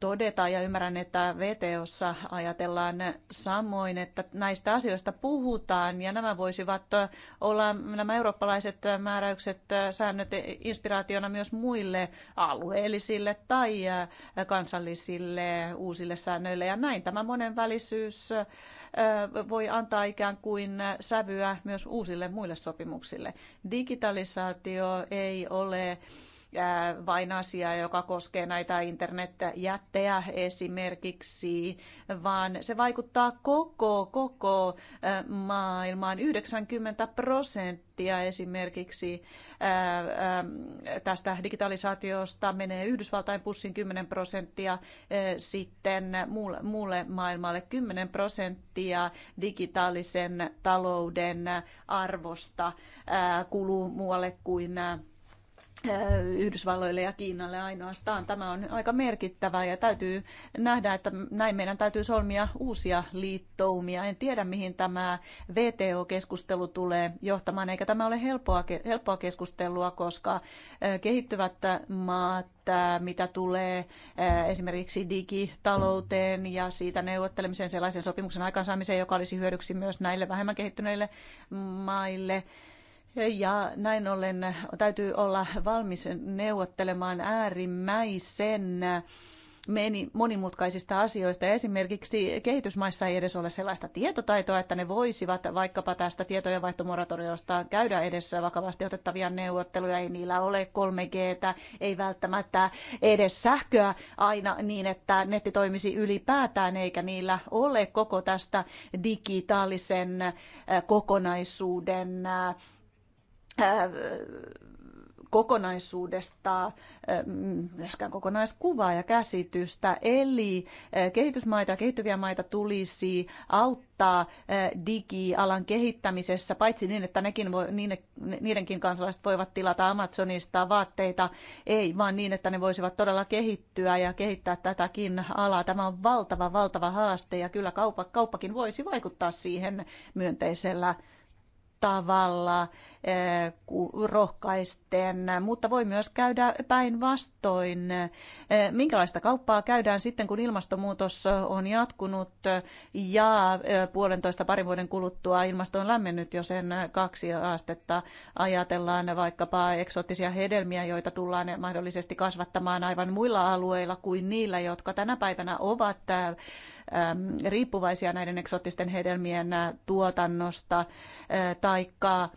C: todetaan ja ymmärrän, että VTOssa ajatellaan samoin, että näistä asioista puhutaan ja nämä voisivat olla nämä eurooppalaiset määräykset, säännöt inspiraationa myös muille alueellisille tai kansallisille uusille säännöille ja näin tämä monenvälisyys voi antaa ikään kuin sävyä myös uusille muille sopimuksille. Digitalisaatio ei ole Äh, vain asia, joka koskee näitä internetjättejä esimerkiksi, vaan se vaikuttaa koko, koko äh, maailmaan. 90 prosenttia esimerkiksi äh, ähm, tästä digitalisaatiosta menee Yhdysvaltain pussin 10 prosenttia, sitten muulle maailmalle 10 prosenttia digitaalisen talouden arvosta kuluu muualle kuin Yhdysvalloille ja Kiinalle ainoastaan. Tämä on aika merkittävää ja täytyy nähdä, että näin meidän täytyy solmia uusia liittoumia. En tiedä, mihin tämä VTO-keskustelu tulee johtamaan, eikä tämä ole helppoa, helppoa keskustelua, koska kehittyvät maat mitä tulee esimerkiksi digitalouteen ja siitä neuvottelemiseen sellaisen sopimuksen aikaansaamiseen, joka olisi hyödyksi myös näille vähemmän kehittyneille maille ja näin ollen täytyy olla valmis neuvottelemaan äärimmäisen monimutkaisista asioista. Esimerkiksi kehitysmaissa ei edes ole sellaista tietotaitoa, että ne voisivat vaikkapa tästä tietojenvaihtomoratoriosta käydä edessä vakavasti otettavia neuvotteluja. Ei niillä ole 3 g ei välttämättä edes sähköä aina niin, että netti toimisi ylipäätään, eikä niillä ole koko tästä digitaalisen eh, kokonaisuuden eh, Äh, kokonaisuudesta äh, mm, myöskään kokonaiskuvaa ja käsitystä. Eli äh, kehitysmaita ja kehittyviä maita tulisi auttaa digialan kehittämisessä, paitsi niin, että nekin voi, niin, niidenkin kansalaiset voivat tilata Amazonista vaatteita, ei vaan niin, että ne voisivat todella kehittyä ja kehittää tätäkin alaa. Tämä on valtava, valtava haaste ja kyllä kauppa, kauppakin voisi vaikuttaa siihen myönteisellä tavalla eh, rohkaisten, mutta voi myös käydä päinvastoin. Eh, minkälaista kauppaa käydään sitten, kun ilmastonmuutos on jatkunut ja eh, puolentoista parin vuoden kuluttua ilmasto on lämmennyt jo sen kaksi astetta. Ajatellaan vaikkapa eksoottisia hedelmiä, joita tullaan mahdollisesti kasvattamaan aivan muilla alueilla kuin niillä, jotka tänä päivänä ovat Ähm, riippuvaisia näiden eksoottisten hedelmien äh, tuotannosta, äh, taikka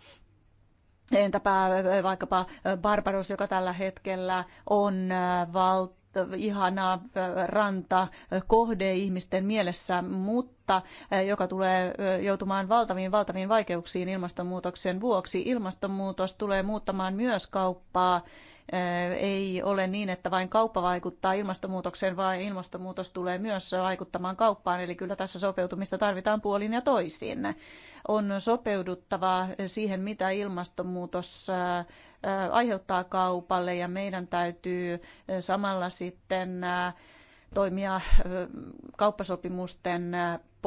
C: entäpä äh, vaikkapa Barbaros, joka tällä hetkellä on valta ihana ranta kohde ihmisten mielessä, mutta joka tulee joutumaan valtaviin valtaviin vaikeuksiin ilmastonmuutoksen vuoksi. Ilmastonmuutos tulee muuttamaan myös kauppaa ei ole niin, että vain kauppa vaikuttaa ilmastonmuutokseen, vaan ilmastonmuutos tulee myös vaikuttamaan kauppaan. Eli kyllä tässä sopeutumista tarvitaan puolin ja toisin. On sopeuduttava siihen, mitä ilmastonmuutos aiheuttaa kaupalle ja meidän täytyy samalla sitten toimia kauppasopimusten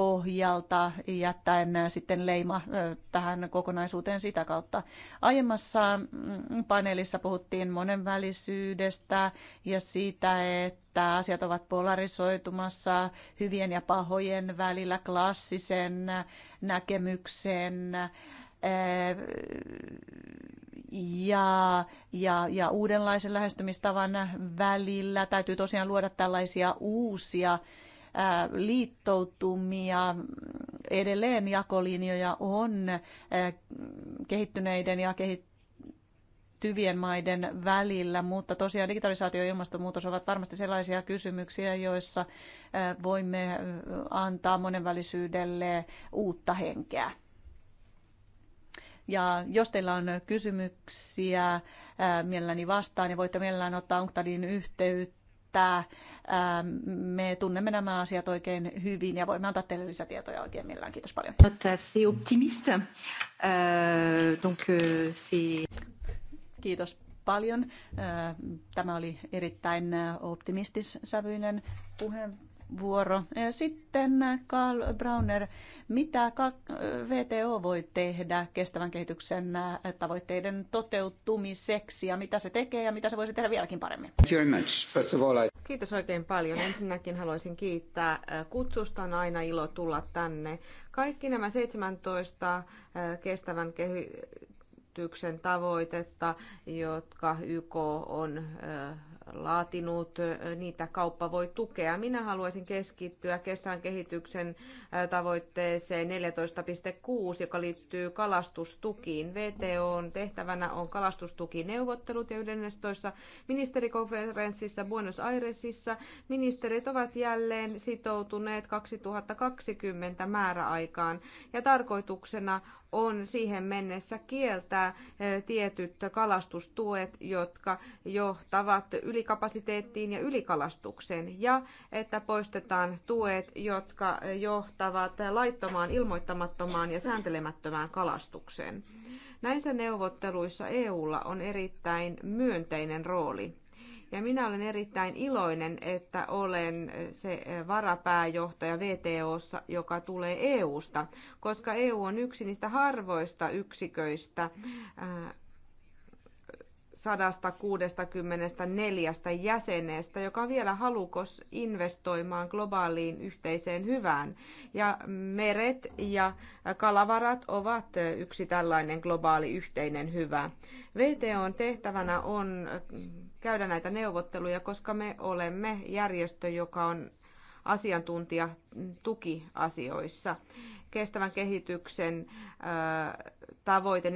C: pohjalta jättäen äh, sitten leima äh, tähän kokonaisuuteen sitä kautta. Aiemmassa mm, paneelissa puhuttiin monenvälisyydestä ja siitä, että asiat ovat polarisoitumassa hyvien ja pahojen välillä klassisen näkemyksen äh, ja, ja, ja uudenlaisen lähestymistavan välillä. Täytyy tosiaan luoda tällaisia uusia liittoutumia. Edelleen jakolinjoja on kehittyneiden ja kehittyvien maiden välillä, mutta tosiaan digitalisaatio ja ilmastonmuutos ovat varmasti sellaisia kysymyksiä, joissa voimme antaa monenvälisyydelle uutta henkeä. Ja jos teillä on kysymyksiä, mielelläni vastaan ja voitte mielellään ottaa UNCTADin yhteyttä että ähm, me tunnemme nämä asiat oikein hyvin ja voimme antaa teille lisätietoja oikein millään. Kiitos paljon. Uh, uh, Kiitos paljon. Äh, tämä oli erittäin äh, optimistissävyinen puheenvuoro vuoro. Sitten äh, Karl Brauner, mitä VTO voi tehdä kestävän kehityksen äh, tavoitteiden toteutumiseksi ja mitä se tekee ja mitä se voisi tehdä vieläkin paremmin? Kiitos oikein paljon. Ensinnäkin haluaisin kiittää
B: äh, kutsusta. On aina ilo tulla tänne. Kaikki nämä 17 kestävän kehityksen tavoitetta, jotka YK on laatinut, niitä kauppa voi tukea. Minä haluaisin keskittyä kestävän kehityksen tavoitteeseen 14.6, joka liittyy kalastustukiin. VTOn tehtävänä on kalastustukineuvottelut ja 11. ministerikonferenssissa Buenos Airesissa ministerit ovat jälleen sitoutuneet 2020 määräaikaan ja tarkoituksena on siihen mennessä kieltää tietyt kalastustuet, jotka johtavat yli ylikapasiteettiin ja ylikalastukseen ja että poistetaan tuet, jotka johtavat laittomaan, ilmoittamattomaan ja sääntelemättömään kalastukseen. Näissä neuvotteluissa EUlla on erittäin myönteinen rooli. Ja minä olen erittäin iloinen, että olen se varapääjohtaja VTOssa, joka tulee EUsta, koska EU on yksi niistä harvoista yksiköistä, 164 jäsenestä, joka vielä halukos investoimaan globaaliin yhteiseen hyvään. Ja meret ja kalavarat ovat yksi tällainen globaali yhteinen hyvä. VTOn tehtävänä on käydä näitä neuvotteluja, koska me olemme järjestö, joka on asiantuntija tukiasioissa. Kestävän kehityksen tavoite 14.6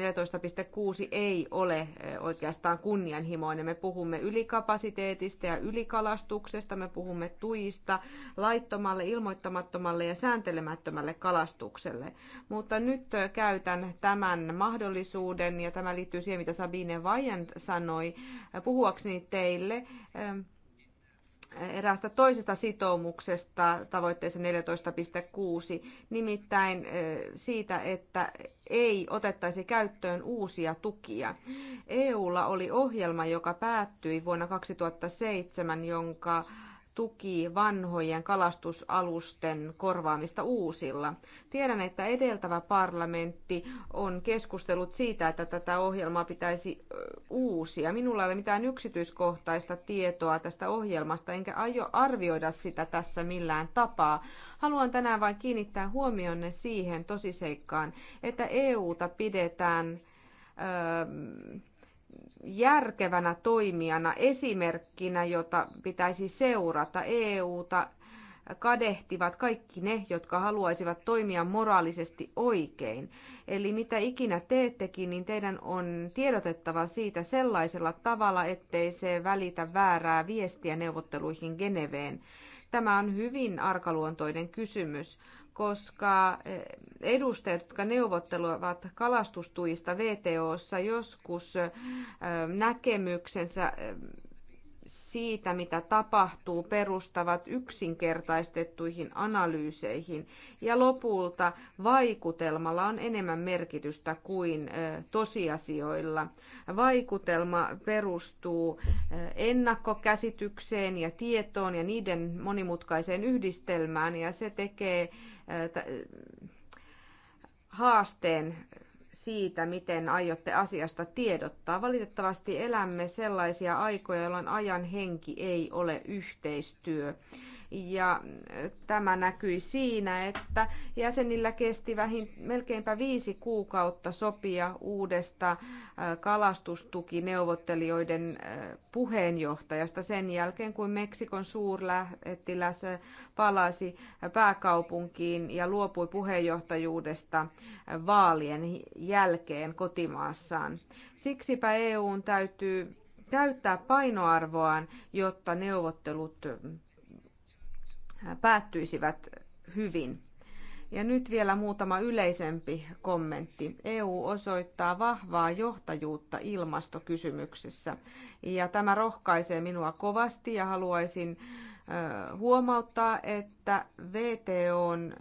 B: ei ole oikeastaan kunnianhimoinen. Me puhumme ylikapasiteetista ja ylikalastuksesta, me puhumme tuista laittomalle, ilmoittamattomalle ja sääntelemättömälle kalastukselle. Mutta nyt käytän tämän mahdollisuuden, ja tämä liittyy siihen, mitä Sabine Vajan sanoi, puhuakseni teille eräästä toisesta sitoumuksesta tavoitteeseen 14.6, nimittäin eh, siitä, että ei otettaisi käyttöön uusia tukia. EUlla oli ohjelma, joka päättyi vuonna 2007, jonka tuki vanhojen kalastusalusten korvaamista uusilla. Tiedän, että edeltävä parlamentti on keskustellut siitä, että tätä ohjelmaa pitäisi uusia. Minulla ei ole mitään yksityiskohtaista tietoa tästä ohjelmasta, enkä aio arvioida sitä tässä millään tapaa. Haluan tänään vain kiinnittää huomionne siihen tosiseikkaan, että EUta pidetään... Öö, järkevänä toimijana, esimerkkinä, jota pitäisi seurata EUta, kadehtivat kaikki ne, jotka haluaisivat toimia moraalisesti oikein. Eli mitä ikinä teettekin, niin teidän on tiedotettava siitä sellaisella tavalla, ettei se välitä väärää viestiä neuvotteluihin Geneveen. Tämä on hyvin arkaluontoinen kysymys, koska eh, edustajat, jotka neuvottelevat kalastustuista VTOssa, joskus eh, näkemyksensä eh, siitä, mitä tapahtuu, perustavat yksinkertaistettuihin analyyseihin. Ja lopulta vaikutelmalla on enemmän merkitystä kuin tosiasioilla. Vaikutelma perustuu ennakkokäsitykseen ja tietoon ja niiden monimutkaiseen yhdistelmään, ja se tekee haasteen siitä, miten aiotte asiasta tiedottaa. Valitettavasti elämme sellaisia aikoja, jolloin ajan henki ei ole yhteistyö ja äh, tämä näkyi siinä, että jäsenillä kesti vähin, melkeinpä viisi kuukautta sopia uudesta äh, kalastustukineuvottelijoiden äh, puheenjohtajasta sen jälkeen, kun Meksikon suurlähettiläs palasi pääkaupunkiin ja luopui puheenjohtajuudesta vaalien jälkeen kotimaassaan. Siksipä EUn täytyy käyttää painoarvoaan, jotta neuvottelut päättyisivät hyvin. Ja nyt vielä muutama yleisempi kommentti. EU osoittaa vahvaa johtajuutta ilmastokysymyksessä. Ja tämä rohkaisee minua kovasti ja haluaisin huomauttaa, että VTOn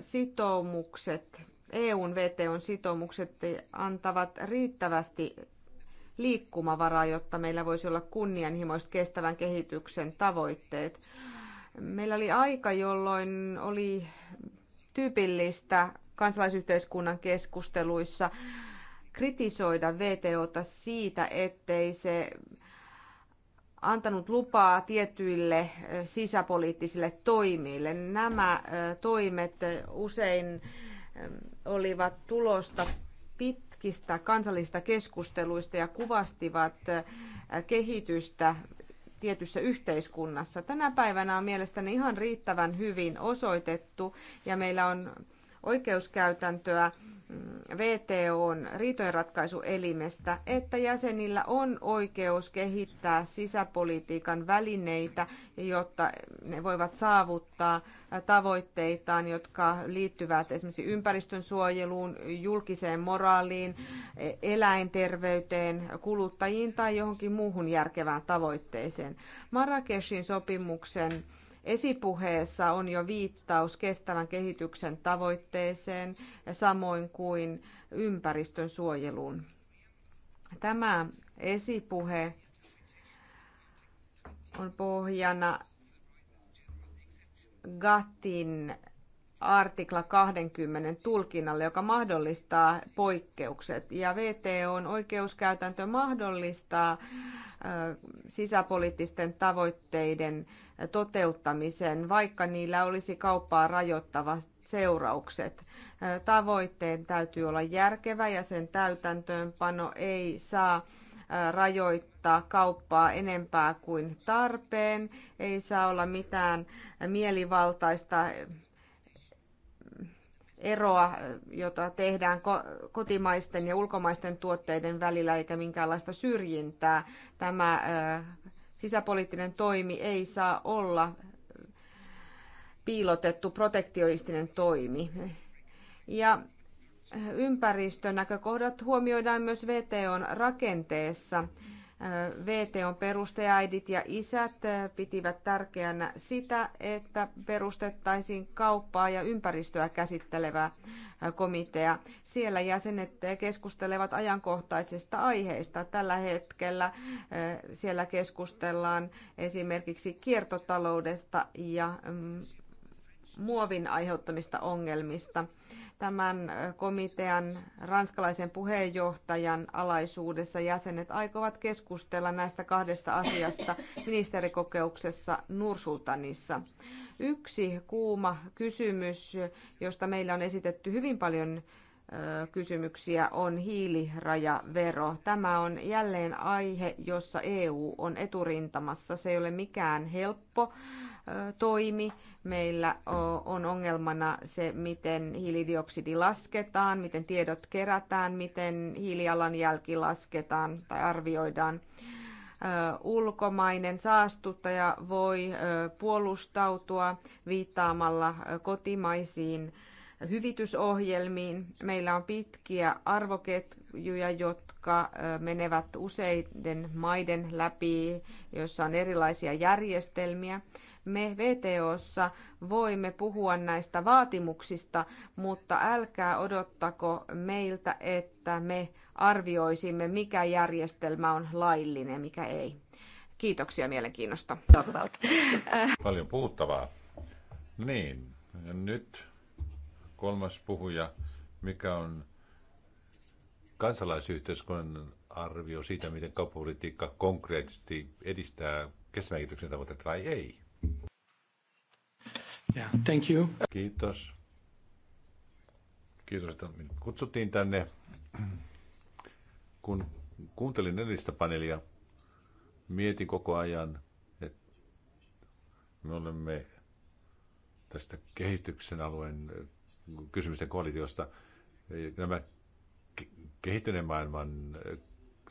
B: sitoumukset, EUn VTOn sitoumukset antavat riittävästi liikkumavaraa, jotta meillä voisi olla kunnianhimoiset kestävän kehityksen tavoitteet. Meillä oli aika, jolloin oli tyypillistä kansalaisyhteiskunnan keskusteluissa kritisoida VTOta siitä, ettei se antanut lupaa tietyille sisäpoliittisille toimille. Nämä toimet usein olivat tulosta pitkistä kansallisista keskusteluista ja kuvastivat kehitystä tietyssä yhteiskunnassa. Tänä päivänä on mielestäni ihan riittävän hyvin osoitettu ja meillä on oikeuskäytäntöä VTOn riitojenratkaisuelimestä, että jäsenillä on oikeus kehittää sisäpolitiikan välineitä, jotta ne voivat saavuttaa tavoitteitaan, jotka liittyvät esimerkiksi ympäristön suojeluun, julkiseen moraaliin, eläinterveyteen, kuluttajiin tai johonkin muuhun järkevään tavoitteeseen. Marrakeshin sopimuksen Esipuheessa on jo viittaus kestävän kehityksen tavoitteeseen, samoin kuin ympäristön suojeluun. Tämä esipuhe on pohjana GATTin artikla 20 tulkinnalle, joka mahdollistaa poikkeukset. Ja VTOn oikeuskäytäntö mahdollistaa sisäpoliittisten tavoitteiden toteuttamisen, vaikka niillä olisi kauppaa rajoittavat seuraukset. Tavoitteen täytyy olla järkevä ja sen täytäntöönpano ei saa rajoittaa kauppaa enempää kuin tarpeen. Ei saa olla mitään mielivaltaista eroa, jota tehdään kotimaisten ja ulkomaisten tuotteiden välillä, eikä minkäänlaista syrjintää. Tämä sisäpoliittinen toimi ei saa olla piilotettu protektionistinen toimi. Ja ympäristönäkökohdat huomioidaan myös VTOn rakenteessa. Mm VTOn perusteäidit ja isät eh, pitivät tärkeänä sitä, että perustettaisiin kauppaa ja ympäristöä käsittelevä eh, komitea. Siellä jäsenet eh, keskustelevat ajankohtaisista aiheista. Tällä hetkellä siellä keskustellaan esimerkiksi kiertotaloudesta ja mm, muovin aiheuttamista ongelmista tämän komitean ranskalaisen puheenjohtajan alaisuudessa jäsenet aikovat keskustella näistä kahdesta asiasta ministerikokeuksessa Nursultanissa. Yksi kuuma kysymys, josta meillä on esitetty hyvin paljon kysymyksiä on hiilirajavero. Tämä on jälleen aihe, jossa EU on eturintamassa. Se ei ole mikään helppo toimi. Meillä on ongelmana se, miten hiilidioksidi lasketaan, miten tiedot kerätään, miten hiilijalanjälki lasketaan tai arvioidaan ulkomainen saastuttaja voi puolustautua viittaamalla kotimaisiin hyvitysohjelmiin. Meillä on pitkiä arvoketjuja, jotka menevät useiden maiden läpi, joissa on erilaisia järjestelmiä. Me VTOssa voimme puhua näistä vaatimuksista, mutta älkää odottako meiltä, että me arvioisimme, mikä järjestelmä on laillinen, mikä ei. Kiitoksia mielenkiinnosta.
A: Paljon puhuttavaa. Niin, ja nyt kolmas puhuja, mikä on kansalaisyhteiskunnan arvio siitä, miten kauppapolitiikka konkreettisesti edistää kestävän kehityksen tavoitteita vai ei? Yeah, thank you. Kiitos. Kiitos, että minut kutsuttiin tänne. Kun kuuntelin edellistä paneelia, mietin koko ajan, että me olemme tästä kehityksen alueen kysymysten koalitiosta. Nämä kehittyneen maailman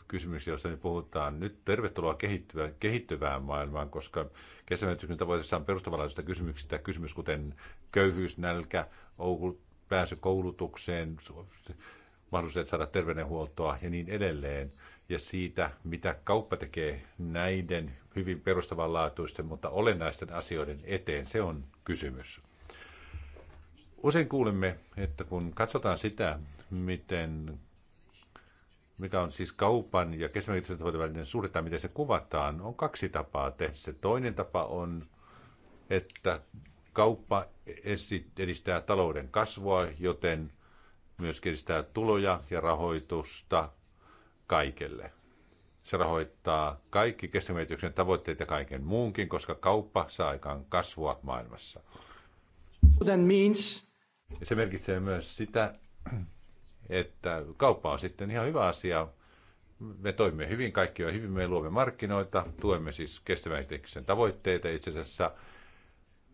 A: kysymys, jossa nyt puhutaan nyt tervetuloa kehittyvä, kehittyvään maailmaan, koska kestävän tavoitteessa on perustavanlaisista kysymyksistä kysymys, kuten köyhyys, nälkä, pääsy koulutukseen, mahdollisuudet saada terveydenhuoltoa ja niin edelleen. Ja siitä, mitä kauppa tekee näiden hyvin perustavanlaatuisten, mutta olennaisten asioiden eteen, se on kysymys. Usein kuulemme, että kun katsotaan sitä, miten mikä on siis kaupan ja kestävän kehityksen välinen suhde tai miten se kuvataan, on kaksi tapaa tehdä se. Toinen tapa on, että kauppa edistää talouden kasvua, joten myös edistää tuloja ja rahoitusta kaikelle. Se rahoittaa kaikki kestävän tavoitteet ja kaiken muunkin, koska kauppa saa aikaan kasvua maailmassa. That means... Se merkitsee myös sitä, että kauppa on sitten ihan hyvä asia. Me toimimme hyvin, kaikki on hyvin, me luomme markkinoita, tuemme siis kestävän kehityksen tavoitteita itse asiassa.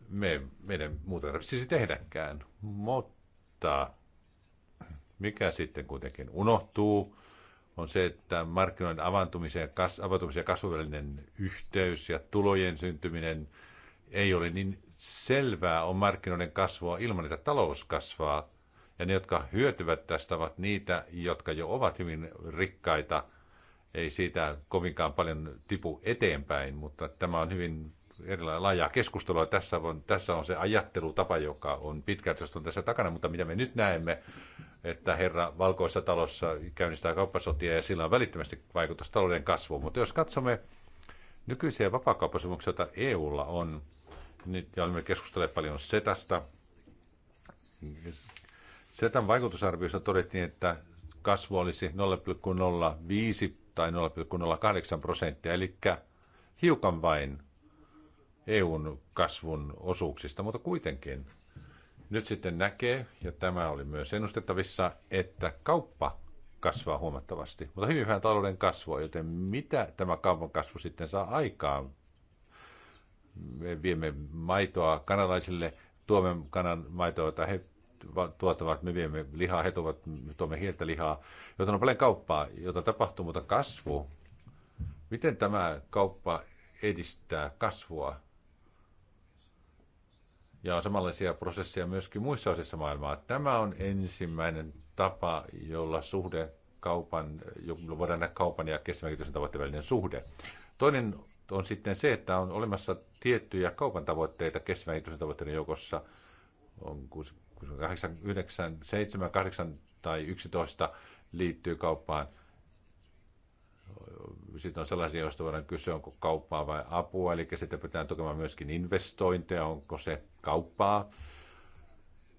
A: Me, meidän muuta tarvitsisi tehdäkään, mutta mikä sitten kuitenkin unohtuu, on se, että markkinoiden avantumisen ja, kas, avantumisen ja kasvuvälinen yhteys ja tulojen syntyminen ei ole niin selvää, on markkinoiden kasvua ilman, että talous kasvaa. Ja ne, jotka hyötyvät tästä, ovat niitä, jotka jo ovat hyvin rikkaita. Ei siitä kovinkaan paljon tipu eteenpäin, mutta tämä on hyvin erilainen laajaa keskustelua. Tässä on, tässä on se ajattelutapa, joka on pitkälti on tässä takana, mutta mitä me nyt näemme, että herra valkoisessa talossa käynnistää kauppasotia ja sillä on välittömästi vaikutus talouden kasvuun. Mutta jos katsomme nykyisiä vapaakauppasopimuksia, joita EUlla on, niin ja olemme keskustelleet paljon SETasta, Setan vaikutusarviossa todettiin, että kasvu olisi 0,05 tai 0,08 prosenttia, eli hiukan vain EUn kasvun osuuksista, mutta kuitenkin. Nyt sitten näkee, ja tämä oli myös ennustettavissa, että kauppa kasvaa huomattavasti, mutta hyvin vähän talouden kasvua, joten mitä tämä kaupan kasvu sitten saa aikaan? Me viemme maitoa kanalaisille, tuomme kanan maitoa, jota he tuottavat, me viemme lihaa, he tuovat, me tuomme hieltä lihaa, joten on paljon kauppaa, jota tapahtuu, mutta kasvu, miten tämä kauppa edistää kasvua? Ja on samanlaisia prosesseja myöskin muissa osissa maailmaa. Tämä on ensimmäinen tapa, jolla suhde kaupan, jolla voidaan nähdä kaupan ja kestävän tavoitteen välinen suhde. Toinen on sitten se, että on olemassa tiettyjä kaupan tavoitteita kestävän tavoitteiden joukossa, on 8, 9, 7, 8 tai 11 liittyy kauppaan. Sitten on sellaisia, joista voidaan kysyä, onko kauppaa vai apua, eli sitten pitää tukemaan myöskin investointeja, onko se kauppaa.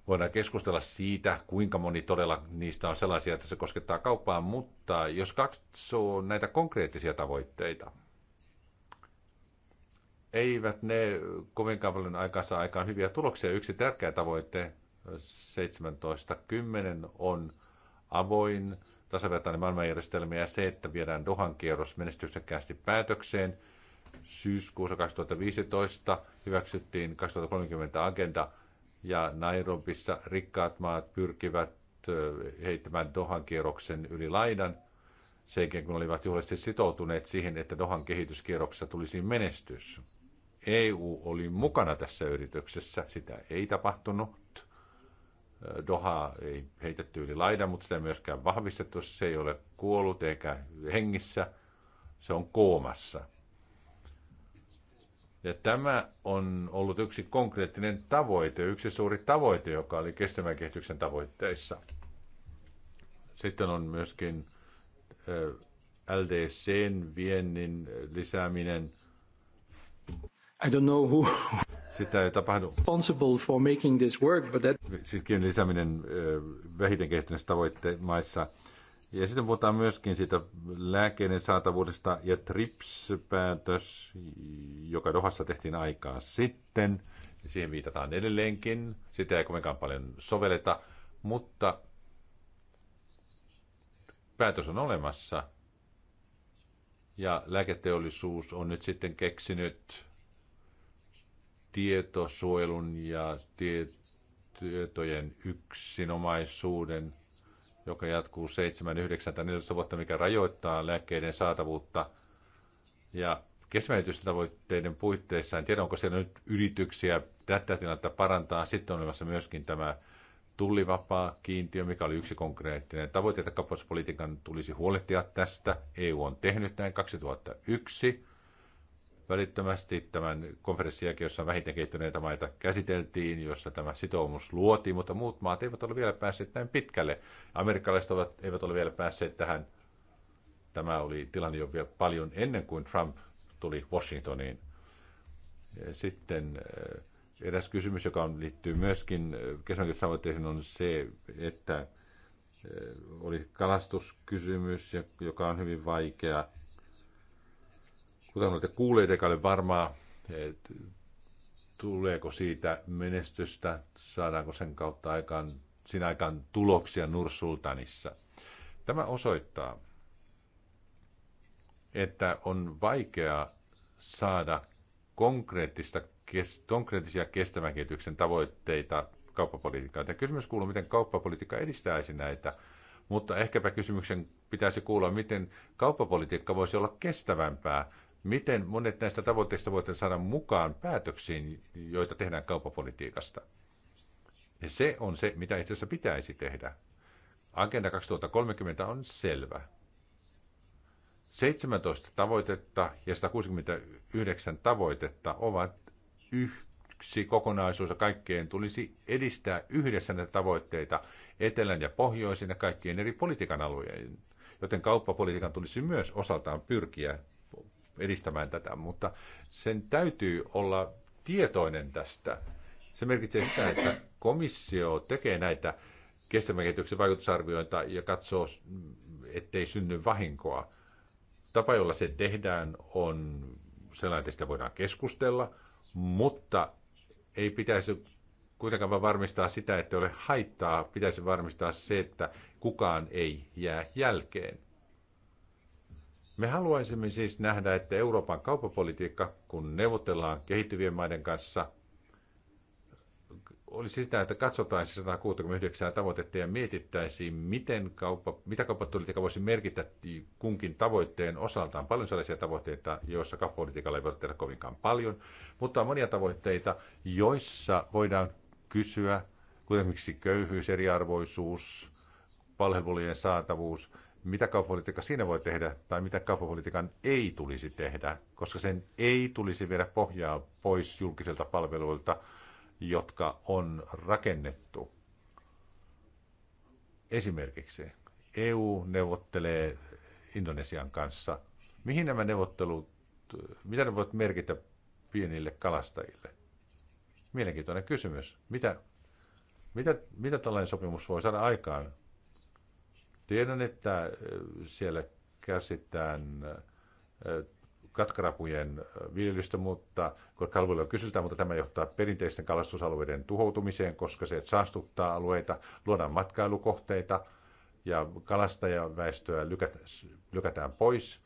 A: Voidaan keskustella siitä, kuinka moni todella niistä on sellaisia, että se koskettaa kauppaa, mutta jos katsoo näitä konkreettisia tavoitteita, eivät ne kovinkaan paljon aikaa saa aikaan hyviä tuloksia. Yksi tärkeä tavoite 17.10 on avoin tasavertainen maailmanjärjestelmä ja se, että viedään Dohan kierros menestyksekkäästi päätökseen. Syyskuussa 2015 hyväksyttiin 2030 agenda ja Nairobissa rikkaat maat pyrkivät heittämään Dohan kierroksen yli laidan sen kun olivat juhlisesti sitoutuneet siihen, että Dohan kehityskierroksessa tulisi menestys. EU oli mukana tässä yrityksessä, sitä ei tapahtunut. Doha ei heitetty yli laidan, mutta sitä ei myöskään vahvistettu. Se ei ole kuollut eikä hengissä. Se on koomassa. Ja tämä on ollut yksi konkreettinen tavoite, yksi suuri tavoite, joka oli kestävän kehityksen tavoitteissa. Sitten on myöskin äh, LDCn viennin lisääminen. I don't know who, sitä ei tapahdu. For making this work, but that... Siis kiinni lisääminen vähiten kehittyneissä tavoitteissa maissa. Ja sitten puhutaan myöskin siitä lääkeiden saatavuudesta ja TRIPS-päätös, joka Dohassa tehtiin aikaa sitten. Siihen viitataan edelleenkin. Sitä ei kovinkaan paljon sovelleta, mutta päätös on olemassa. Ja lääketeollisuus on nyt sitten keksinyt tietosuojelun ja tietojen yksinomaisuuden, joka jatkuu 7, 9 tai 14 vuotta, mikä rajoittaa lääkkeiden saatavuutta Ja kestävyytavoitteiden puitteissa, en tiedä onko siellä nyt yrityksiä tätä tilannetta parantaa. Sitten on olemassa myöskin tämä tullivapaa kiintiö, mikä oli yksi konkreettinen tavoite, että kauppapolitiikan tulisi huolehtia tästä. EU on tehnyt näin 2001 välittömästi tämän konferenssin jälkeen, jossa vähiten kehittyneitä maita käsiteltiin, jossa tämä sitoumus luotiin, mutta muut maat eivät ole vielä päässeet näin pitkälle. Amerikkalaiset ovat, eivät ole vielä päässeet tähän. Tämä oli tilanne jo vielä paljon ennen kuin Trump tuli Washingtoniin. Sitten eh, eräs kysymys, joka on, liittyy myöskin eh, kesänkirjoitusavoitteisiin, on se, että eh, oli kalastuskysymys, joka on hyvin vaikea Kuten olette kuulleet, eikä ole varmaa, tuleeko siitä menestystä, saadaanko sen kautta aikaan, siinä aikaan tuloksia Nursultanissa. Tämä osoittaa, että on vaikea saada konkreettista, konkreettisia kestävän kehityksen tavoitteita kauppapolitiikkaan. kysymys kuuluu, miten kauppapolitiikka edistäisi näitä, mutta ehkäpä kysymyksen pitäisi kuulla, miten kauppapolitiikka voisi olla kestävämpää, Miten monet näistä tavoitteista voitaisiin saada mukaan päätöksiin, joita tehdään kauppapolitiikasta? Ja se on se, mitä itse asiassa pitäisi tehdä. Agenda 2030 on selvä. 17 tavoitetta ja 169 tavoitetta ovat yksi kokonaisuus ja kaikkeen tulisi edistää yhdessä näitä tavoitteita etelän ja pohjoisin ja kaikkien eri politiikan alueiden. Joten kauppapolitiikan tulisi myös osaltaan pyrkiä edistämään tätä, mutta sen täytyy olla tietoinen tästä. Se merkitsee sitä, että komissio tekee näitä kestävän kehityksen vaikutusarvioita ja katsoo, ettei synny vahinkoa. Tapa, jolla se tehdään, on sellainen, että sitä voidaan keskustella, mutta ei pitäisi kuitenkaan vaan varmistaa sitä, että ole haittaa. Pitäisi varmistaa se, että kukaan ei jää jälkeen. Me haluaisimme siis nähdä, että Euroopan kauppapolitiikka, kun neuvotellaan kehittyvien maiden kanssa, olisi siis sitä, että katsotaan 169 tavoitetta ja mietittäisiin, miten kauppa, mitä kauppapolitiikka voisi merkitä kunkin tavoitteen osaltaan paljon sellaisia tavoitteita, joissa kauppapolitiikalla ei voi tehdä kovinkaan paljon, mutta on monia tavoitteita, joissa voidaan kysyä, kuten esimerkiksi köyhyys, eriarvoisuus, palvelujen saatavuus – mitä kauppapolitiikka siinä voi tehdä tai mitä kauppapolitiikan ei tulisi tehdä, koska sen ei tulisi viedä pohjaa pois julkisilta palveluilta, jotka on rakennettu. Esimerkiksi EU neuvottelee Indonesian kanssa. Mihin nämä neuvottelut, mitä ne voivat merkitä pienille kalastajille? Mielenkiintoinen kysymys. Mitä, mitä, mitä tällainen sopimus voi saada aikaan? Tiedän, että äh, siellä käsitään äh, katkarapujen äh, viljelystä, mutta on kysytään, mutta tämä johtaa perinteisten kalastusalueiden tuhoutumiseen, koska se saastuttaa alueita, luodaan matkailukohteita ja kalastajaväestöä lykätään pois.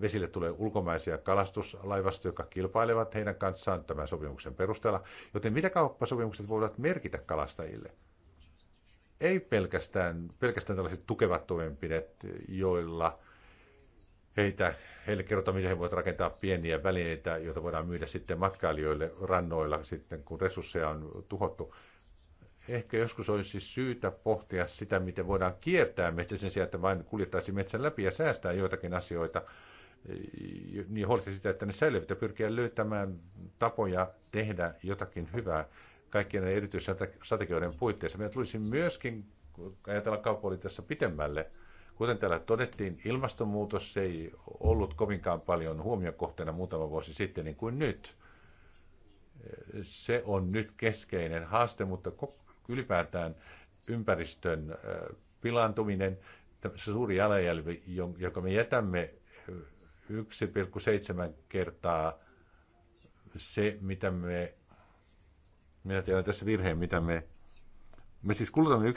A: Vesille tulee ulkomaisia kalastuslaivastoja, jotka kilpailevat heidän kanssaan tämän sopimuksen perusteella. Joten mitä kauppasopimukset voivat merkitä kalastajille? ei pelkästään, pelkästään tällaiset tukevat toimenpidet, joilla heitä, heille kerrotaan, miten he voivat rakentaa pieniä välineitä, joita voidaan myydä sitten matkailijoille rannoilla, sitten kun resursseja on tuhottu. Ehkä joskus olisi syytä pohtia sitä, miten voidaan kiertää metsä sen sijaan, että vain kuljettaisiin metsän läpi ja säästää joitakin asioita, niin huolehtia sitä, että ne säilyvät ja pyrkiä löytämään tapoja tehdä jotakin hyvää kaikkien erityisstrategioiden puitteissa. Meidän tulisi myöskin ajatella kauppapolitiikassa pitemmälle. Kuten täällä todettiin, ilmastonmuutos ei ollut kovinkaan paljon huomiokohteena muutama vuosi sitten niin kuin nyt. Se on nyt keskeinen haaste, mutta ylipäätään ympäristön pilaantuminen, se suuri jalanjälvi, jonka me jätämme 1,7 kertaa se, mitä me minä tein tässä virheen, mitä me... Me siis kulutamme 1,7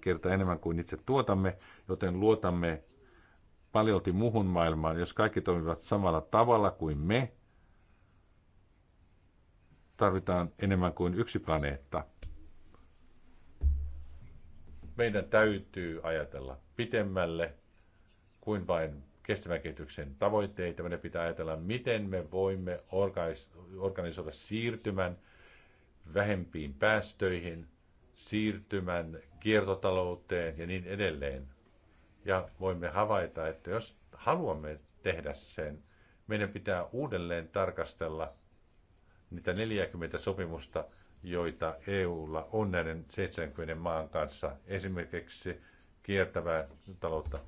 A: kertaa enemmän kuin itse tuotamme, joten luotamme paljolti muuhun maailmaan. Jos kaikki toimivat samalla tavalla kuin me, tarvitaan enemmän kuin yksi planeetta. Meidän täytyy ajatella pitemmälle kuin vain kestävän kehityksen tavoitteita. Meidän pitää ajatella, miten me voimme organisoida siirtymän vähempiin päästöihin, siirtymän kiertotalouteen ja niin edelleen. Ja voimme havaita, että jos haluamme tehdä sen, meidän pitää uudelleen tarkastella niitä 40 sopimusta, joita EUlla on näiden 70 maan kanssa. Esimerkiksi kiertävää taloutta.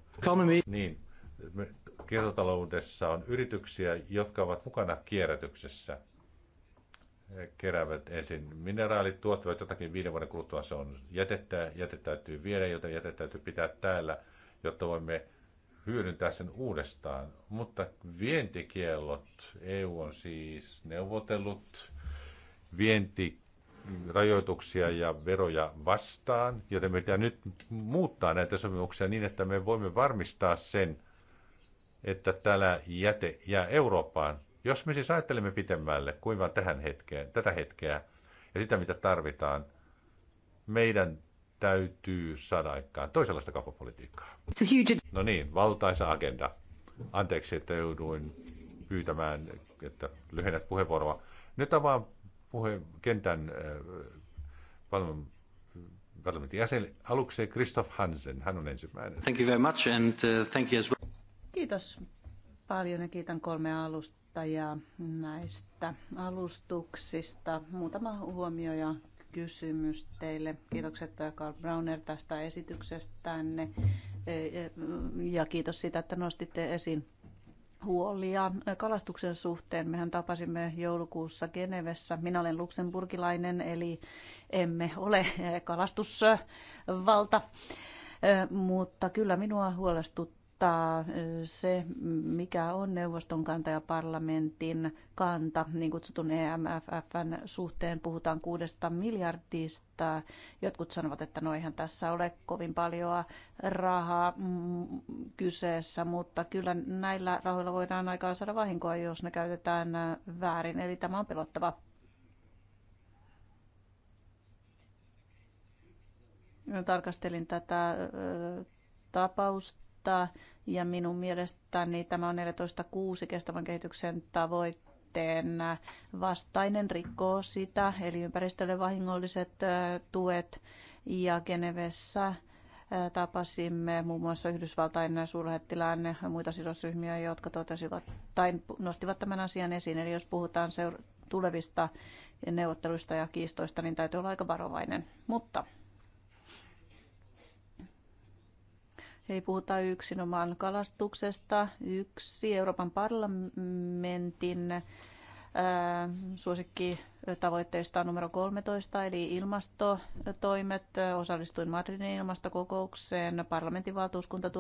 A: Niin, kiertotaloudessa on yrityksiä, jotka ovat mukana kierrätyksessä keräävät ensin mineraalit, tuottavat jotakin viiden vuoden kuluttua, se on jätettä, jätettä täytyy viedä, joten jätettä täytyy pitää täällä, jotta voimme hyödyntää sen uudestaan. Mutta vientikiellot, EU on siis neuvotellut vientirajoituksia ja veroja vastaan, joten meidän pitää nyt muuttaa näitä sopimuksia niin, että me voimme varmistaa sen, että täällä jäte jää Eurooppaan. Jos me siis ajattelemme pitemmälle kuin vain tähän hetkeen, tätä hetkeä ja sitä, mitä tarvitaan, meidän täytyy saada aikaan toisenlaista kauppapolitiikkaa. No niin, valtaisa agenda. Anteeksi, että jouduin pyytämään, että lyhennät puheenvuoroa. Nyt avaan puhe, kentän äh, parlamentin jäsen aluksi Christoph Hansen. Hän on ensimmäinen. Thank you very much and uh, thank you as well.
C: Kiitos paljon ja kiitän kolmea alusta johtajaa näistä alustuksista. Muutama huomio ja kysymys teille. Kiitokset äh, Carl Browner tästä esityksestänne äh, äh, ja kiitos siitä, että nostitte esiin huolia kalastuksen suhteen. Mehän tapasimme joulukuussa Genevessä. Minä olen luksemburgilainen, eli emme ole kalastusvalta. Mutta kyllä minua huolestuttaa erottaa se, mikä on neuvoston kanta ja parlamentin kanta, niin kutsutun EMFFn suhteen puhutaan kuudesta miljardista. Jotkut sanovat, että no eihän tässä ole kovin paljon rahaa kyseessä, mutta kyllä näillä rahoilla voidaan aikaan saada vahinkoa, jos ne käytetään väärin, eli tämä on pelottava. Tarkastelin tätä tapausta asettaa. Ja minun mielestäni tämä on 14.6 kestävän kehityksen tavoite tavoitteen vastainen rikkoo sitä, eli ympäristölle vahingolliset tuet. Ja Genevessä tapasimme muun muassa Yhdysvaltain suurlähettilään ja muita sidosryhmiä, jotka totesivat tai nostivat tämän asian esiin. Eli jos puhutaan seura- tulevista neuvotteluista ja kiistoista, niin täytyy olla aika varovainen. Mutta Ei puhuta yksinomaan kalastuksesta. Yksi Euroopan parlamentin suosikki tavoitteista on numero 13, eli ilmastotoimet. Osallistuin Madridin ilmastokokoukseen. Parlamentin valtuuskunta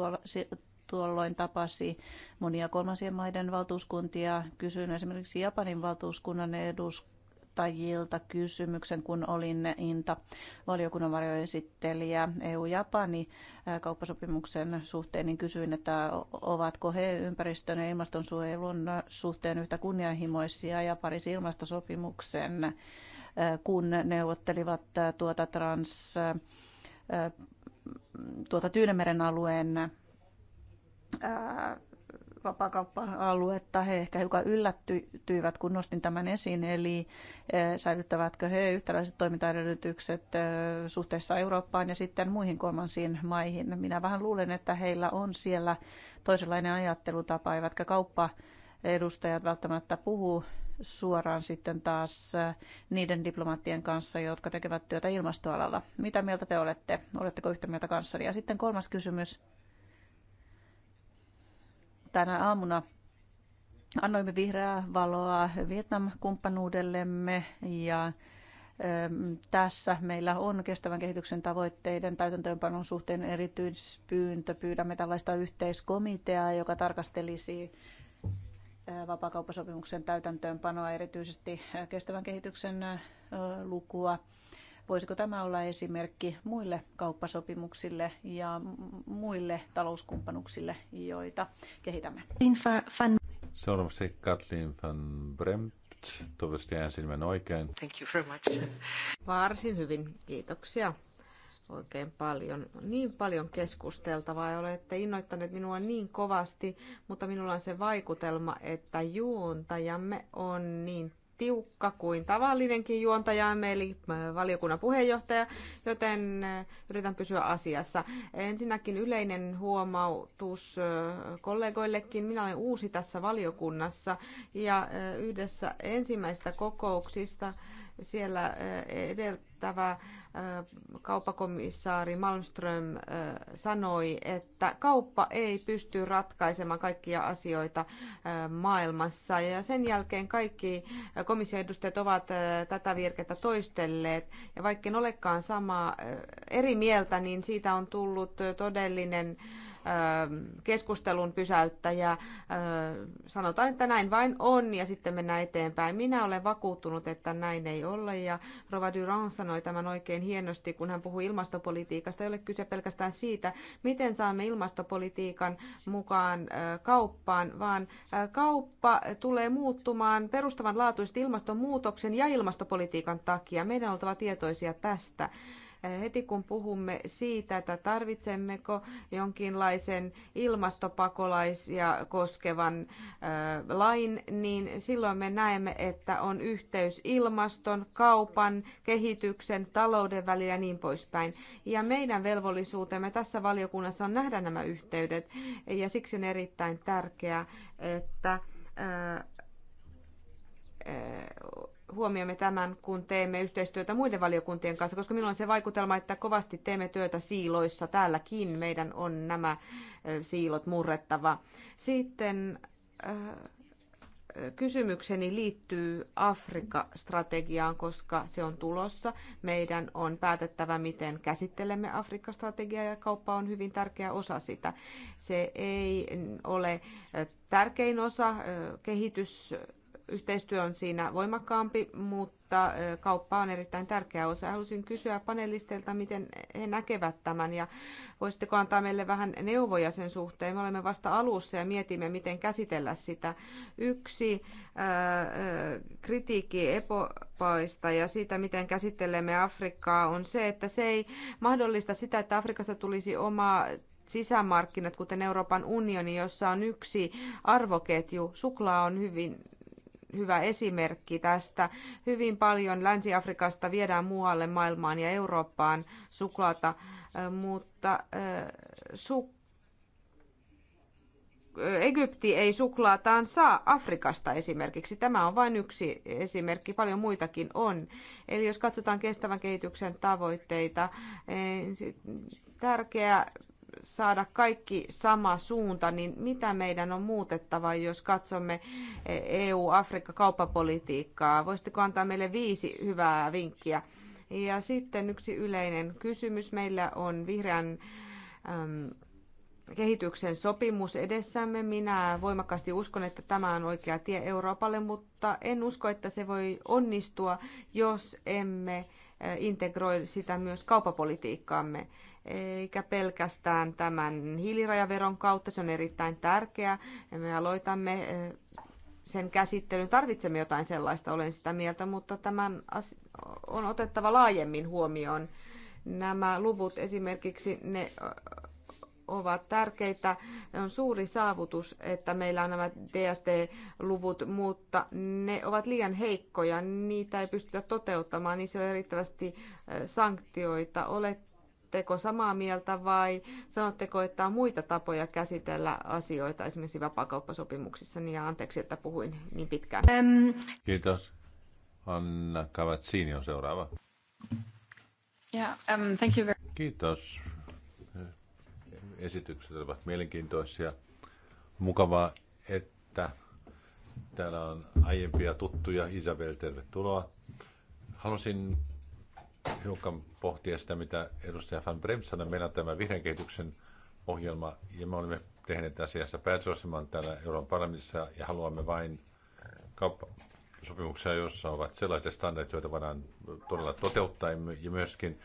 C: tuolloin tapasi monia kolmansien maiden valtuuskuntia. Kysyin esimerkiksi Japanin valtuuskunnan edus- johtajilta kysymyksen, kun olin Inta valiokunnan varjoesittelijä EU-Japani kauppasopimuksen suhteen, niin kysyin, että ovatko he ympäristön ja ilmastonsuojelun suhteen yhtä kunnianhimoisia ja Pariisin ilmastosopimuksen, kun neuvottelivat tuota trans tuota Tyynemeren alueen vapakauppa-aluetta. He ehkä hiukan yllättyivät, kun nostin tämän esiin, eli eh, säilyttävätkö he yhtäläiset toimintaedellytykset eh, suhteessa Eurooppaan ja sitten muihin kolmansiin maihin. Minä vähän luulen, että heillä on siellä toisenlainen ajattelutapa, eivätkä kauppaedustajat välttämättä puhu suoraan sitten taas eh, niiden diplomaattien kanssa, jotka tekevät työtä ilmastoalalla. Mitä mieltä te olette? Oletteko yhtä mieltä kanssani? Ja sitten kolmas kysymys tänä aamuna annoimme vihreää valoa Vietnam-kumppanuudellemme ja ähm, tässä meillä on kestävän kehityksen tavoitteiden täytäntöönpanon suhteen erityispyyntö. Pyydämme tällaista yhteiskomiteaa, joka tarkastelisi äh, vapaakauppasopimuksen täytäntöönpanoa, erityisesti äh, kestävän kehityksen äh, lukua Voisiko tämä olla esimerkki muille kauppasopimuksille ja muille talouskumppanuksille, joita kehitämme?
A: Seuraavaksi Katlin van Bremt. Toivottavasti äänsin nimen oikein.
D: Thank you very much.
B: Varsin hyvin, kiitoksia oikein paljon. Niin paljon keskusteltavaa ja olette innoittaneet minua niin kovasti, mutta minulla on se vaikutelma, että juontajamme on niin tiukka kuin tavallinenkin juontajamme, eli valiokunnan puheenjohtaja, joten yritän pysyä asiassa. Ensinnäkin yleinen huomautus kollegoillekin. Minä olen uusi tässä valiokunnassa ja yhdessä ensimmäisistä kokouksista siellä edeltävä Äh, kauppakomissaari Malmström äh, sanoi, että kauppa ei pysty ratkaisemaan kaikkia asioita äh, maailmassa. Ja sen jälkeen kaikki komission edustajat ovat tätä virkettä toistelleet. Ja vaikka en olekaan samaa eri mieltä, niin siitä on tullut todellinen keskustelun pysäyttäjä. Sanotaan, että näin vain on ja sitten mennään eteenpäin. Minä olen vakuuttunut, että näin ei ole ja Rova Durand sanoi tämän oikein hienosti, kun hän puhui ilmastopolitiikasta. Ei ole kyse pelkästään siitä, miten saamme ilmastopolitiikan mukaan kauppaan, vaan kauppa tulee muuttumaan perustavanlaatuisesti ilmastonmuutoksen ja ilmastopolitiikan takia. Meidän on oltava tietoisia tästä. Heti kun puhumme siitä, että tarvitsemmeko jonkinlaisen ilmastopakolaisia koskevan lain, niin silloin me näemme, että on yhteys ilmaston, kaupan, kehityksen, talouden välillä ja niin poispäin. Ja meidän velvollisuutemme tässä valiokunnassa on nähdä nämä yhteydet ja siksi on erittäin tärkeää, että huomioimme tämän, kun teemme yhteistyötä muiden valiokuntien kanssa, koska minulla on se vaikutelma, että kovasti teemme työtä siiloissa. Täälläkin meidän on nämä siilot murrettava. Sitten kysymykseni liittyy Afrikka-strategiaan, koska se on tulossa. Meidän on päätettävä, miten käsittelemme Afrikka-strategiaa ja kauppa on hyvin tärkeä osa sitä. Se ei ole tärkein osa kehitys yhteistyö on siinä voimakkaampi, mutta kauppa on erittäin tärkeä osa. Haluaisin kysyä panelisteilta, miten he näkevät tämän ja voisitteko antaa meille vähän neuvoja sen suhteen. Me olemme vasta alussa ja mietimme, miten käsitellä sitä. Yksi ää, kritiikki epopaista ja siitä, miten käsittelemme Afrikkaa, on se, että se ei mahdollista sitä, että Afrikasta tulisi oma sisämarkkinat, kuten Euroopan unioni, jossa on yksi arvoketju. Suklaa on hyvin hyvä esimerkki tästä. Hyvin paljon Länsi-Afrikasta viedään muualle maailmaan ja Eurooppaan suklaata, mutta su- Egypti ei suklaataan saa Afrikasta esimerkiksi. Tämä on vain yksi esimerkki, paljon muitakin on. Eli jos katsotaan kestävän kehityksen tavoitteita, tärkeää saada kaikki sama suunta, niin mitä meidän on muutettava, jos katsomme EU-Afrikka-kauppapolitiikkaa? Voisitteko antaa meille viisi hyvää vinkkiä? Ja sitten yksi yleinen kysymys. Meillä on vihreän äm, kehityksen sopimus edessämme. Minä voimakkaasti uskon, että tämä on oikea tie Euroopalle, mutta en usko, että se voi onnistua, jos emme integroi sitä myös kaupapolitiikkaamme eikä pelkästään tämän hiilirajaveron kautta. Se on erittäin tärkeää. Me aloitamme sen käsittelyn. Tarvitsemme jotain sellaista, olen sitä mieltä, mutta tämän on otettava laajemmin huomioon. Nämä luvut esimerkiksi, ne ovat tärkeitä. On suuri saavutus, että meillä on nämä DST-luvut, mutta ne ovat liian heikkoja. Niitä ei pystytä toteuttamaan, niissä ei ole riittävästi sanktioita. Olet Oletteko samaa mieltä vai sanotteko, että on muita tapoja käsitellä asioita esimerkiksi vapaakauppasopimuksissa? Niin, ja anteeksi, että puhuin niin pitkään.
A: Kiitos. Anna Kavatsini on seuraava.
D: Yeah, um, thank you very...
A: Kiitos. Esitykset ovat mielenkiintoisia. Mukavaa, että täällä on aiempia tuttuja. Isabel, tervetuloa. Halusin hiukan pohtia sitä, mitä edustaja Van Bremt sanoi. Meillä on tämä vihreän kehityksen ohjelma, ja me olemme tehneet asiassa päätösaseman täällä Euroopan parlamentissa, ja haluamme vain kauppasopimuksia, joissa ovat sellaiset standardit, joita voidaan todella toteuttaa, ja myöskin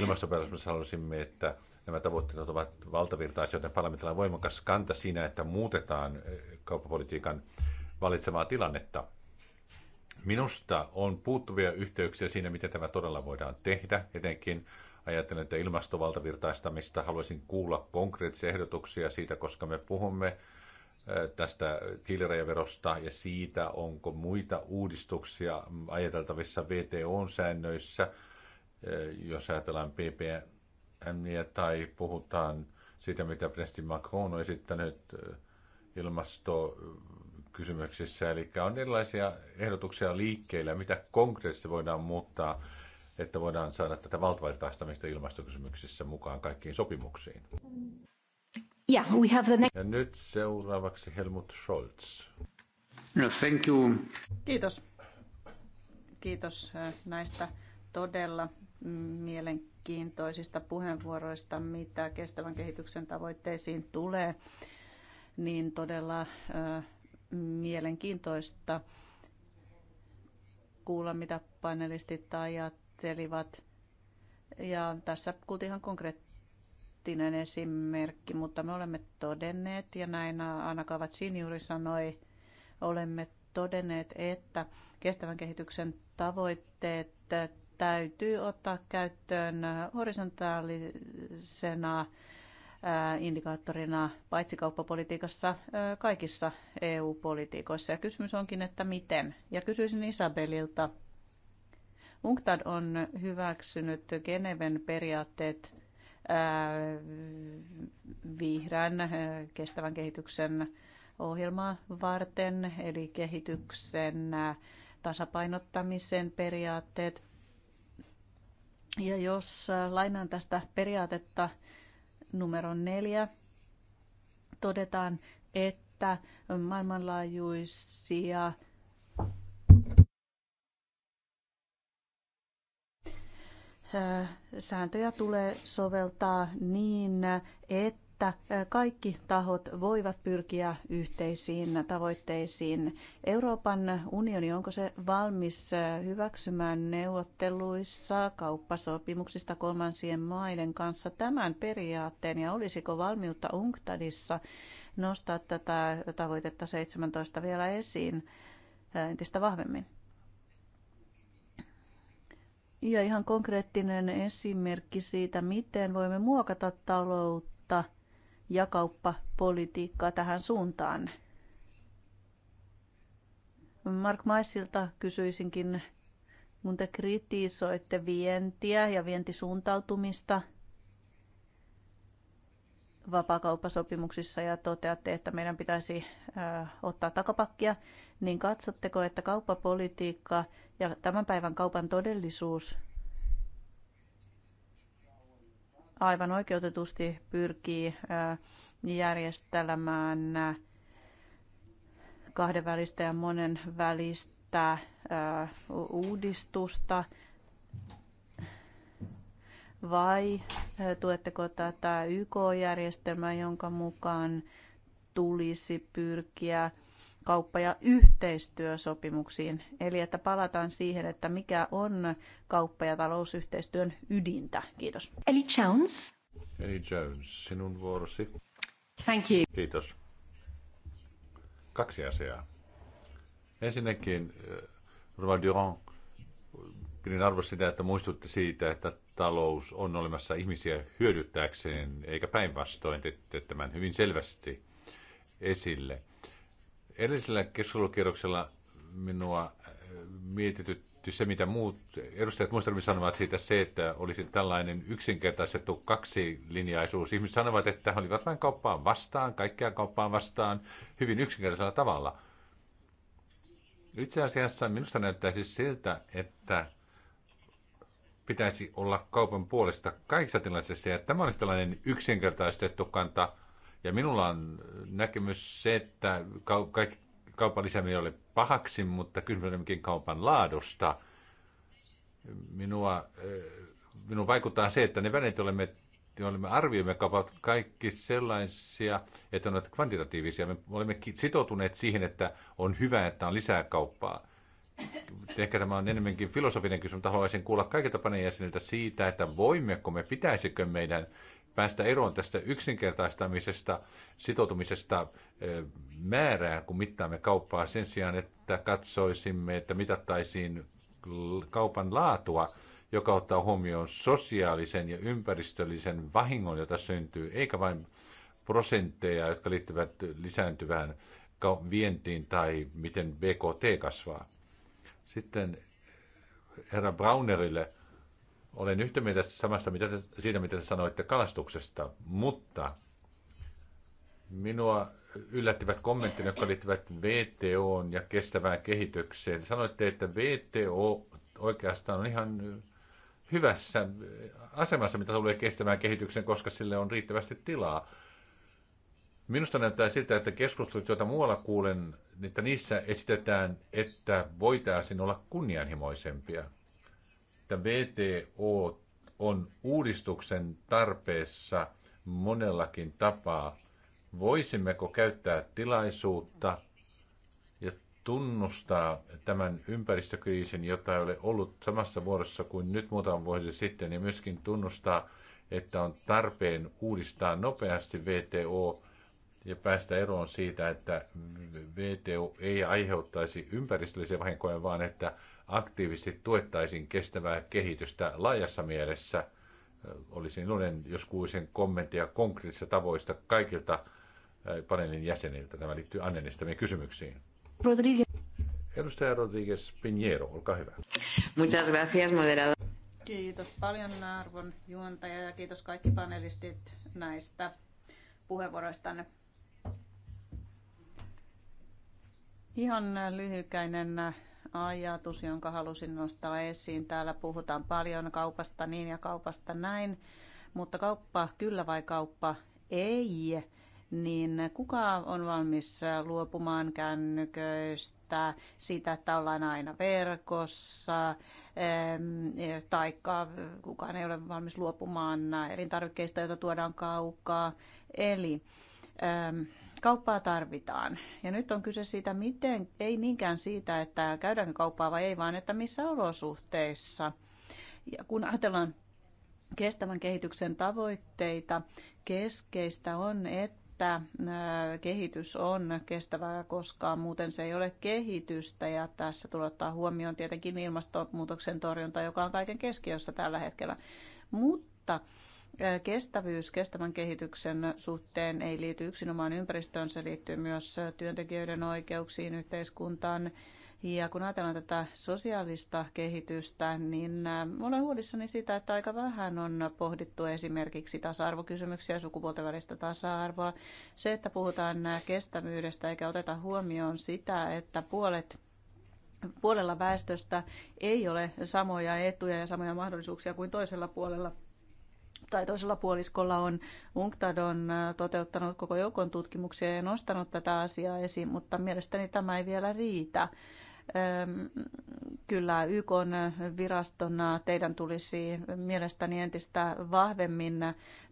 A: ilmastopäätösmassa haluaisimme, että nämä tavoitteet ovat valtavirtaisia, joten parlamentilla on voimakas kanta siinä, että muutetaan kauppapolitiikan valitsemaa tilannetta – Minusta on puuttuvia yhteyksiä siinä, miten tämä todella voidaan tehdä, etenkin ajattelen, että ilmastovaltavirtaistamista haluaisin kuulla konkreettisia ehdotuksia siitä, koska me puhumme äh, tästä hiilirajaverosta ja siitä, onko muita uudistuksia ajateltavissa VTO-säännöissä, äh, jos ajatellaan PPM tai puhutaan siitä, mitä presidentti Macron on esittänyt äh, ilmasto kysymyksissä. Eli on erilaisia ehdotuksia liikkeellä, mitä konkreettisesti voidaan muuttaa, että voidaan saada tätä valtavirtaistamista ilmastokysymyksissä mukaan kaikkiin sopimuksiin.
D: Yeah, we have the next...
A: Ja nyt seuraavaksi Helmut Scholz. No, thank you.
C: Kiitos. Kiitos äh, näistä todella mielenkiintoisista puheenvuoroista, mitä kestävän kehityksen tavoitteisiin tulee, niin todella äh, mielenkiintoista kuulla, mitä panelistit ajattelivat. Ja tässä kuultiin ihan konkreettinen esimerkki, mutta me olemme todenneet, ja näin Anna Kavatsin juuri sanoi, olemme todenneet, että kestävän kehityksen tavoitteet täytyy ottaa käyttöön horisontaalisena indikaattorina paitsi kauppapolitiikassa, kaikissa EU-politiikoissa. Ja kysymys onkin, että miten. Ja kysyisin Isabelilta. UNCTAD on hyväksynyt Geneven periaatteet vihreän kestävän kehityksen ohjelmaa varten, eli kehityksen tasapainottamisen periaatteet. Ja jos lainaan tästä periaatetta numero neljä todetaan, että maailmanlaajuisia sääntöjä tulee soveltaa niin, että että kaikki tahot voivat pyrkiä yhteisiin tavoitteisiin. Euroopan unioni, onko se valmis hyväksymään neuvotteluissa kauppasopimuksista kolmansien maiden kanssa tämän periaatteen ja olisiko valmiutta UNCTADissa nostaa tätä tavoitetta 17 vielä esiin entistä vahvemmin? Ja ihan konkreettinen esimerkki siitä, miten voimme muokata taloutta ja kauppapolitiikkaa tähän suuntaan. Mark Maisilta kysyisinkin, kun te kritisoitte vientiä ja vientisuuntautumista vapaakauppasopimuksissa ja toteatte, että meidän pitäisi ottaa takapakkia, niin katsotteko, että kauppapolitiikka ja tämän päivän kaupan todellisuus aivan oikeutetusti pyrkii järjestelemään kahdenvälistä ja monenvälistä uudistusta, vai tuetteko tätä YK-järjestelmää, jonka mukaan tulisi pyrkiä kauppa- ja yhteistyösopimuksiin, eli että palataan siihen, että mikä on kauppa- ja talousyhteistyön ydintä. Kiitos. Eli
D: Jones.
A: Eli Jones, sinun vuorosi. Thank you. Kiitos. Kaksi asiaa. Ensinnäkin, eh, Rova Durand, pidin arvo sitä, että muistutte siitä, että talous on olemassa ihmisiä hyödyttääkseen, eikä päinvastoin, että tämän hyvin selvästi esille. Edellisellä keskustelukierroksella minua äh, mietitytti se, mitä muut edustajat muistelmissa sanovat siitä se, että olisi tällainen yksinkertaistettu kaksilinjaisuus. Ihmiset sanovat, että he olivat vain kauppaan vastaan, kaikkea kauppaan vastaan, hyvin yksinkertaisella tavalla. Itse asiassa minusta näyttää siis siltä, että pitäisi olla kaupan puolesta kaikissa tilanteissa, ja tämä olisi tällainen yksinkertaistettu kanta – ja minulla on näkemys se, että kaikki kaupan lisääminen ei ole pahaksi, mutta kysymyksenkin kaupan laadusta. Minua, eh, minun vaikuttaa se, että ne välineet, olemme me olemme arvioimme kaupat kaikki sellaisia, että ne ovat kvantitatiivisia. Me olemme sitoutuneet siihen, että on hyvä, että on lisää kauppaa. Ehkä tämä on enemmänkin filosofinen kysymys, mutta haluaisin kuulla kaikilta panejäseniltä siitä, että voimmeko me, pitäisikö meidän päästä eroon tästä yksinkertaistamisesta, sitoutumisesta määrään, kun mittaamme kauppaa sen sijaan, että katsoisimme, että mitattaisiin kaupan laatua, joka ottaa huomioon sosiaalisen ja ympäristöllisen vahingon, jota syntyy, eikä vain prosentteja, jotka liittyvät lisääntyvään vientiin tai miten BKT kasvaa. Sitten herra Braunerille – olen yhtä mieltä samasta mitä te, siitä, mitä te sanoitte kalastuksesta, mutta minua yllättivät kommentit, jotka liittyvät VTOon ja kestävään kehitykseen. Sanoitte, että VTO oikeastaan on ihan hyvässä asemassa, mitä tulee kestävään kehitykseen, koska sille on riittävästi tilaa. Minusta näyttää siltä, että keskustelut, joita muualla kuulen, että niissä esitetään, että voitaisiin olla kunnianhimoisempia että VTO on uudistuksen tarpeessa monellakin tapaa. Voisimmeko käyttää tilaisuutta ja tunnustaa tämän ympäristökriisin, jota ei ole ollut samassa vuorossa kuin nyt muutama vuosi sitten, ja myöskin tunnustaa, että on tarpeen uudistaa nopeasti VTO ja päästä eroon siitä, että VTO ei aiheuttaisi ympäristöllisiä vahinkoja, vaan että aktiivisesti tuettaisiin kestävää kehitystä laajassa mielessä. Olisin iloinen, jos kuulisin kommenttia konkreettisista tavoista kaikilta paneelin jäseniltä. Tämä liittyy annenistamiin kysymyksiin. Rodriguez. Edustaja Rodríguez Piñero, olkaa hyvä. Muchas gracias, moderador.
C: Kiitos paljon arvon juontaja ja kiitos kaikki panelistit näistä puheenvuoroistanne. Ihan lyhykäinen ajatus, jonka halusin nostaa esiin. Täällä puhutaan paljon kaupasta niin ja kaupasta näin, mutta kauppa kyllä vai kauppa ei, niin kuka on valmis luopumaan kännyköistä, Sitä että ollaan aina verkossa, taikka kukaan ei ole valmis luopumaan elintarvikkeista, joita tuodaan kaukaa. Eli Kauppaa tarvitaan. Ja nyt on kyse siitä, miten, ei niinkään siitä, että käydäänkö kauppaa vai ei, vaan että missä olosuhteissa. Ja kun ajatellaan kestävän kehityksen tavoitteita, keskeistä on, että että kehitys on kestävää, koska muuten se ei ole kehitystä. Ja tässä tulee ottaa huomioon tietenkin ilmastonmuutoksen torjunta, joka on kaiken keskiössä tällä hetkellä. Mutta kestävyys kestävän kehityksen suhteen ei liity yksinomaan ympäristöön, se liittyy myös työntekijöiden oikeuksiin, yhteiskuntaan. Ja kun ajatellaan tätä sosiaalista kehitystä, niin äh, olen huolissani sitä, että aika vähän on pohdittu esimerkiksi tasa-arvokysymyksiä, sukupuolten välistä tasa-arvoa. Se, että puhutaan äh, kestävyydestä eikä oteta huomioon sitä, että puolet puolella väestöstä ei ole samoja etuja ja samoja mahdollisuuksia kuin toisella puolella tai toisella puoliskolla on UNCTAD on äh, toteuttanut koko joukon tutkimuksia ja nostanut tätä asiaa esiin, mutta mielestäni tämä ei vielä riitä. Ähm, kyllä YK virastona teidän tulisi mielestäni entistä vahvemmin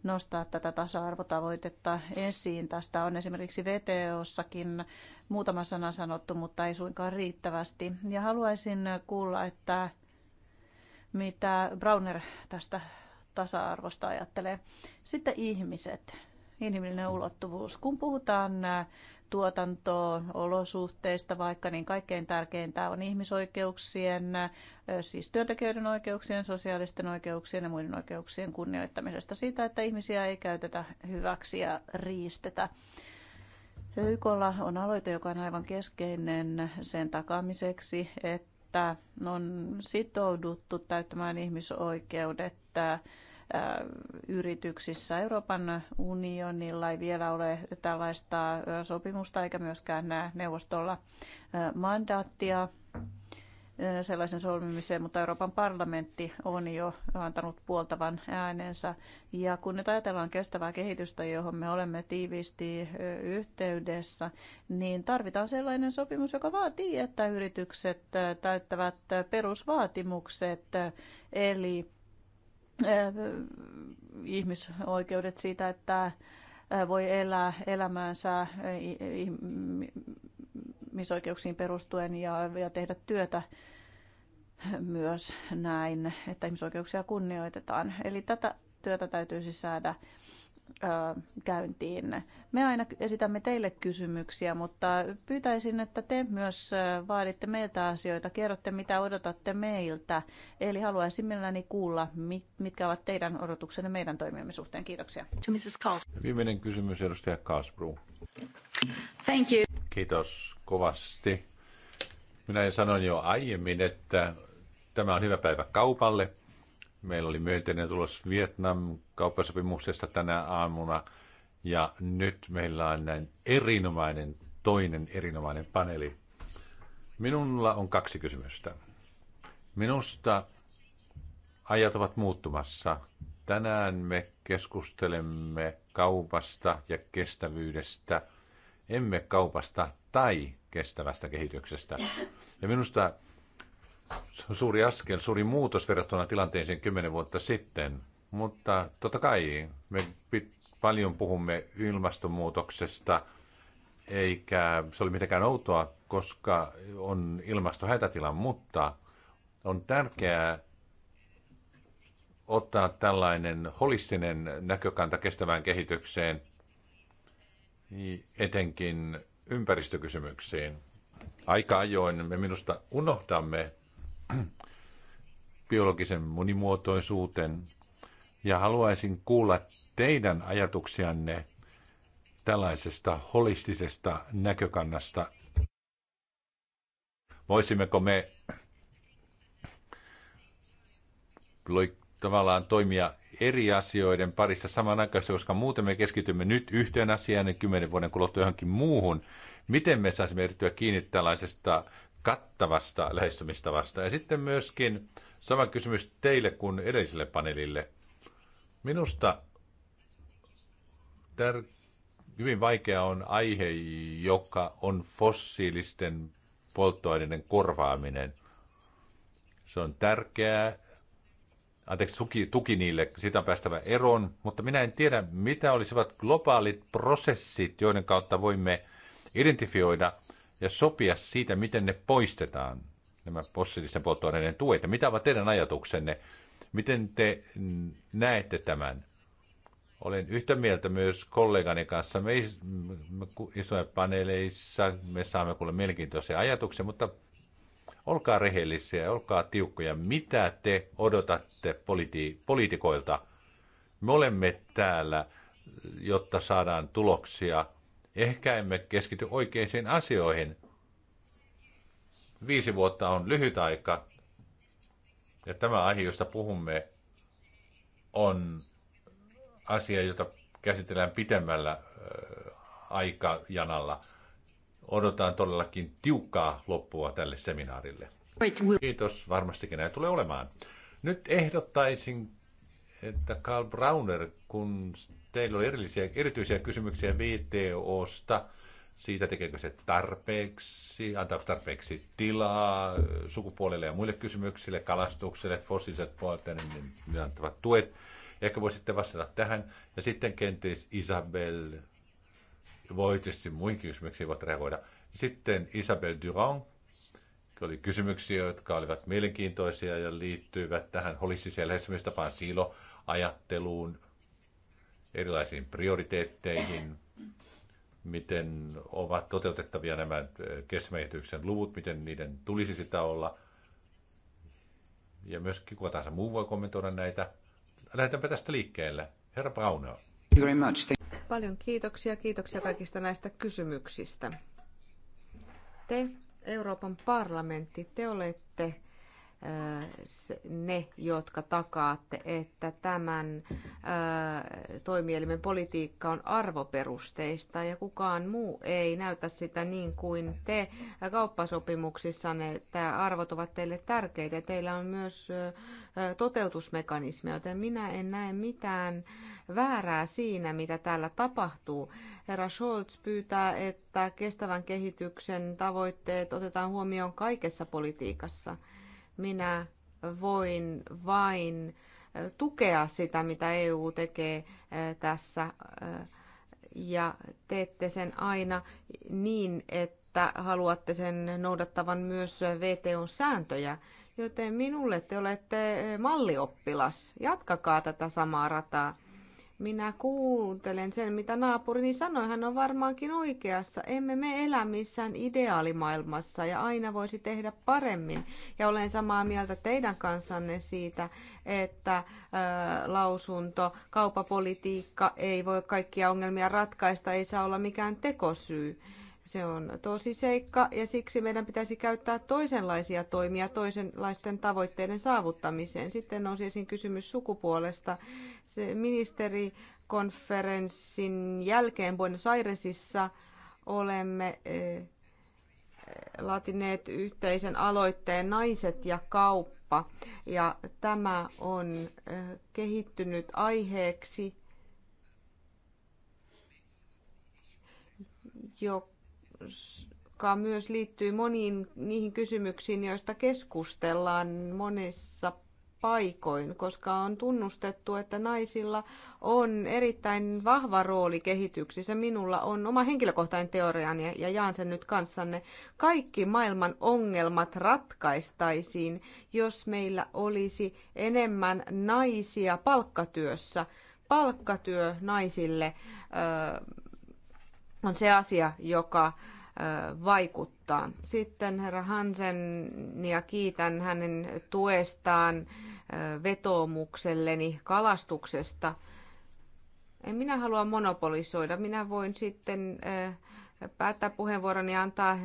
C: nostaa tätä tasa-arvotavoitetta esiin. Tästä on esimerkiksi VTOssakin muutama sana sanottu, mutta ei suinkaan riittävästi. Ja haluaisin kuulla, että mitä Browner tästä tasa-arvosta ajattelee. Sitten ihmiset, inhimillinen ulottuvuus. Kun puhutaan tuotantoon, olosuhteista vaikka, niin kaikkein tärkeintä on ihmisoikeuksien, siis työntekijöiden oikeuksien, sosiaalisten oikeuksien ja muiden oikeuksien kunnioittamisesta siitä, että ihmisiä ei käytetä hyväksi ja riistetä. YKlla on aloite, joka on aivan keskeinen sen takaamiseksi, että on sitouduttu täyttämään ihmisoikeudet yrityksissä. Euroopan unionilla ei vielä ole tällaista sopimusta eikä myöskään neuvostolla mandaattia sellaisen solmimiseen, mutta Euroopan parlamentti on jo antanut puoltavan äänensä. Ja kun nyt ajatellaan kestävää kehitystä, johon me olemme tiiviisti yhteydessä, niin tarvitaan sellainen sopimus, joka vaatii, että yritykset täyttävät perusvaatimukset, eli ihmisoikeudet siitä, että voi elää elämäänsä ihmisoikeuksiin perustuen ja, ja tehdä työtä myös näin, että ihmisoikeuksia kunnioitetaan. Eli tätä työtä täytyisi saada käyntiin. Me aina esitämme teille kysymyksiä, mutta pyytäisin, että te myös vaaditte meiltä asioita, kerrotte mitä odotatte meiltä. Eli haluaisin mielelläni kuulla, mitkä ovat teidän odotuksenne meidän toimimme suhteen. Kiitoksia.
A: Viimeinen kysymys, edustaja Kasbru. Thank you. Kiitos kovasti. Minä sanoin jo aiemmin, että tämä on hyvä päivä kaupalle Meillä oli myönteinen tulos Vietnam-kauppasopimuksesta tänä aamuna ja nyt meillä on näin erinomainen, toinen erinomainen paneeli. Minulla on kaksi kysymystä. Minusta ajat ovat muuttumassa. Tänään me keskustelemme kaupasta ja kestävyydestä, emme kaupasta tai kestävästä kehityksestä. Ja minusta suuri askel, suuri muutos verrattuna tilanteeseen kymmenen vuotta sitten. Mutta totta kai me paljon puhumme ilmastonmuutoksesta, eikä se ole mitenkään outoa, koska on ilmastohätätila, mutta on tärkeää ottaa tällainen holistinen näkökanta kestävään kehitykseen, etenkin ympäristökysymyksiin. Aika ajoin me minusta unohdamme biologisen monimuotoisuuteen. Ja haluaisin kuulla teidän ajatuksianne tällaisesta holistisesta näkökannasta. Voisimmeko me tavallaan toimia eri asioiden parissa samanaikaisesti, koska muuten me keskitymme nyt yhteen asiaan ja kymmenen vuoden kuluttua johonkin muuhun. Miten me saisimme erityä kiinni tällaisesta kattavasta lähestymistavasta. Ja sitten myöskin sama kysymys teille kuin edelliselle paneelille. Minusta tär- hyvin vaikea on aihe, joka on fossiilisten polttoaineiden korvaaminen. Se on tärkeää. Anteeksi, tuki, tuki niille, siitä on päästävä eroon, mutta minä en tiedä, mitä olisivat globaalit prosessit, joiden kautta voimme identifioida – ja sopia siitä, miten ne poistetaan, nämä fossiilisten polttoaineiden tuet. Mitä ovat teidän ajatuksenne? Miten te näette tämän? Olen yhtä mieltä myös kollegani kanssa. Me istumme paneeleissa, me saamme kuulla mielenkiintoisia ajatuksia, mutta olkaa rehellisiä, olkaa tiukkoja. Mitä te odotatte politi- poliitikoilta? Me olemme täällä, jotta saadaan tuloksia – Ehkä emme keskity oikeisiin asioihin. Viisi vuotta on lyhyt aika. Ja tämä aihe, josta puhumme, on asia, jota käsitellään pitemmällä aikajanalla. Odotetaan todellakin tiukkaa loppua tälle seminaarille. Kiitos, varmastikin näin tulee olemaan. Nyt ehdottaisin, että Karl Brauner, kun teillä oli erillisiä, erityisiä kysymyksiä VTOsta, siitä tekeekö se tarpeeksi, antaako tarpeeksi tilaa sukupuolelle ja muille kysymyksille, kalastukselle, fossiiliset poltteiden niin, niin, niin, niin antavat tuet. Ehkä voisitte vastata tähän. Ja sitten kenties Isabel voi tietysti muihinkin kysymyksiin voit reagoida. Sitten Isabel Durand, oli kysymyksiä, jotka olivat mielenkiintoisia ja liittyivät tähän holistiseen lähestymistapaan siiloajatteluun, erilaisiin prioriteetteihin, miten ovat toteutettavia nämä äh, kestävän luvut, miten niiden tulisi sitä olla. Ja myös kuka tahansa muu voi kommentoida näitä. Lähdetäänpä tästä liikkeelle. Herra Brauno.
B: Paljon kiitoksia. Kiitoksia kaikista näistä kysymyksistä. Te, Euroopan parlamentti, te olette ne, jotka takaatte, että tämän toimielimen politiikka on arvoperusteista ja kukaan muu ei näytä sitä niin kuin te kauppasopimuksissa, että arvot ovat teille tärkeitä. Teillä on myös toteutusmekanismi, joten minä en näe mitään väärää siinä, mitä täällä tapahtuu. Herra Scholz pyytää, että kestävän kehityksen tavoitteet otetaan huomioon kaikessa politiikassa – minä voin vain tukea sitä, mitä EU tekee tässä ja teette sen aina niin, että haluatte sen noudattavan myös VTOn sääntöjä. Joten minulle te olette mallioppilas. Jatkakaa tätä samaa rataa. Minä kuuntelen sen, mitä naapurini sanoi. Hän on varmaankin oikeassa. Emme me elä missään ideaalimaailmassa ja aina voisi tehdä paremmin. Ja olen samaa mieltä teidän kanssanne siitä, että ö, lausunto, kaupapolitiikka ei voi kaikkia ongelmia ratkaista, ei saa olla mikään tekosyy. Se on tosi seikka ja siksi meidän pitäisi käyttää toisenlaisia toimia toisenlaisten tavoitteiden saavuttamiseen. Sitten nousi esiin kysymys sukupuolesta. Se ministerikonferenssin jälkeen Buenos Airesissa olemme eh, laatineet yhteisen aloitteen Naiset ja kauppa. Ja tämä on eh, kehittynyt aiheeksi, joka joka myös liittyy moniin niihin kysymyksiin, joista keskustellaan monissa paikoin, koska on tunnustettu, että naisilla on erittäin vahva rooli kehityksissä. Minulla on oma henkilökohtainen teoriani ja jaan sen nyt kanssanne. Kaikki maailman ongelmat ratkaistaisiin, jos meillä olisi enemmän naisia palkkatyössä. Palkkatyö naisille. Öö, on se asia, joka vaikuttaa. Sitten herra Hansen, ja kiitän hänen tuestaan vetoomukselleni kalastuksesta. En minä halua monopolisoida. Minä voin sitten päättää puheenvuoroni ja antaa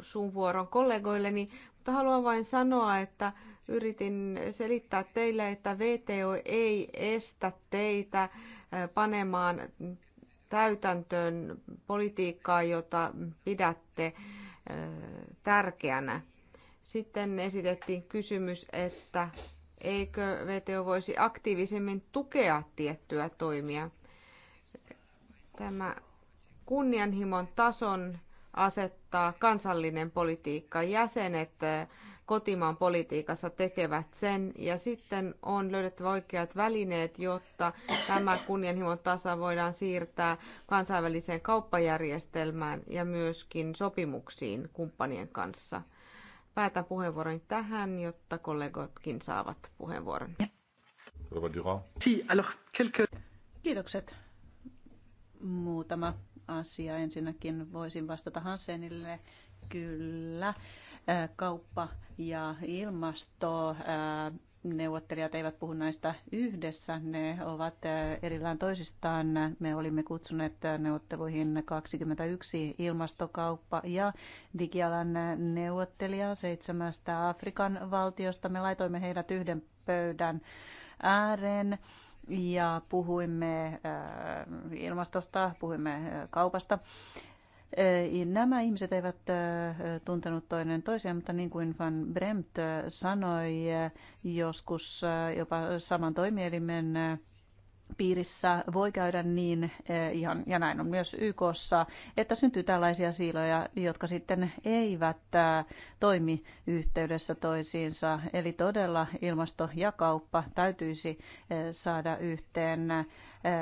B: suun vuoron kollegoilleni, mutta haluan vain sanoa, että yritin selittää teille, että VTO ei estä teitä panemaan täytäntöön politiikkaa, jota pidätte tärkeänä. Sitten esitettiin kysymys, että eikö VTO voisi aktiivisemmin tukea tiettyä toimia. Tämä kunnianhimon tason asettaa kansallinen politiikka. Jäsenet kotimaan politiikassa tekevät sen. Ja sitten on löydettävä oikeat välineet, jotta tämä kunnianhimon tasa voidaan siirtää kansainväliseen kauppajärjestelmään ja myöskin sopimuksiin kumppanien kanssa. Päätän puheenvuoron tähän, jotta kollegotkin saavat puheenvuoron.
C: Kiitokset. Muutama asia. Ensinnäkin voisin vastata Hansenille. Kyllä kauppa ja ilmasto neuvottelijat eivät puhu näistä yhdessä, ne ovat erillään toisistaan. Me olimme kutsuneet neuvotteluihin 21 ilmastokauppa- ja digialan neuvottelija seitsemästä Afrikan valtiosta. Me laitoimme heidät yhden pöydän ääreen ja puhuimme ilmastosta, puhuimme kaupasta Nämä ihmiset eivät tuntenut toinen toisiaan, mutta niin kuin Van Bremt sanoi, joskus jopa saman toimielimen piirissä voi käydä niin, eh, ihan, ja näin on myös YKssa, että syntyy tällaisia siiloja, jotka sitten eivät eh, toimi yhteydessä toisiinsa. Eli todella ilmasto ja kauppa täytyisi eh, saada yhteen.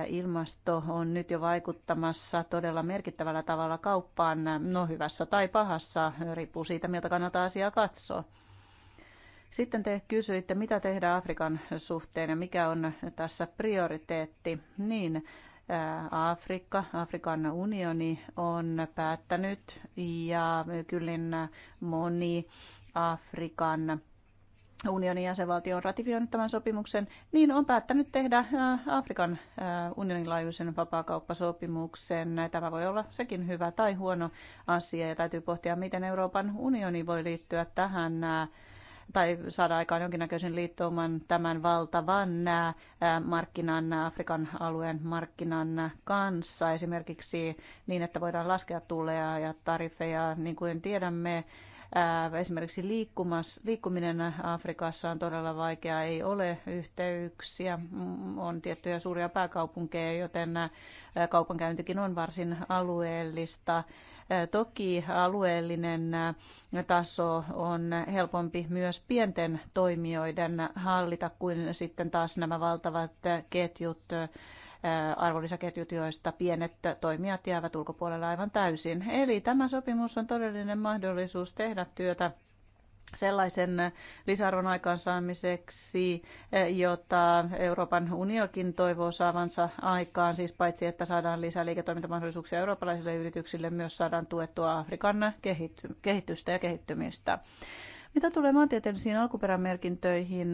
C: Ilmasto on nyt jo vaikuttamassa todella merkittävällä tavalla kauppaan, no hyvässä tai pahassa, riippuu siitä, miltä kannattaa asiaa katsoa. Sitten te kysyitte, mitä tehdään Afrikan suhteen ja mikä on tässä prioriteetti. Niin, Afrikka, Afrikan unioni on päättänyt ja kyllin moni Afrikan unionin jäsenvaltio on ratifioinut tämän sopimuksen, niin on päättänyt tehdä Afrikan unionin laajuisen vapaakauppasopimuksen. Tämä voi olla sekin hyvä tai huono asia ja täytyy pohtia, miten Euroopan unioni voi liittyä tähän tai saada aikaan jonkinnäköisen liittouman tämän valtavan markkinan, Afrikan alueen markkinan kanssa, esimerkiksi niin, että voidaan laskea tulleja ja tarifeja, niin kuin tiedämme, Esimerkiksi liikkumas, liikkuminen Afrikassa on todella vaikeaa, ei ole yhteyksiä, mm, on tiettyjä suuria pääkaupunkeja, joten kaupankäyntikin on varsin alueellista. Toki alueellinen taso on helpompi myös pienten toimijoiden hallita kuin sitten taas nämä valtavat ketjut arvonlisäketjut, joista pienet toimijat jäävät ulkopuolelle aivan täysin. Eli tämä sopimus on todellinen mahdollisuus tehdä työtä sellaisen lisäarvon aikaansaamiseksi, eh, jota Euroopan uniokin toivoo saavansa aikaan, siis paitsi että saadaan lisää liiketoimintamahdollisuuksia eurooppalaisille yrityksille, myös saadaan tuettua Afrikan kehitystä ja kehittymistä. Mitä tulee maantieteellisiin alkuperämerkintöihin,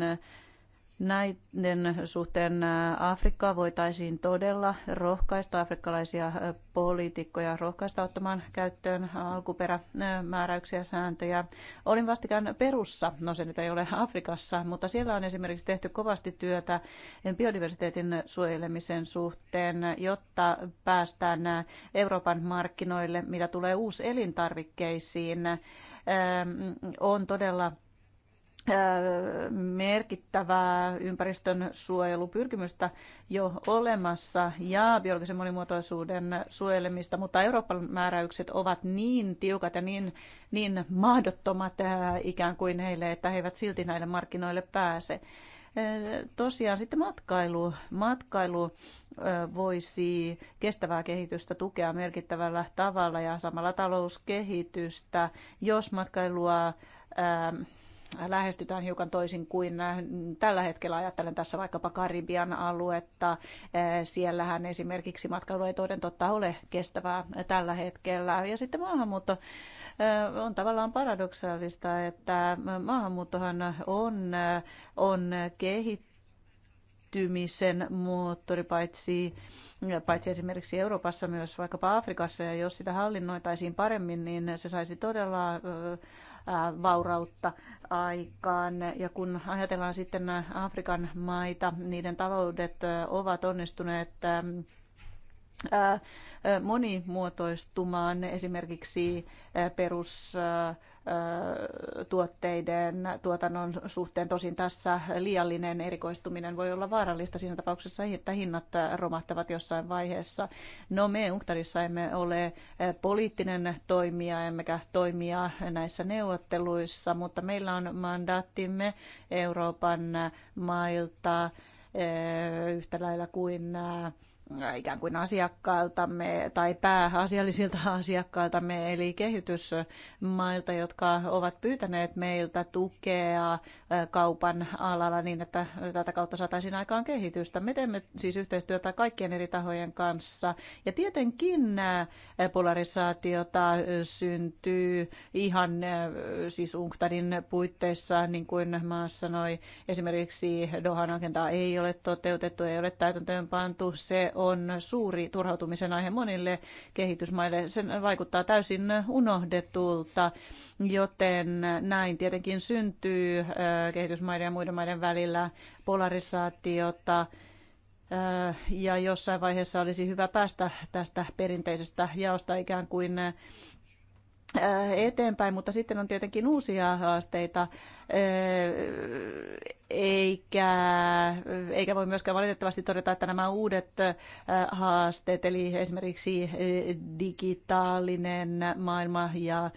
C: Näiden suhteen Afrikkaa voitaisiin todella rohkaista afrikkalaisia poliitikkoja rohkaista ottamaan käyttöön alkuperämääräyksiä, sääntöjä. Olin vastikään Perussa, no se nyt ei ole Afrikassa, mutta siellä on esimerkiksi tehty kovasti työtä biodiversiteetin suojelemisen suhteen, jotta päästään Euroopan markkinoille, mitä tulee uuselintarvikkeisiin. On todella merkittävää ympäristön suojelupyrkimystä jo olemassa ja biologisen monimuotoisuuden suojelemista, mutta Euroopan määräykset ovat niin tiukat ja niin, niin mahdottomat ikään kuin heille, että he eivät silti näille markkinoille pääse. Tosiaan sitten matkailu. Matkailu voisi kestävää kehitystä tukea merkittävällä tavalla ja samalla talouskehitystä, jos matkailua lähestytään hiukan toisin kuin äh, tällä hetkellä ajattelen tässä vaikkapa Karibian aluetta. Äh, siellähän esimerkiksi matkailu ei toden totta ole kestävää tällä hetkellä. Ja sitten maahanmuutto äh, on tavallaan paradoksaalista, että maahanmuuttohan on, on kehittymisen moottori paitsi, paitsi esimerkiksi Euroopassa myös vaikkapa Afrikassa ja jos sitä hallinnoitaisiin paremmin, niin se saisi todella vaurautta aikaan. Ja kun ajatellaan sitten Afrikan maita, niiden taloudet ovat onnistuneet monimuotoistumaan esimerkiksi perustuotteiden tuotannon suhteen. Tosin tässä liiallinen erikoistuminen voi olla vaarallista siinä tapauksessa, että hinnat romahtavat jossain vaiheessa. No me Unktarissa emme ole poliittinen toimija, emmekä toimia näissä neuvotteluissa, mutta meillä on mandaattimme Euroopan mailta yhtä lailla kuin ikään kuin asiakkailtamme tai pääasiallisilta [laughs] asiakkailtamme, eli kehitysmailta, jotka ovat pyytäneet meiltä tukea kaupan alalla niin, että tätä kautta saataisiin aikaan kehitystä. Me teemme siis yhteistyötä kaikkien eri tahojen kanssa, ja tietenkin polarisaatiota syntyy ihan siis UNCTADin puitteissa, niin kuin Maas sanoi, esimerkiksi Dohan agendaa ei ole toteutettu, ei ole täytäntöönpantu, se on suuri turhautumisen aihe monille kehitysmaille. Sen vaikuttaa täysin unohdetulta, joten näin tietenkin syntyy äh, kehitysmaiden ja muiden maiden välillä polarisaatiota. Äh, ja jossain vaiheessa olisi hyvä päästä tästä perinteisestä jaosta ikään kuin Äh, eteenpäin, mutta sitten on tietenkin uusia haasteita, äh, eikä, eikä voi myöskään valitettavasti todeta, että nämä uudet äh, haasteet, eli esimerkiksi digitaalinen maailma ja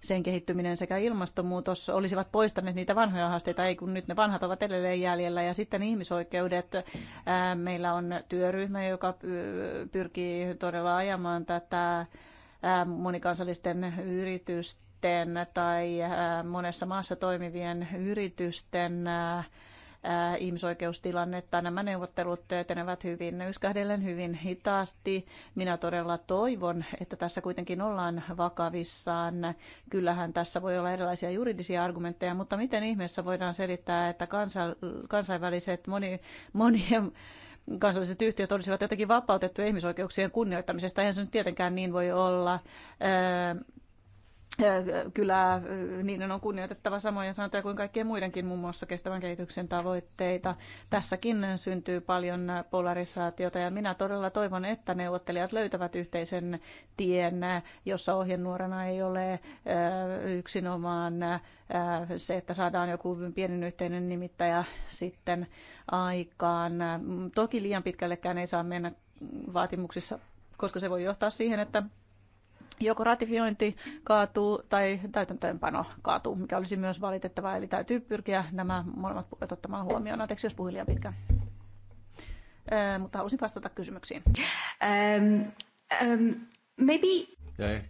C: sen kehittyminen sekä ilmastonmuutos olisivat poistaneet niitä vanhoja haasteita, ei kun nyt ne vanhat ovat edelleen jäljellä. Ja sitten ihmisoikeudet. Meillä on työryhmä, joka pyrkii todella ajamaan tätä Ähm, monikansallisten yritysten tai äh, monessa maassa toimivien yritysten äh, äh, ihmisoikeustilannetta. Nämä neuvottelut etenevät hyvin yskähdellen hyvin hitaasti. Minä todella toivon, että tässä kuitenkin ollaan vakavissaan. Kyllähän tässä voi olla erilaisia juridisia argumentteja, mutta miten ihmeessä voidaan selittää, että kansa, kansainväliset moni, monien kansalliset yhtiöt olisivat jotenkin vapautettu ihmisoikeuksien kunnioittamisesta. Eihän se nyt tietenkään niin voi olla kyllä niiden on kunnioitettava samoja sanotaan kuin kaikkien muidenkin, muun muassa kestävän kehityksen tavoitteita. Tässäkin syntyy paljon polarisaatiota ja minä todella toivon, että neuvottelijat löytävät yhteisen tien, jossa ohjenuorana ei ole yksinomaan se, että saadaan joku pienen yhteinen nimittäjä sitten aikaan. Toki liian pitkällekään ei saa mennä vaatimuksissa, koska se voi johtaa siihen, että joko ratifiointi kaatuu tai täytäntöönpano kaatuu, mikä olisi myös valitettavaa. Eli täytyy pyrkiä nämä molemmat puolet ottamaan huomioon. Anteeksi, jos puhuin liian pitkään. Ee, mutta halusin vastata kysymyksiin. Um,
D: um, maybe...
A: Jäi.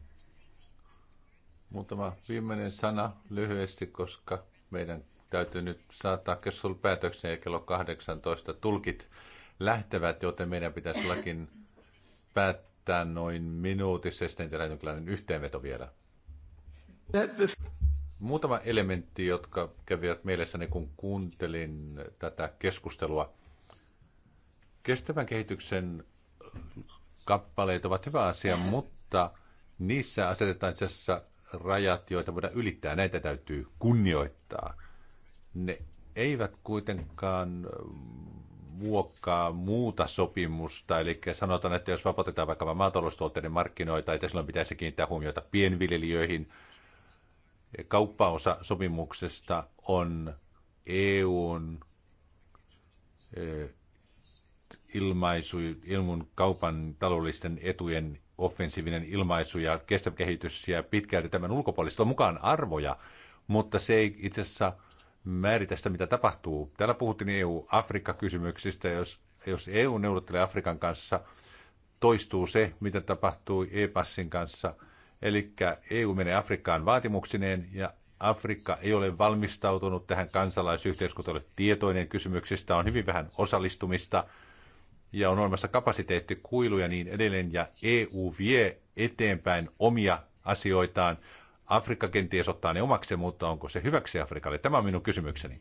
A: Muutama viimeinen sana lyhyesti, koska meidän täytyy nyt saattaa keskustelu päätökseen ja kello 18 tulkit lähtevät, joten meidän pitäisi lakin päättää päättää noin minuutissa, sitten tehdään jonkinlainen yhteenveto vielä. Muutama elementti, jotka kävivät mielessäni, kun kuuntelin tätä keskustelua. Kestävän kehityksen kappaleet ovat hyvä asia, mutta niissä asetetaan itse asiassa rajat, joita voidaan ylittää. Näitä täytyy kunnioittaa. Ne eivät kuitenkaan muokkaa muuta sopimusta, eli sanotaan, että jos vapautetaan vaikka maataloustuotteiden markkinoita, että silloin pitäisi kiinnittää huomiota pienviljelijöihin. Kauppaosa sopimuksesta on EUn e, ilmaisu, ilmun kaupan taloudellisten etujen offensiivinen ilmaisu ja kestävä kehitys ja pitkälti tämän ulkopuolista on mukaan arvoja, mutta se ei itse asiassa – määritä sitä, mitä tapahtuu. Täällä puhuttiin EU-Afrikka-kysymyksistä. Jos, jos EU neuvottelee Afrikan kanssa, toistuu se, mitä tapahtui e-passin kanssa. Eli EU menee Afrikkaan vaatimuksineen ja Afrikka ei ole valmistautunut tähän kansalaisyhteiskuntalle tietoinen kysymyksistä, on hyvin vähän osallistumista ja on olemassa kapasiteettikuiluja niin edelleen ja EU vie eteenpäin omia asioitaan, Afrikka kenties ottaa ne omakseen, mutta onko se hyväksi Afrikalle? Tämä on minun kysymykseni.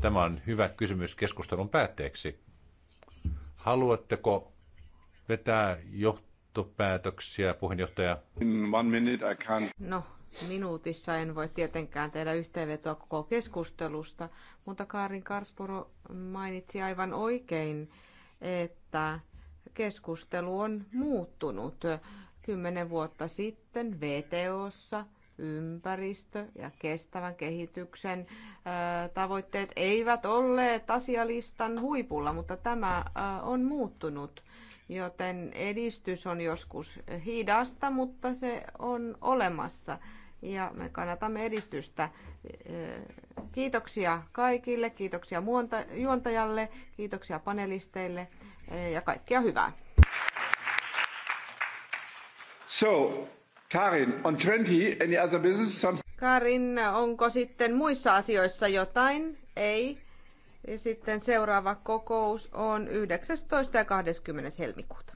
A: Tämä on hyvä kysymys keskustelun päätteeksi. Haluatteko vetää johtopäätöksiä, puheenjohtaja? In one minute I can't.
B: No, minuutissa en voi tietenkään tehdä yhteenvetoa koko keskustelusta, mutta Kaarin Karsporo mainitsi aivan oikein, että keskustelu on muuttunut. Kymmenen vuotta sitten VTOssa – ympäristö ja kestävän kehityksen tavoitteet eivät olleet asialistan huipulla, mutta tämä on muuttunut. Joten edistys on joskus hidasta, mutta se on olemassa. Ja me kannatamme edistystä. Kiitoksia kaikille, kiitoksia juontajalle, kiitoksia panelisteille ja kaikkia hyvää.
A: So, Karin, on 20 any other business? Some...
B: Karin, onko sitten muissa asioissa jotain? Ei. Ja sitten seuraava kokous on 19. ja 20. helmikuuta.